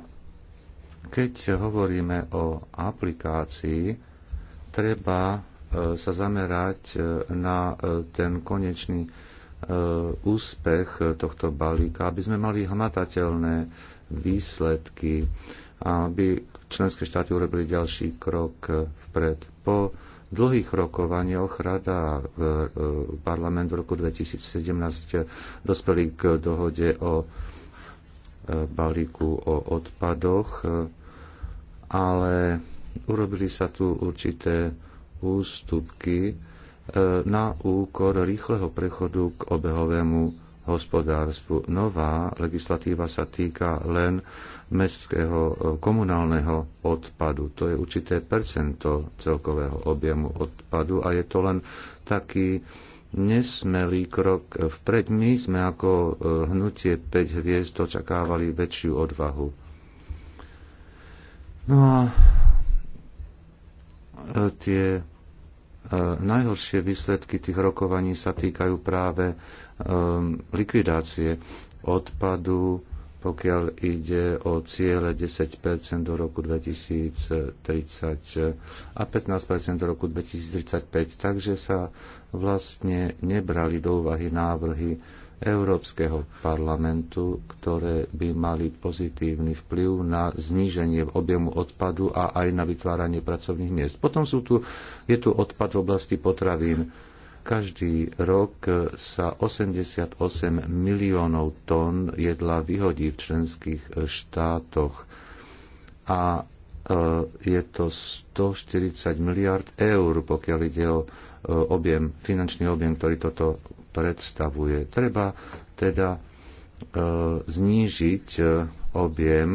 keď hovoríme o aplikácii, treba e, sa zamerať e, na e, ten konečný úspech tohto balíka, aby sme mali hmatateľné výsledky, aby členské štáty urobili ďalší krok vpred. Po dlhých rokovaniach Rada parlament v roku 2017 dospeli k dohode o balíku o odpadoch, e, ale urobili sa tu určité ústupky e, na úkor rýchleho prechodu k obehovému hospodárstvu. Nová legislatíva sa týka len mestského e, komunálneho odpadu. To je určité percento celkového objemu odpadu a je to len taký nesmelý krok vpred. My sme ako e, hnutie 5 hviezd očakávali väčšiu odvahu. No a e, tie e, najhoršie výsledky tých rokovaní sa týkajú práve likvidácie odpadu, pokiaľ ide o ciele 10 do roku 2030 a 15 do roku 2035. Takže sa vlastne nebrali do úvahy návrhy Európskeho parlamentu, ktoré by mali pozitívny vplyv na zníženie objemu odpadu a aj na vytváranie pracovných miest. Potom sú tu, je tu odpad v oblasti potravín každý rok sa 88 miliónov tón jedla vyhodí v členských štátoch a e, je to 140 miliard eur, pokiaľ ide o e, objem, finančný objem, ktorý toto predstavuje. Treba teda e, znížiť objem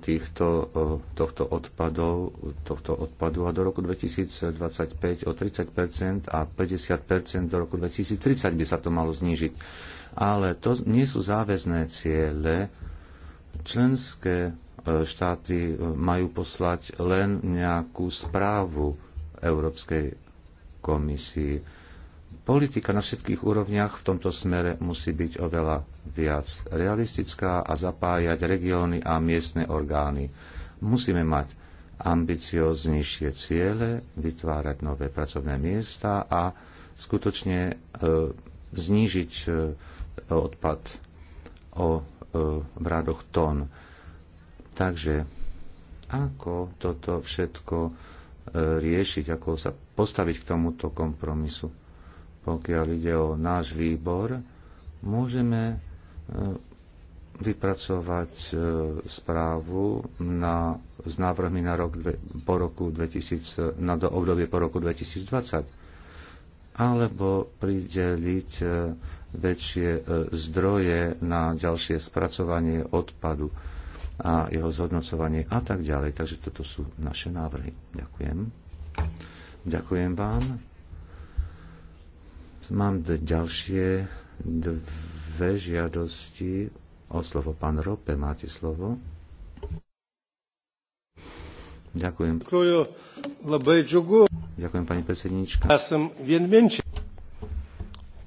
týchto, tohto, odpadov, tohto odpadu a do roku 2025 o 30 a 50 do roku 2030 by sa to malo znížiť. Ale to nie sú záväzné ciele. Členské e, štáty e, majú poslať len nejakú správu Európskej komisii politika na všetkých úrovniach v tomto smere musí byť oveľa viac realistická a zapájať regióny a miestne orgány. Musíme mať ambicioznejšie ciele, vytvárať nové pracovné miesta a skutočne e, znížiť e, odpad o e, v radoch tón. Takže ako toto všetko e, riešiť, ako sa postaviť k tomuto kompromisu? pokiaľ ide o náš výbor, môžeme e, vypracovať e, správu na, s návrhmi na rok, po roku 2000, na do obdobie po roku 2020 alebo prideliť e, väčšie zdroje na ďalšie spracovanie odpadu a jeho zhodnocovanie a tak ďalej. Takže toto sú naše návrhy. Ďakujem. Ďakujem vám. Mám ďalšie dve žiadosti o slovo. Pán Rope, máte slovo. Ďakujem. Ďakujem, pani predsednička. Ja som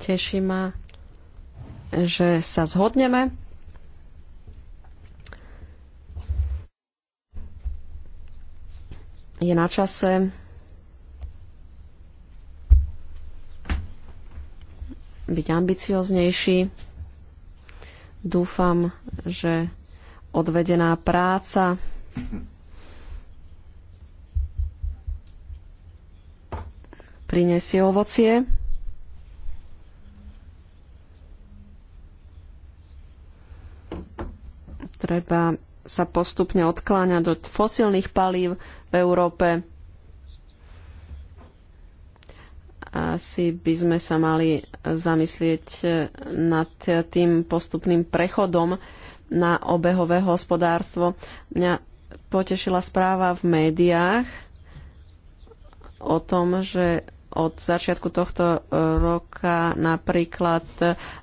Teší ma, že sa zhodneme. Je na čase byť ambicioznejší. Dúfam, že odvedená práca prinesie ovocie. Treba sa postupne odkláňať od fosilných palív v Európe. asi by sme sa mali zamyslieť nad tým postupným prechodom na obehové hospodárstvo. Mňa potešila správa v médiách o tom, že od začiatku tohto roka napríklad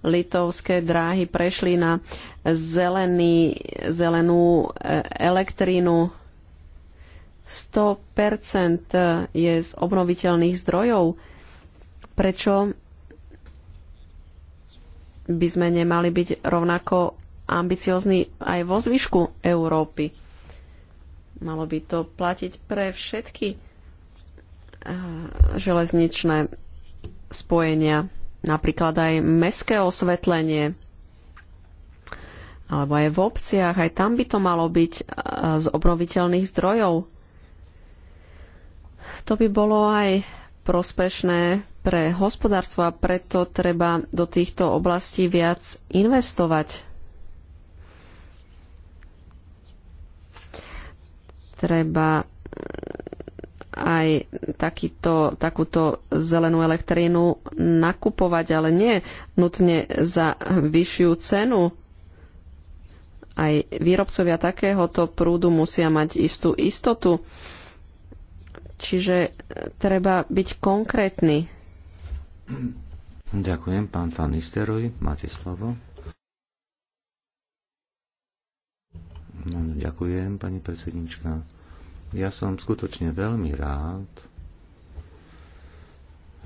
litovské dráhy prešli na zelený, zelenú e, elektrínu. 100% je z obnoviteľných zdrojov Prečo by sme nemali byť rovnako ambiciozní aj vo zvyšku Európy? Malo by to platiť pre všetky eh, železničné spojenia, napríklad aj meské osvetlenie, alebo aj v obciach, aj tam by to malo byť eh, z obnoviteľných zdrojov. To by bolo aj prospešné pre hospodárstvo a preto treba do týchto oblastí viac investovať. Treba mm, aj takýto, takúto zelenú elektrínu nakupovať, ale nie nutne za vyššiu cenu. Aj výrobcovia takéhoto prúdu musia mať istú istotu. Čiže e, treba byť konkrétny Ďakujem, pán pán Isteroj, máte slovo. No, no, ďakujem, pani predsednička. Ja som skutočne veľmi rád,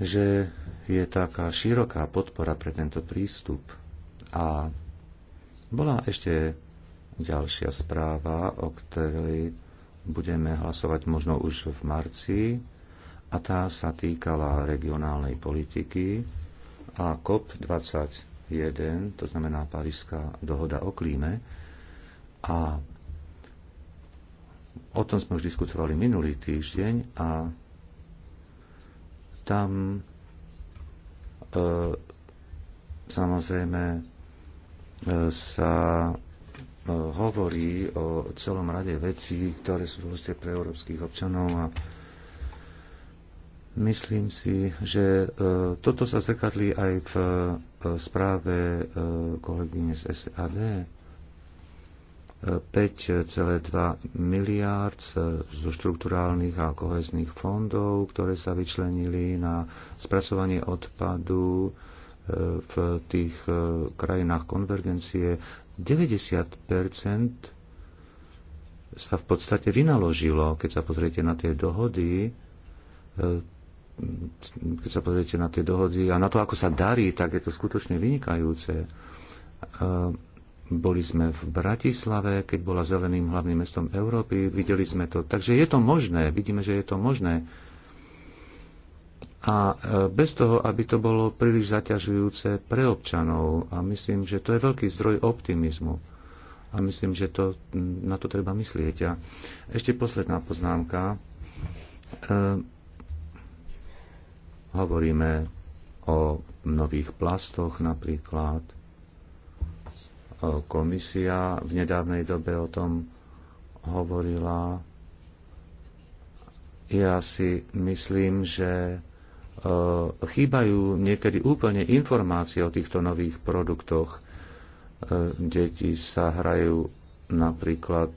že je taká široká podpora pre tento prístup. A bola ešte ďalšia správa, o ktorej budeme hlasovať možno už v marci a tá sa týkala regionálnej politiky a COP21, to znamená Paríska dohoda o klíme. A o tom sme už diskutovali minulý týždeň a tam e, samozrejme e, sa e, hovorí o celom rade vecí, ktoré sú dôležité pre európskych občanov a Myslím si, že e, toto sa zrkadlí aj v e, správe e, kolegyne z SAD. 5,2 miliárd zo štruktúrálnych a kohezných fondov, ktoré sa vyčlenili na spracovanie odpadu v tých krajinách konvergencie. 90 sa v podstate vynaložilo, keď sa pozriete na tie dohody, keď sa pozriete na tie dohody a na to, ako sa darí, tak je to skutočne vynikajúce. E, boli sme v Bratislave, keď bola zeleným hlavným mestom Európy, videli sme to. Takže je to možné, vidíme, že je to možné. A e, bez toho, aby to bolo príliš zaťažujúce pre občanov. A myslím, že to je veľký zdroj optimizmu. A myslím, že to, na to treba myslieť. A ešte posledná poznámka. E, Hovoríme o nových plastoch napríklad. Komisia v nedávnej dobe o tom hovorila. Ja si myslím, že chýbajú niekedy úplne informácie o týchto nových produktoch. Deti sa hrajú napríklad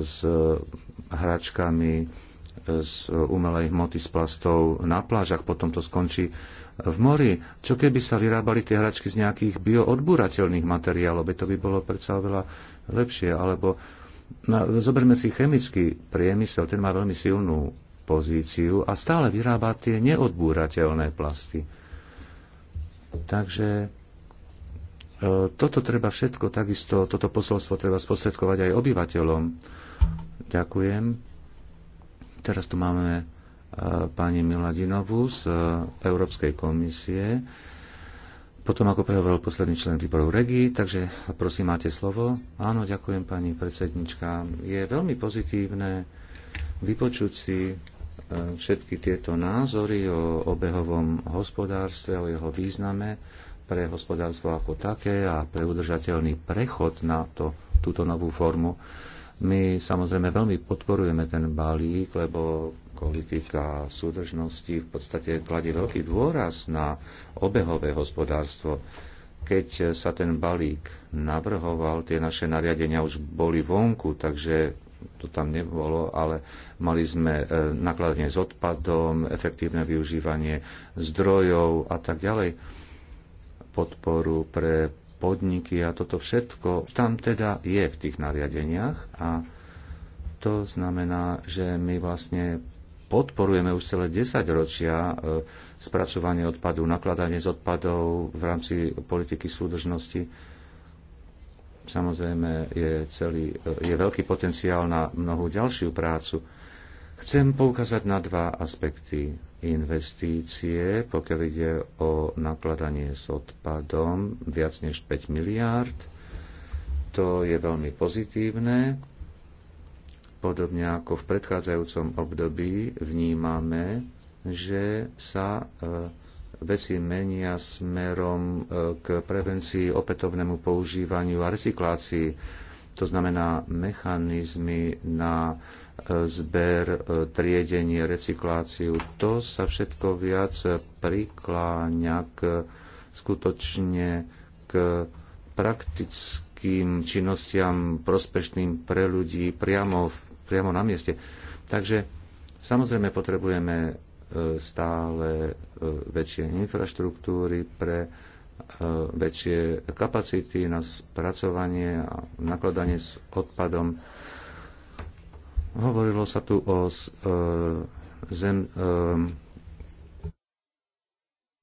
s hračkami z umelej hmoty z plastov na plážach, potom to skončí v mori. Čo keby sa vyrábali tie hračky z nejakých bioodbúrateľných materiálov, by to by bolo predsa oveľa lepšie. Alebo no, zoberme si chemický priemysel, ten má veľmi silnú pozíciu a stále vyrába tie neodbúrateľné plasty. Takže e, toto treba všetko, takisto toto posolstvo treba sprostredkovať aj obyvateľom. Ďakujem. Teraz tu máme e, pani Miladinovú z e, Európskej komisie. Potom, ako prehovoril posledný člen výboru REGI, takže prosím, máte slovo. Áno, ďakujem pani predsednička. Je veľmi pozitívne vypočuť si e, všetky tieto názory o obehovom hospodárstve, o jeho význame pre hospodárstvo ako také a pre udržateľný prechod na to, túto novú formu my samozrejme veľmi podporujeme ten balík, lebo politika súdržnosti v podstate kladie veľký dôraz na obehové hospodárstvo. Keď sa ten balík navrhoval, tie naše nariadenia už boli vonku, takže to tam nebolo, ale mali sme e, nakladanie s odpadom, efektívne využívanie zdrojov a tak ďalej podporu pre podniky a toto všetko tam teda je v tých nariadeniach a to znamená, že my vlastne podporujeme už celé 10 ročia e, spracovanie odpadu, nakladanie z odpadov v rámci politiky súdržnosti. Samozrejme je, celý, e, je veľký potenciál na mnohú ďalšiu prácu. Chcem poukázať na dva aspekty investície, pokiaľ ide o nakladanie s odpadom, viac než 5 miliárd. To je veľmi pozitívne. Podobne ako v predchádzajúcom období vnímame, že sa e, veci menia smerom e, k prevencii, opätovnému používaniu a recyklácii. To znamená mechanizmy na zber, e, triedenie, recikláciu. To sa všetko viac prikláňa k skutočne k praktickým činnostiam prospešným pre ľudí priamo, priamo na mieste. Takže samozrejme potrebujeme e, stále e, väčšie infraštruktúry pre väčšie kapacity na spracovanie a nakladanie s odpadom. Hovorilo sa tu o e, zem, e,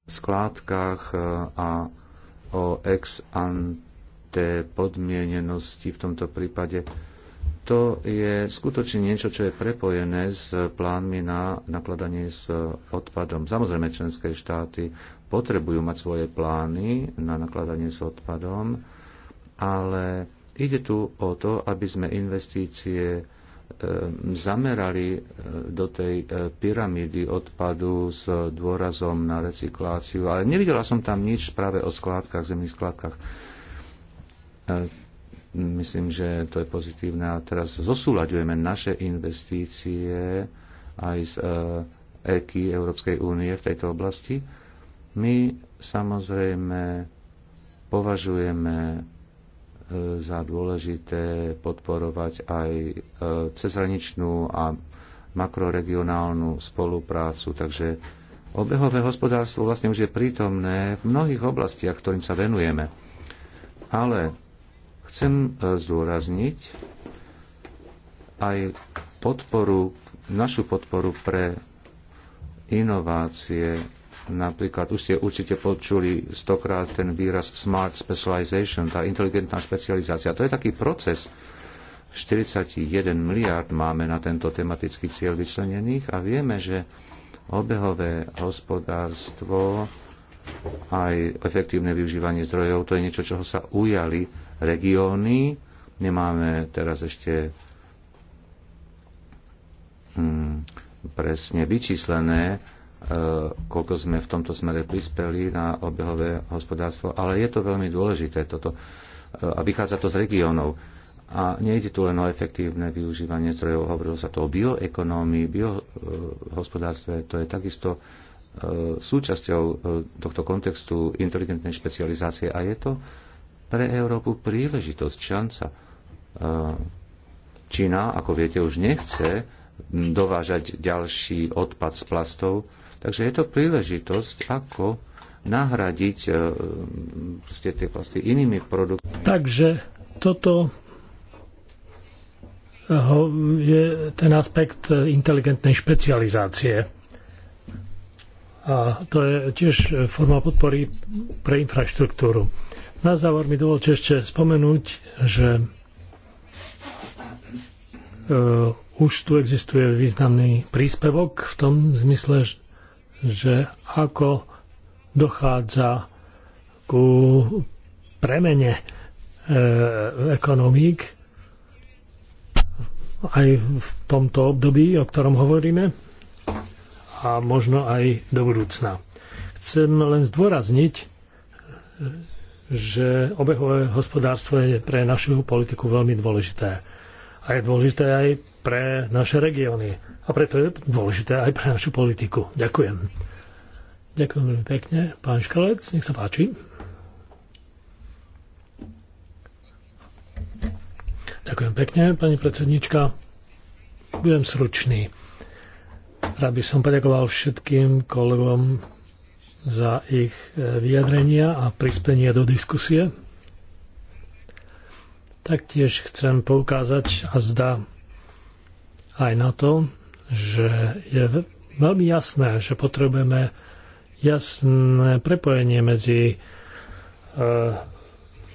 skládkach e, a o ex ante podmienenosti v tomto prípade. To je skutočne niečo, čo je prepojené s plánmi na nakladanie s odpadom. Samozrejme, členské štáty potrebujú mať svoje plány na nakladanie s odpadom, ale ide tu o to, aby sme investície E, zamerali e, do tej e, pyramídy odpadu s dôrazom na recykláciu, ale nevidela som tam nič práve o skládkach, zemných skládkach. Myslím, že to je pozitívne a teraz zosúľaďujeme naše investície aj z EKI Európskej únie v tejto oblasti. My samozrejme považujeme E, za dôležité podporovať aj e, cezhraničnú a makroregionálnu spoluprácu. Takže obehové hospodárstvo vlastne už je prítomné v mnohých oblastiach, ktorým sa venujeme. Ale chcem e, zdôrazniť aj podporu, našu podporu pre inovácie Napríklad už ste určite počuli stokrát ten výraz smart specialization, tá inteligentná špecializácia. To je taký proces. 41 miliard máme na tento tematický cieľ vyčlenených a vieme, že obehové hospodárstvo aj efektívne využívanie zdrojov, to je niečo, čoho sa ujali regióny. Nemáme teraz ešte hmm, presne vyčíslené, E, koľko sme v tomto smere prispeli na obehové hospodárstvo, ale je to veľmi dôležité toto e, a vychádza to z regiónov. A nejde tu len o efektívne využívanie zdrojov, hovorilo sa to o bioekonómii, biohospodárstve, to je takisto e, súčasťou tohto kontextu inteligentnej špecializácie a je to pre Európu príležitosť, šanca. Čína, ako viete, už nechce dovážať ďalší odpad z plastov Takže je to príležitosť, ako nahradiť e, proste tie plasty inými produktmi. Takže toto e, je ten aspekt e, inteligentnej špecializácie. A to je tiež forma podpory pre infraštruktúru. Na záver mi dovolte ešte spomenúť, že už tu existuje významný príspevok v tom zmysle, že ako dochádza ku premene e, ekonomík aj v tomto období, o ktorom hovoríme, a možno aj do budúcna. Chcem len zdôrazniť, že obehové hospodárstvo je pre našu politiku veľmi dôležité. A je dôležité aj pre naše regióny. A preto je dôležité aj pre našu politiku. Ďakujem. Ďakujem veľmi pekne. Pán Škalec, nech sa páči. Ďakujem pekne, pani predsednička. Budem stručný. Rád by som poďakoval všetkým kolegom za ich e, vyjadrenia a prispenie do diskusie. Taktiež chcem poukázať a zda aj na to, že je veľmi jasné, že potrebujeme jasné prepojenie medzi e,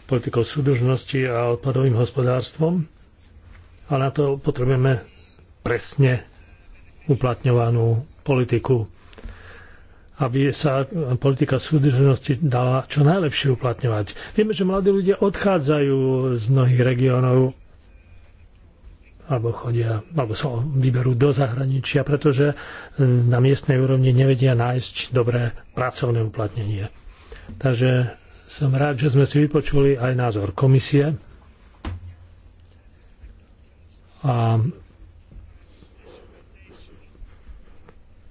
politikou súdržnosti a odpadovým hospodárstvom a na to potrebujeme presne uplatňovanú politiku, aby sa politika súdržnosti dala čo najlepšie uplatňovať. Vieme, že mladí ľudia odchádzajú z mnohých regiónov alebo chodia, alebo sa vyberú do zahraničia, pretože e, na miestnej úrovni nevedia nájsť dobré pracovné uplatnenie. Takže som rád, že sme si vypočuli aj názor komisie a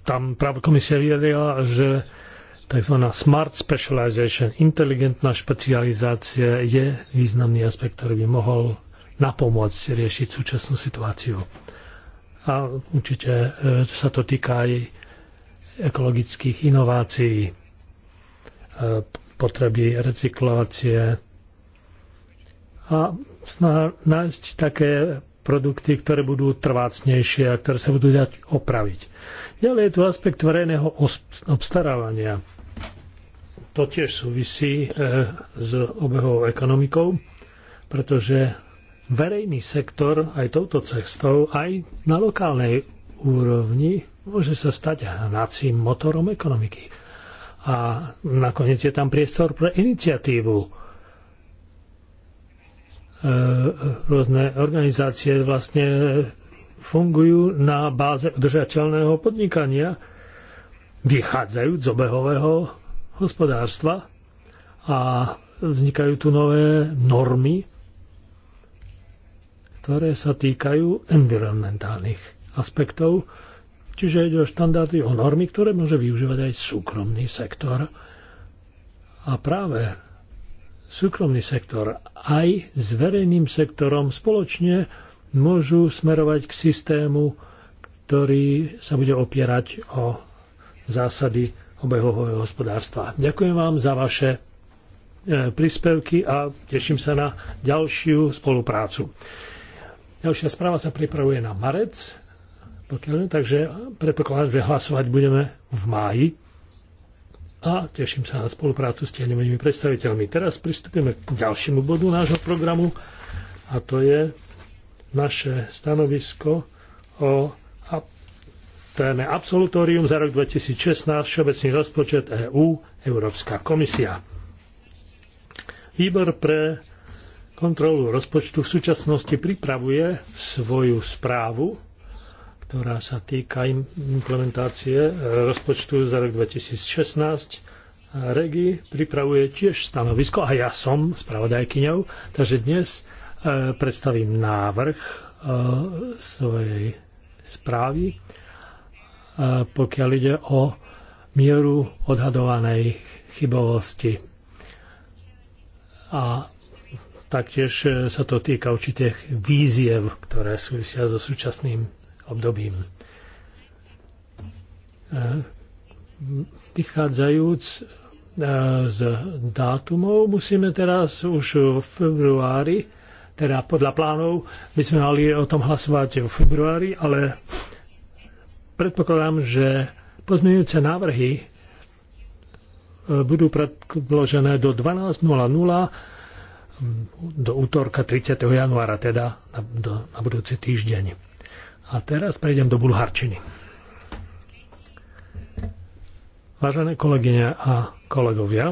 tam práve komisia vyjadrila, že tzv. smart specialization, inteligentná špecializácia je významný aspekt, ktorý by mohol na pomoc riešiť súčasnú situáciu. A určite e, sa to týka aj ekologických inovácií, e, potreby recyklovacie a snaha nájsť také produkty, ktoré budú trvácnejšie a ktoré sa budú dať opraviť. Ďalej je tu aspekt verejného obstarávania. To tiež súvisí e, s obehovou ekonomikou, pretože verejný sektor aj touto cestou, aj na lokálnej úrovni môže sa stať hnacím motorom ekonomiky. A nakoniec je tam priestor pre iniciatívu. E, rôzne organizácie vlastne fungujú na báze udržateľného podnikania, vychádzajú z obehového hospodárstva a vznikajú tu nové normy ktoré sa týkajú environmentálnych aspektov, čiže ide o štandardy, o normy, ktoré môže využívať aj súkromný sektor. A práve súkromný sektor aj s verejným sektorom spoločne môžu smerovať k systému, ktorý sa bude opierať o zásady obehového hospodárstva. Ďakujem vám za vaše e, príspevky a teším sa na ďalšiu spoluprácu. Ďalšia správa sa pripravuje na marec, pokiaľ, takže predpokladám, že hlasovať budeme v máji a teším sa na spoluprácu s tieňovými predstaviteľmi. Teraz pristúpime k ďalšiemu bodu nášho programu a to je naše stanovisko o téme Absolutórium za rok 2016, Všeobecný rozpočet EÚ, EU, Európska komisia. Výbor pre kontrolu rozpočtu v súčasnosti pripravuje svoju správu, ktorá sa týka implementácie e, rozpočtu za rok 2016. Regi pripravuje tiež stanovisko a ja som spravodajkyňou, takže dnes e, predstavím návrh e, svojej správy, pokiaľ ide o mieru odhadovanej chybovosti. A Taktiež e, sa to týka určitých víziev, ktoré súvisia so súčasným obdobím. E, vychádzajúc e, z dátumov, musíme teraz už v februári, teda podľa plánov, by sme mali o tom hlasovať v februári, ale predpokladám, že pozmeňujúce návrhy budú predložené do 12.00 do útorka 30. januára, teda na, do, na budúci týždeň. A teraz prejdem do bulharčiny. Vážené kolegyne a kolegovia,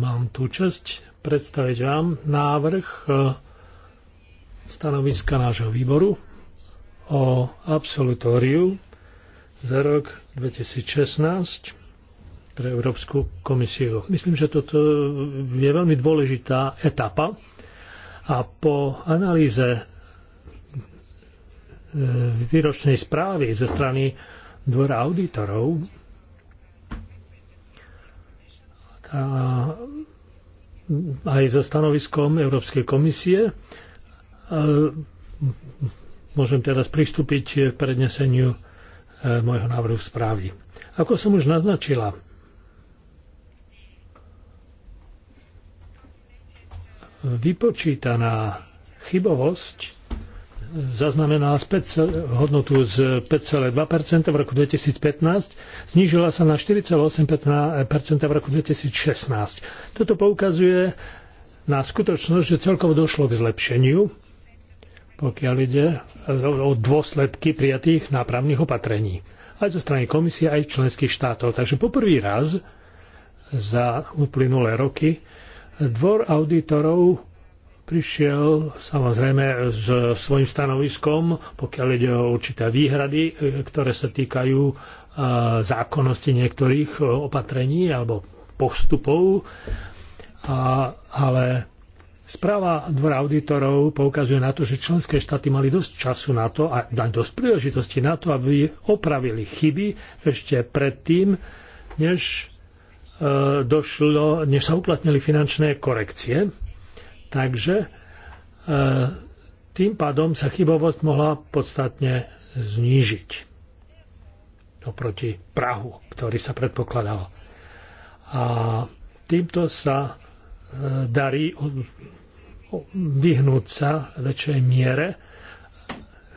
mám tu čest predstaviť vám návrh e, stanoviska nášho výboru o absolutóriu za rok 2016 pre Európsku komisiu. Myslím, že toto je veľmi dôležitá etapa a po analýze e, výročnej správy ze strany dvora auditorov a aj so stanoviskom Európskej komisie e, môžem teraz pristúpiť k predneseniu e, môjho návrhu správy. Ako som už naznačila, vypočítaná chybovosť zaznamenala hodnotu z 5,2% v roku 2015, znížila sa na 4,8% v roku 2016. Toto poukazuje na skutočnosť, že celkovo došlo k zlepšeniu, pokiaľ ide o dôsledky prijatých nápravných opatrení. Aj zo strany komisie, aj členských štátov. Takže poprvý raz za uplynulé roky Dvor auditorov prišiel samozrejme s svojim stanoviskom, pokiaľ ide o určité výhrady, e, ktoré sa týkajú e, zákonnosti niektorých e, opatrení alebo postupov. A, ale správa dvora auditorov poukazuje na to, že členské štáty mali dosť času na to a dosť príležitosti na to, aby opravili chyby ešte predtým, než E, došlo, než sa uplatnili finančné korekcie. Takže e, tým pádom sa chybovosť mohla podstatne znížiť oproti Prahu, ktorý sa predpokladal. A týmto sa e, darí vyhnúť sa väčšej miere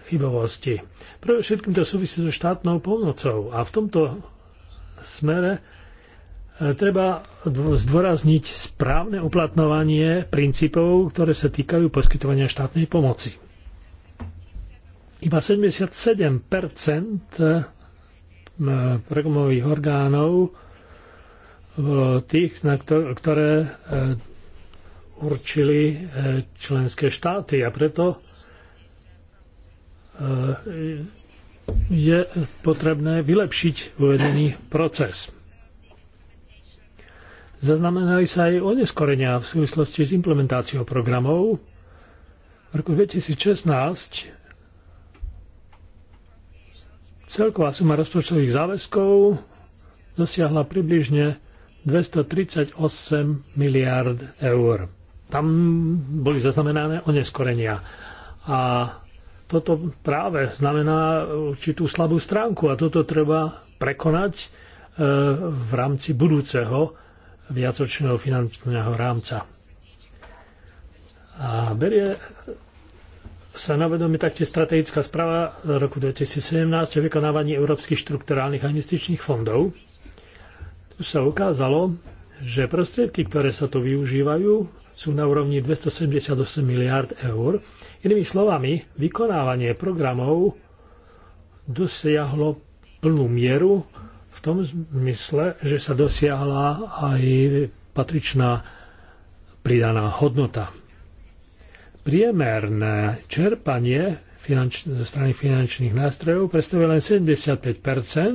chybovosti. Pre všetkým to súvisí so štátnou pomocou a v tomto smere E, treba zdôrazniť správne uplatňovanie princípov, ktoré sa týkajú poskytovania štátnej pomoci. Iba 77 e, programových orgánov, e, tých, na ktoré určili členské štáty a preto je potrebné vylepšiť uvedený proces. Zaznamenali sa aj oneskorenia v súvislosti s implementáciou programov. V roku 2016 celková suma rozpočtových záväzkov dosiahla približne 238 miliard eur. Tam boli zaznamenané oneskorenia. A toto práve znamená určitú slabú stránku a toto treba prekonať e, v rámci budúceho viatočného finančného rámca. A berie sa na vedomie taktiež strategická správa z roku 2017 o vykonávaní európskych štrukturálnych a investičných fondov. Tu sa ukázalo, že prostriedky, ktoré sa tu využívajú, sú na úrovni 278 miliard eur. Inými slovami, vykonávanie programov dosiahlo plnú mieru v tom zmysle, že sa dosiahla aj patričná pridaná hodnota. Priemerné čerpanie zo strany finančných nástrojov predstavuje len 75 e,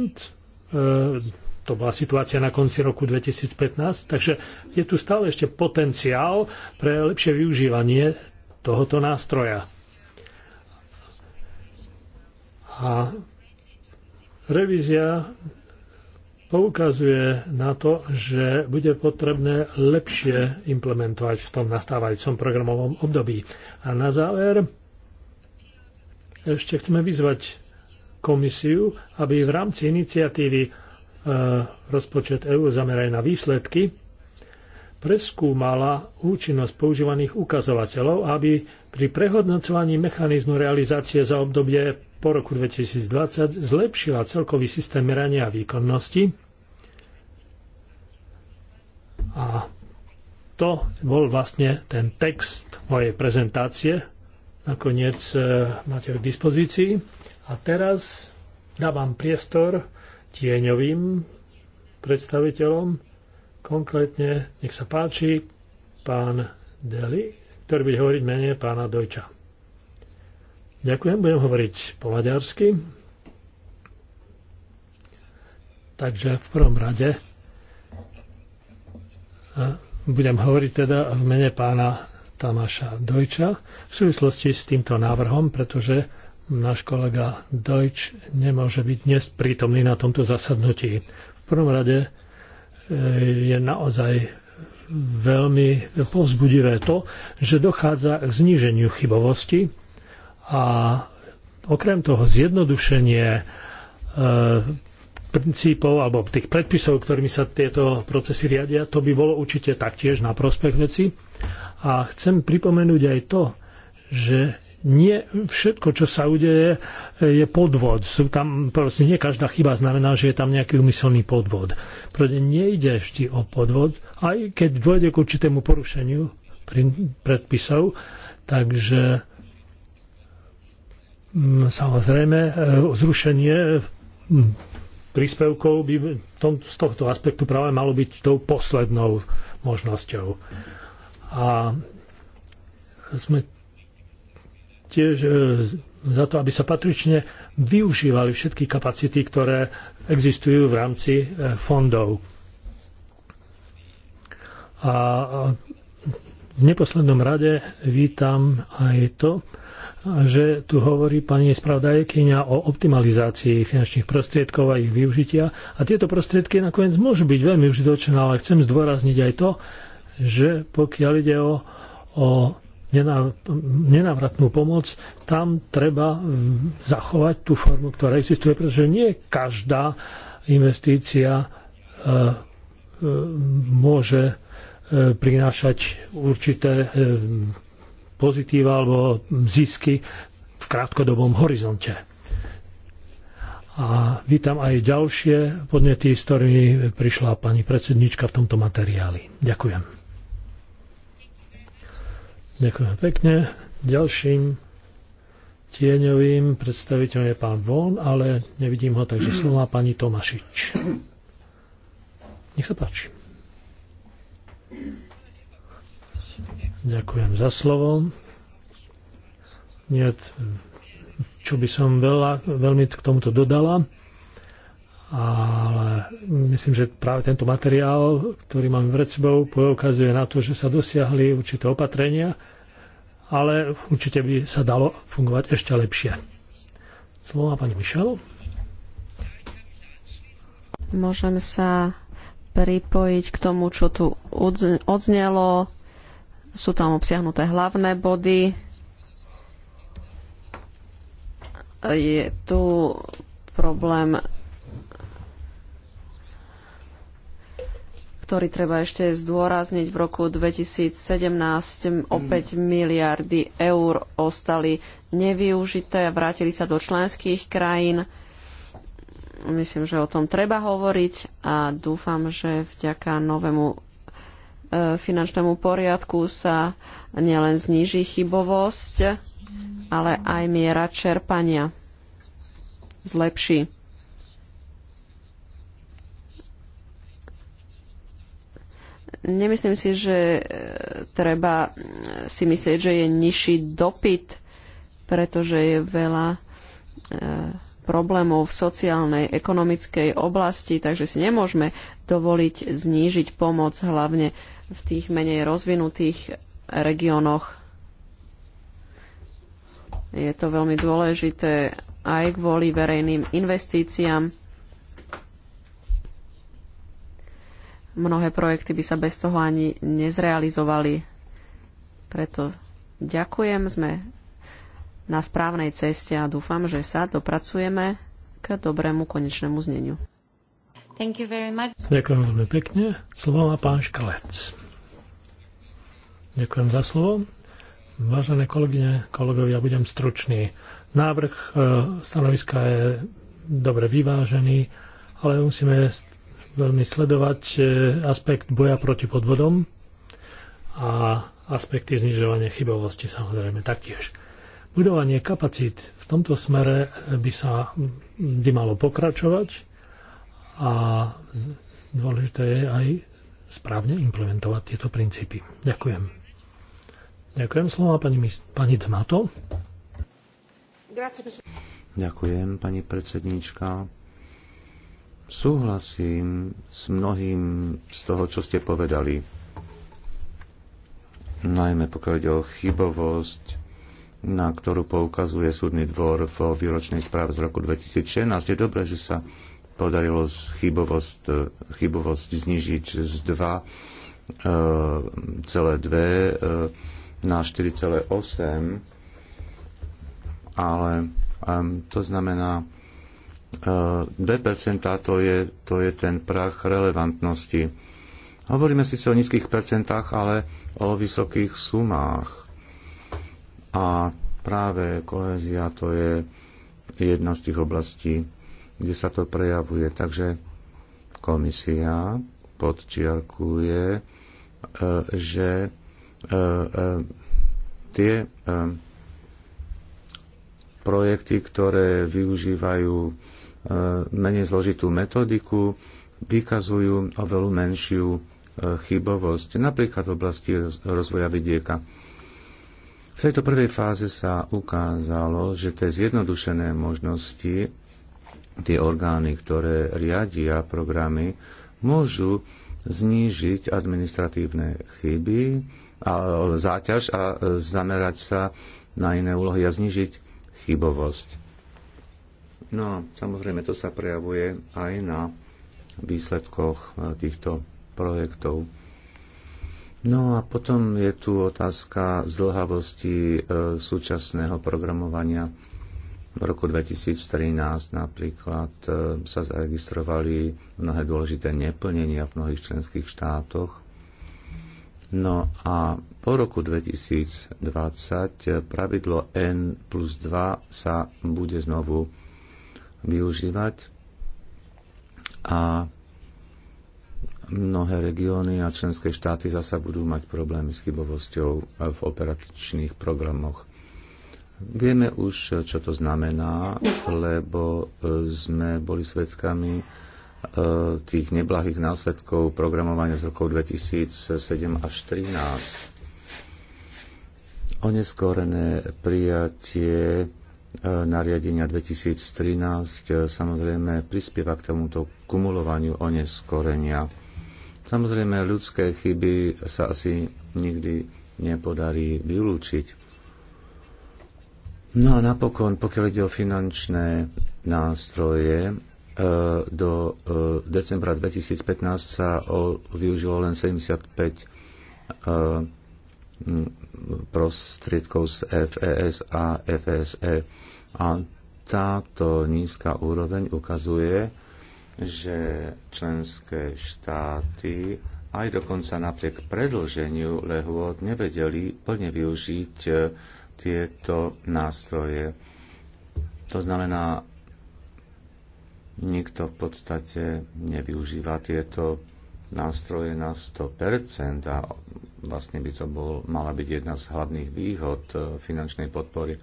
to bola situácia na konci roku 2015, takže je tu stále ešte potenciál pre lepšie využívanie tohoto nástroja. A revízia poukazuje na to, že bude potrebné lepšie implementovať v tom nastávajúcom programovom období. A na záver ešte chceme vyzvať komisiu, aby v rámci iniciatívy e, rozpočet EÚ zameraj na výsledky preskúmala účinnosť používaných ukazovateľov, aby pri prehodnocovaní mechanizmu realizácie za obdobie po roku 2020 zlepšila celkový systém merania a výkonnosti a to bol vlastne ten text mojej prezentácie. Nakoniec e, máte ho k dispozícii. A teraz dávam priestor tieňovým predstaviteľom. Konkrétne, nech sa páči, pán Deli, ktorý bude hovoriť mene pána Dojča. Ďakujem, budem hovoriť po maďarsky. Takže v prvom rade e, budem hovoriť teda v mene pána Tamáša Dojča v súvislosti s týmto návrhom, pretože náš kolega Dojč nemôže byť dnes prítomný na tomto zasadnutí. V prvom rade e, je naozaj veľmi povzbudivé to, že dochádza k zníženiu chybovosti a okrem toho zjednodušenie e, princípov alebo tých predpisov, ktorými sa tieto procesy riadia, to by bolo určite taktiež na prospech veci. A chcem pripomenúť aj to, že nie všetko, čo sa udeje, je podvod. Sú tam, proste nie každá chyba znamená, že je tam nejaký umyselný podvod. Proste nejde vždy o podvod, aj keď dôjde k určitému porušeniu predpisov, takže Mm, samozrejme, e, zrušenie mm, príspevkov by z tohto aspektu práve malo byť tou poslednou možnosťou. A sme tiež e, za to, aby sa patrične využívali všetky kapacity, ktoré existujú v rámci e, fondov. A v neposlednom rade vítam aj to, že tu hovorí pani spravodajkyňa o optimalizácii finančných prostriedkov a ich využitia. A tieto prostriedky nakoniec môžu byť veľmi užitočné, ale chcem zdôrazniť aj to, že pokiaľ ide o, o nenávratnú pomoc, tam treba zachovať tú formu, ktorá existuje, pretože nie každá investícia e, e, môže e, prinášať určité pozitíva alebo zisky v krátkodobom horizonte. A vítam aj ďalšie podnety, s ktorými prišla pani predsednička v tomto materiáli. Ďakujem. Ďakujem pekne. Ďalším tieňovým predstaviteľom je pán Von, ale nevidím ho, takže slovo má pani Tomašič. Nech sa páči. Ďakujem za slovo. Nie, čo by som veľa, veľmi k tomuto dodala, ale myslím, že práve tento materiál, ktorý máme pred sebou, poukazuje na to, že sa dosiahli určité opatrenia, ale určite by sa dalo fungovať ešte lepšie. Slovo má pani Mišel. Môžem sa pripojiť k tomu, čo tu odznelo sú tam obsiahnuté hlavné body. Je tu problém, ktorý treba ešte zdôrazniť. V roku 2017 opäť mm. miliardy eur ostali nevyužité, a vrátili sa do členských krajín myslím, že o tom treba hovoriť a dúfam, že vďaka novému finančnému poriadku sa nielen zníži chybovosť, ale aj miera čerpania zlepší. Nemyslím si, že e, treba e, si myslieť, že je nižší dopyt, pretože je veľa e, problémov v sociálnej, ekonomickej oblasti, takže si nemôžeme dovoliť znížiť pomoc hlavne v tých menej rozvinutých regiónoch. Je to veľmi dôležité aj kvôli verejným investíciám. Mnohé projekty by sa bez toho ani nezrealizovali. Preto ďakujem, sme na správnej ceste a dúfam, že sa dopracujeme k dobrému konečnému zneniu. Thank you very much. Ďakujem veľmi pekne. Slovo má pán Škalec. Ďakujem za slovo. Vážené kolegyne, kolegovia, ja budem stručný. Návrh e, stanoviska je dobre vyvážený, ale musíme veľmi sledovať e, aspekt boja proti podvodom a aspekty znižovania chybovosti samozrejme taktiež. Budovanie kapacít v tomto smere by sa by malo pokračovať a dôležité je aj správne implementovať tieto princípy. Ďakujem. Ďakujem slova pani, pani Demato. Ďakujem, pani predsednička. Súhlasím s mnohým z toho, čo ste povedali. Najmä pokiaľ ide o chybovosť, na ktorú poukazuje súdny dvor vo výročnej správe z roku 2016. Je dobré, že sa podarilo chybovosť, chybovosť e, znižiť z 2,2 e, e, na 4,8, ale to znamená, 2% to je, to je ten prach relevantnosti. Hovoríme síce o nízkych percentách, ale o vysokých sumách. A práve kohézia to je jedna z tých oblastí, kde sa to prejavuje. Takže komisia podčiarkuje, e, že e, e, tie projekty, ktoré využívajú menej zložitú metodiku, vykazujú oveľa menšiu chybovosť, napríklad v oblasti rozvoja vidieka. V tejto prvej fáze sa ukázalo, že tie zjednodušené možnosti tie orgány, ktoré riadia programy, môžu znížiť administratívne chyby a záťaž a zamerať sa na iné úlohy a znížiť chybovosť. No a samozrejme to sa prejavuje aj na výsledkoch e, týchto projektov. No a potom je tu otázka zdlhavosti e, súčasného programovania v roku 2013 napríklad e, sa zaregistrovali mnohé dôležité neplnenia v mnohých členských štátoch. No a po roku 2020 pravidlo N plus 2 sa bude znovu využívať a mnohé regióny a členské štáty zasa budú mať problémy s chybovosťou v operačných programoch. Vieme už, čo to znamená, lebo e, sme boli svedkami e, tých neblahých následkov programovania z rokov 2007 až 2013. Oneskorené prijatie e, nariadenia 2013 samozrejme prispieva k tomuto kumulovaniu oneskorenia. Samozrejme, ľudské chyby sa asi nikdy nepodarí vylúčiť. No a napokon, pokiaľ ide o finančné nástroje, e, do e, decembra 2015 sa využilo len 75 e, prostriedkov z FES a FSE. A táto nízka úroveň ukazuje, že členské štáty aj dokonca napriek predlženiu lehôd nevedeli plne využiť tieto nástroje. To znamená, nikto v podstate nevyužíva tieto nástroje na 100% a vlastne by to bol, mala byť jedna z hlavných výhod e, finančnej podpory.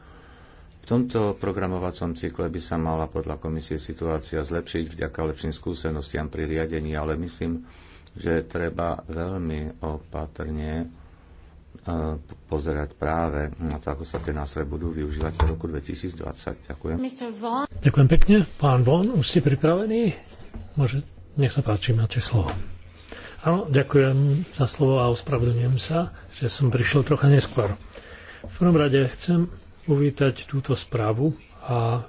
V tomto programovacom cykle by sa mala podľa komisie situácia zlepšiť vďaka lepším skúsenostiam pri riadení, ale myslím, že treba veľmi opatrne e, pozerať práve na to, ako sa tie nástroje budú využívať po roku 2020. Ďakujem. Ďakujem pekne. Pán Von, už si pripravený? Môže, nech sa páči, máte slovo. Áno, ďakujem za slovo a ospravedlňujem sa, že som prišiel trocha neskôr. V prvom rade chcem uvítať túto správu a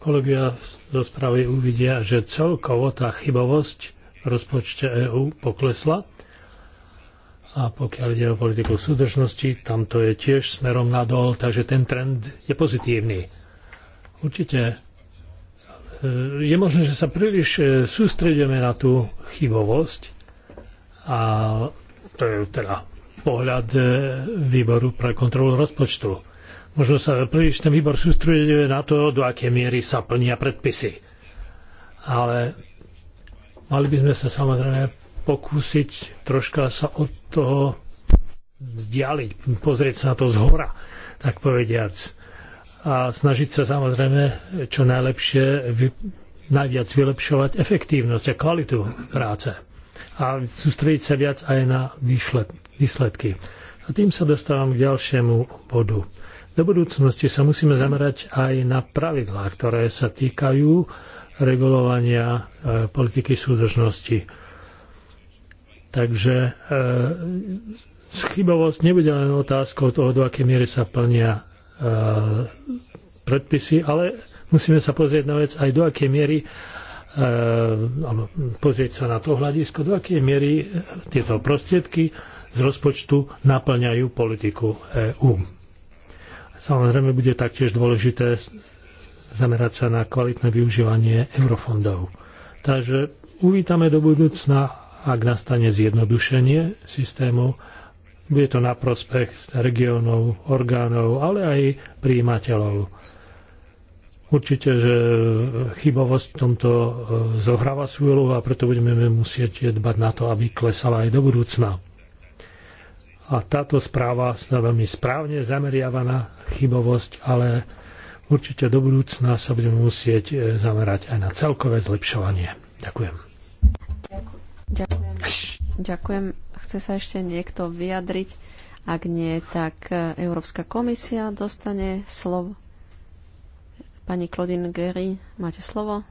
kolegia zo správy uvidia, že celkovo tá chybovosť v rozpočte EÚ poklesla a pokiaľ ide o politiku súdržnosti, tam to je tiež smerom nadol, takže ten trend je pozitívny. Určite e, je možné, že sa príliš e, sústredíme na tú chybovosť a to je teda pohľad e, výboru pre kontrolu rozpočtu. Možno sa príliš ten výbor sústreduje na to, do aké miery sa plnia predpisy. Ale mali by sme sa samozrejme pokúsiť troška sa od toho vzdialiť, pozrieť sa na to zhora, tak povediac. A snažiť sa samozrejme čo najlepšie, vy, najviac vylepšovať efektívnosť a kvalitu práce. A sústrediť sa viac aj na výšlet, výsledky. A tým sa dostávam k ďalšiemu bodu. Do budúcnosti sa musíme zamerať aj na pravidlá, ktoré sa týkajú regulovania e, politiky súdržnosti. Takže e, chybovosť nebude len otázkou toho, do akej miery sa plnia e, predpisy, ale musíme sa pozrieť na vec aj do akej miery e, alebo pozrieť sa na to hľadisko, do akej miery e, tieto prostriedky z rozpočtu naplňajú politiku EÚ. Samozrejme bude taktiež dôležité zamerať sa na kvalitné využívanie eurofondov. Takže uvítame do budúcna ak nastane zjednodušenie systému, bude to na prospech regiónov, orgánov, ale aj príjimateľov. Určite, že chybovosť v tomto e, zohráva svoju a preto budeme musieť dbať na to, aby klesala aj do budúcna. A táto správa sa veľmi správne zameriava na chybovosť, ale určite do budúcna sa budeme musieť e, zamerať aj na celkové zlepšovanie. Ďakujem. Ďakujem. Ďakujem. Chce sa ešte niekto vyjadriť? Ak nie, tak e, Európska komisia dostane slovo. Pani Claudine Gery, máte slovo.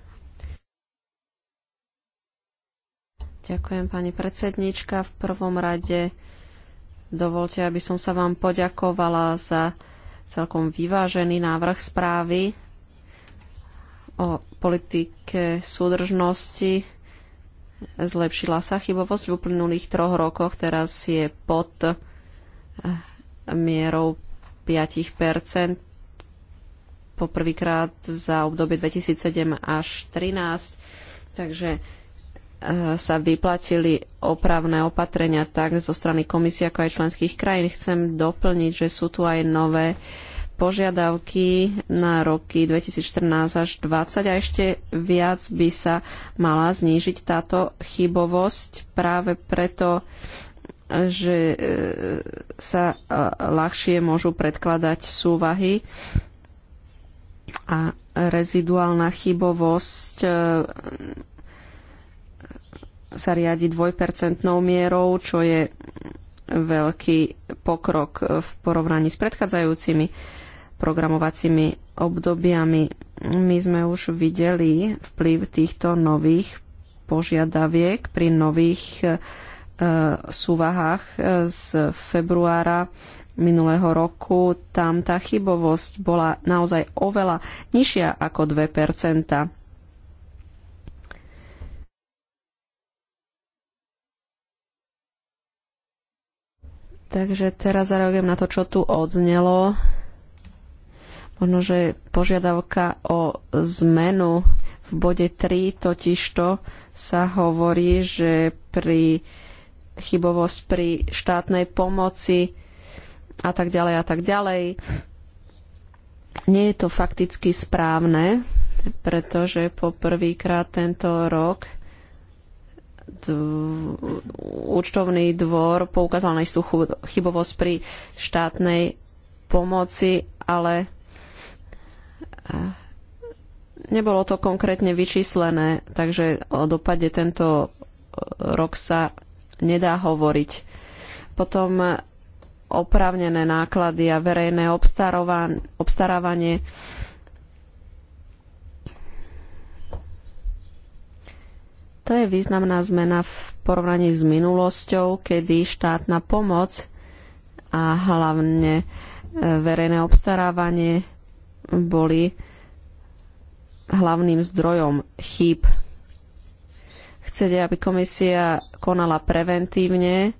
Ďakujem, pani predsednička. V prvom rade dovolte, aby som sa vám poďakovala za celkom vyvážený návrh správy o politike súdržnosti Zlepšila sa chybovosť v uplynulých troch rokoch, teraz je pod eh, mierou 5 poprvýkrát za obdobie 2007 až 2013, takže eh, sa vyplatili opravné opatrenia tak zo strany komisie ako aj členských krajín. Chcem doplniť, že sú tu aj nové uh, požiadavky na roky 2014 až 2020 a ešte viac by sa mala znížiť táto chybovosť práve preto, že e, sa e, ľahšie môžu predkladať súvahy a reziduálna chybovosť e, sa riadi dvojpercentnou mierou, čo je veľký pokrok v porovnaní s predchádzajúcimi programovacími obdobiami. My sme už videli vplyv týchto nových požiadaviek pri nových e, súvahách e, z februára minulého roku. Tam tá chybovosť bola naozaj oveľa nižšia ako 2 Takže teraz zareagujem na to, čo tu odznelo. Možno, že požiadavka o zmenu v bode 3 totižto sa hovorí, že pri chybovosť pri štátnej pomoci a tak ďalej a tak ďalej. Nie je to fakticky správne, pretože poprvýkrát tento rok účtovný dvor poukázal na istú chybovosť pri štátnej pomoci, ale Nebolo to konkrétne vyčíslené, takže o dopade tento e, rok sa nedá hovoriť. Potom oprávnené náklady a verejné obstarávanie. To je významná zmena v porovnaní s minulosťou, kedy štátna pomoc a hlavne e, verejné obstarávanie boli hlavným zdrojom chýb. Chcete, aby komisia konala preventívne,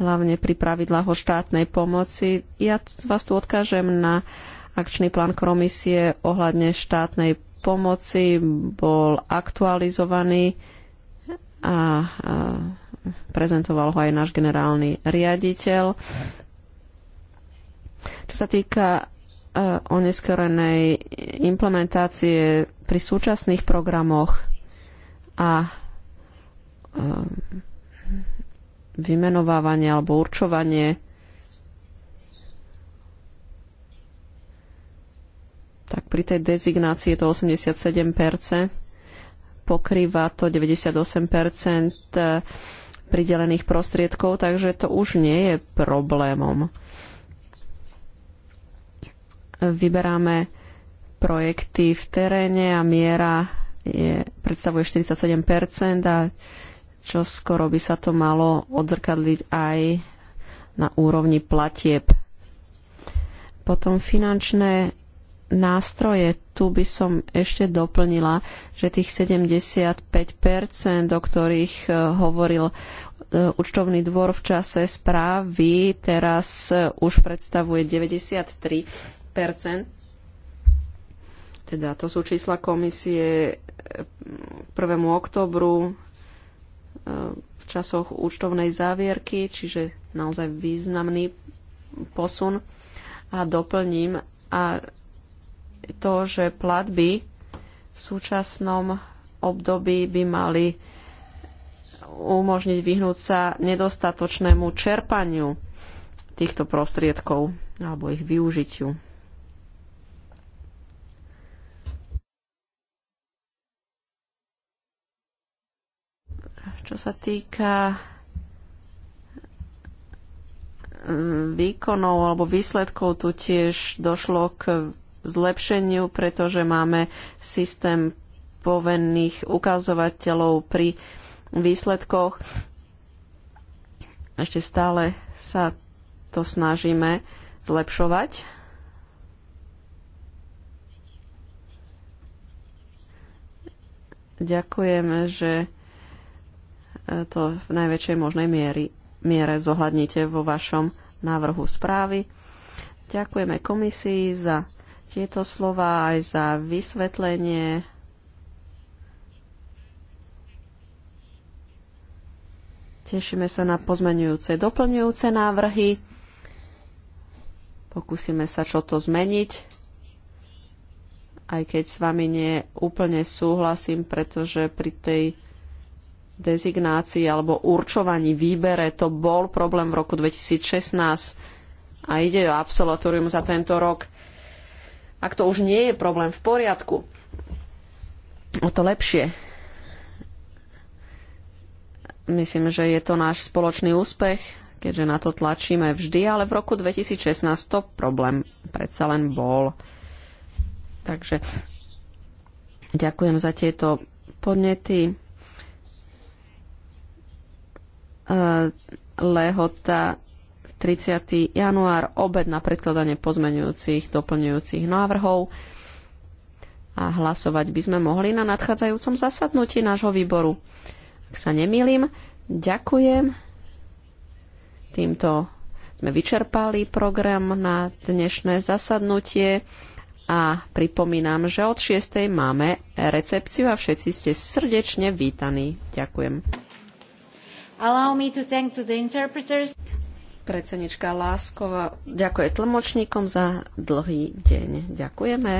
hlavne pri pravidlách o štátnej pomoci. Ja vás tu odkážem na akčný plán komisie ohľadne štátnej pomoci. Bol aktualizovaný a, a prezentoval ho aj náš generálny riaditeľ. Čo sa týka Eh, oneskorenej implementácie pri súčasných programoch a eh, vymenovávanie alebo určovanie tak pri tej dezignácii je to 87%, pokrýva to 98% eh, pridelených prostriedkov, takže to už nie je problémom vyberáme projekty v teréne a miera je, predstavuje 47% a čo skoro by sa to malo odzrkadliť aj na úrovni platieb. Potom finančné nástroje, tu by som ešte doplnila, že tých 75%, o ktorých e, hovoril e, účtovný dvor v čase správy, teraz e, už predstavuje 93 teda to sú čísla komisie 1. Eh, oktobru eh, v časoch účtovnej závierky, čiže naozaj významný posun. A doplním a to, že platby v súčasnom období by mali umožniť vyhnúť sa nedostatočnému čerpaniu týchto prostriedkov alebo ich využitiu. Čo sa týka mm, výkonov alebo výsledkov, tu tiež došlo k zlepšeniu, pretože máme systém povenných ukazovateľov pri výsledkoch. Ešte stále sa to snažíme zlepšovať. Ďakujeme, že E, to v najväčšej možnej miery, miere zohľadnite vo vašom návrhu správy. Ďakujeme komisii za tieto slova aj za vysvetlenie. Tešíme sa na pozmenujúce, doplňujúce návrhy. Pokúsime sa čo to zmeniť aj keď s vami nie úplne súhlasím, pretože pri tej dezignácii alebo určovaní, výbere, to bol problém v roku 2016 a ide o absolatórium za tento rok. Ak to už nie je problém v poriadku, o to lepšie. Myslím, že je to náš spoločný úspech, keďže na to tlačíme vždy, ale v roku 2016 to problém predsa len bol. Takže ďakujem za tieto podnety. lehota 30. január, obed na predkladanie pozmenujúcich, doplňujúcich návrhov a hlasovať by sme mohli na nadchádzajúcom zasadnutí nášho výboru. Ak sa nemýlim, ďakujem. Týmto sme vyčerpali program na dnešné zasadnutie a pripomínam, že od 6. máme recepciu a všetci ste srdečne vítaní. Ďakujem. Allow me to thank to the interpreters. Predsednička Láskova ďakuje tlmočníkom za dlhý deň. Ďakujeme.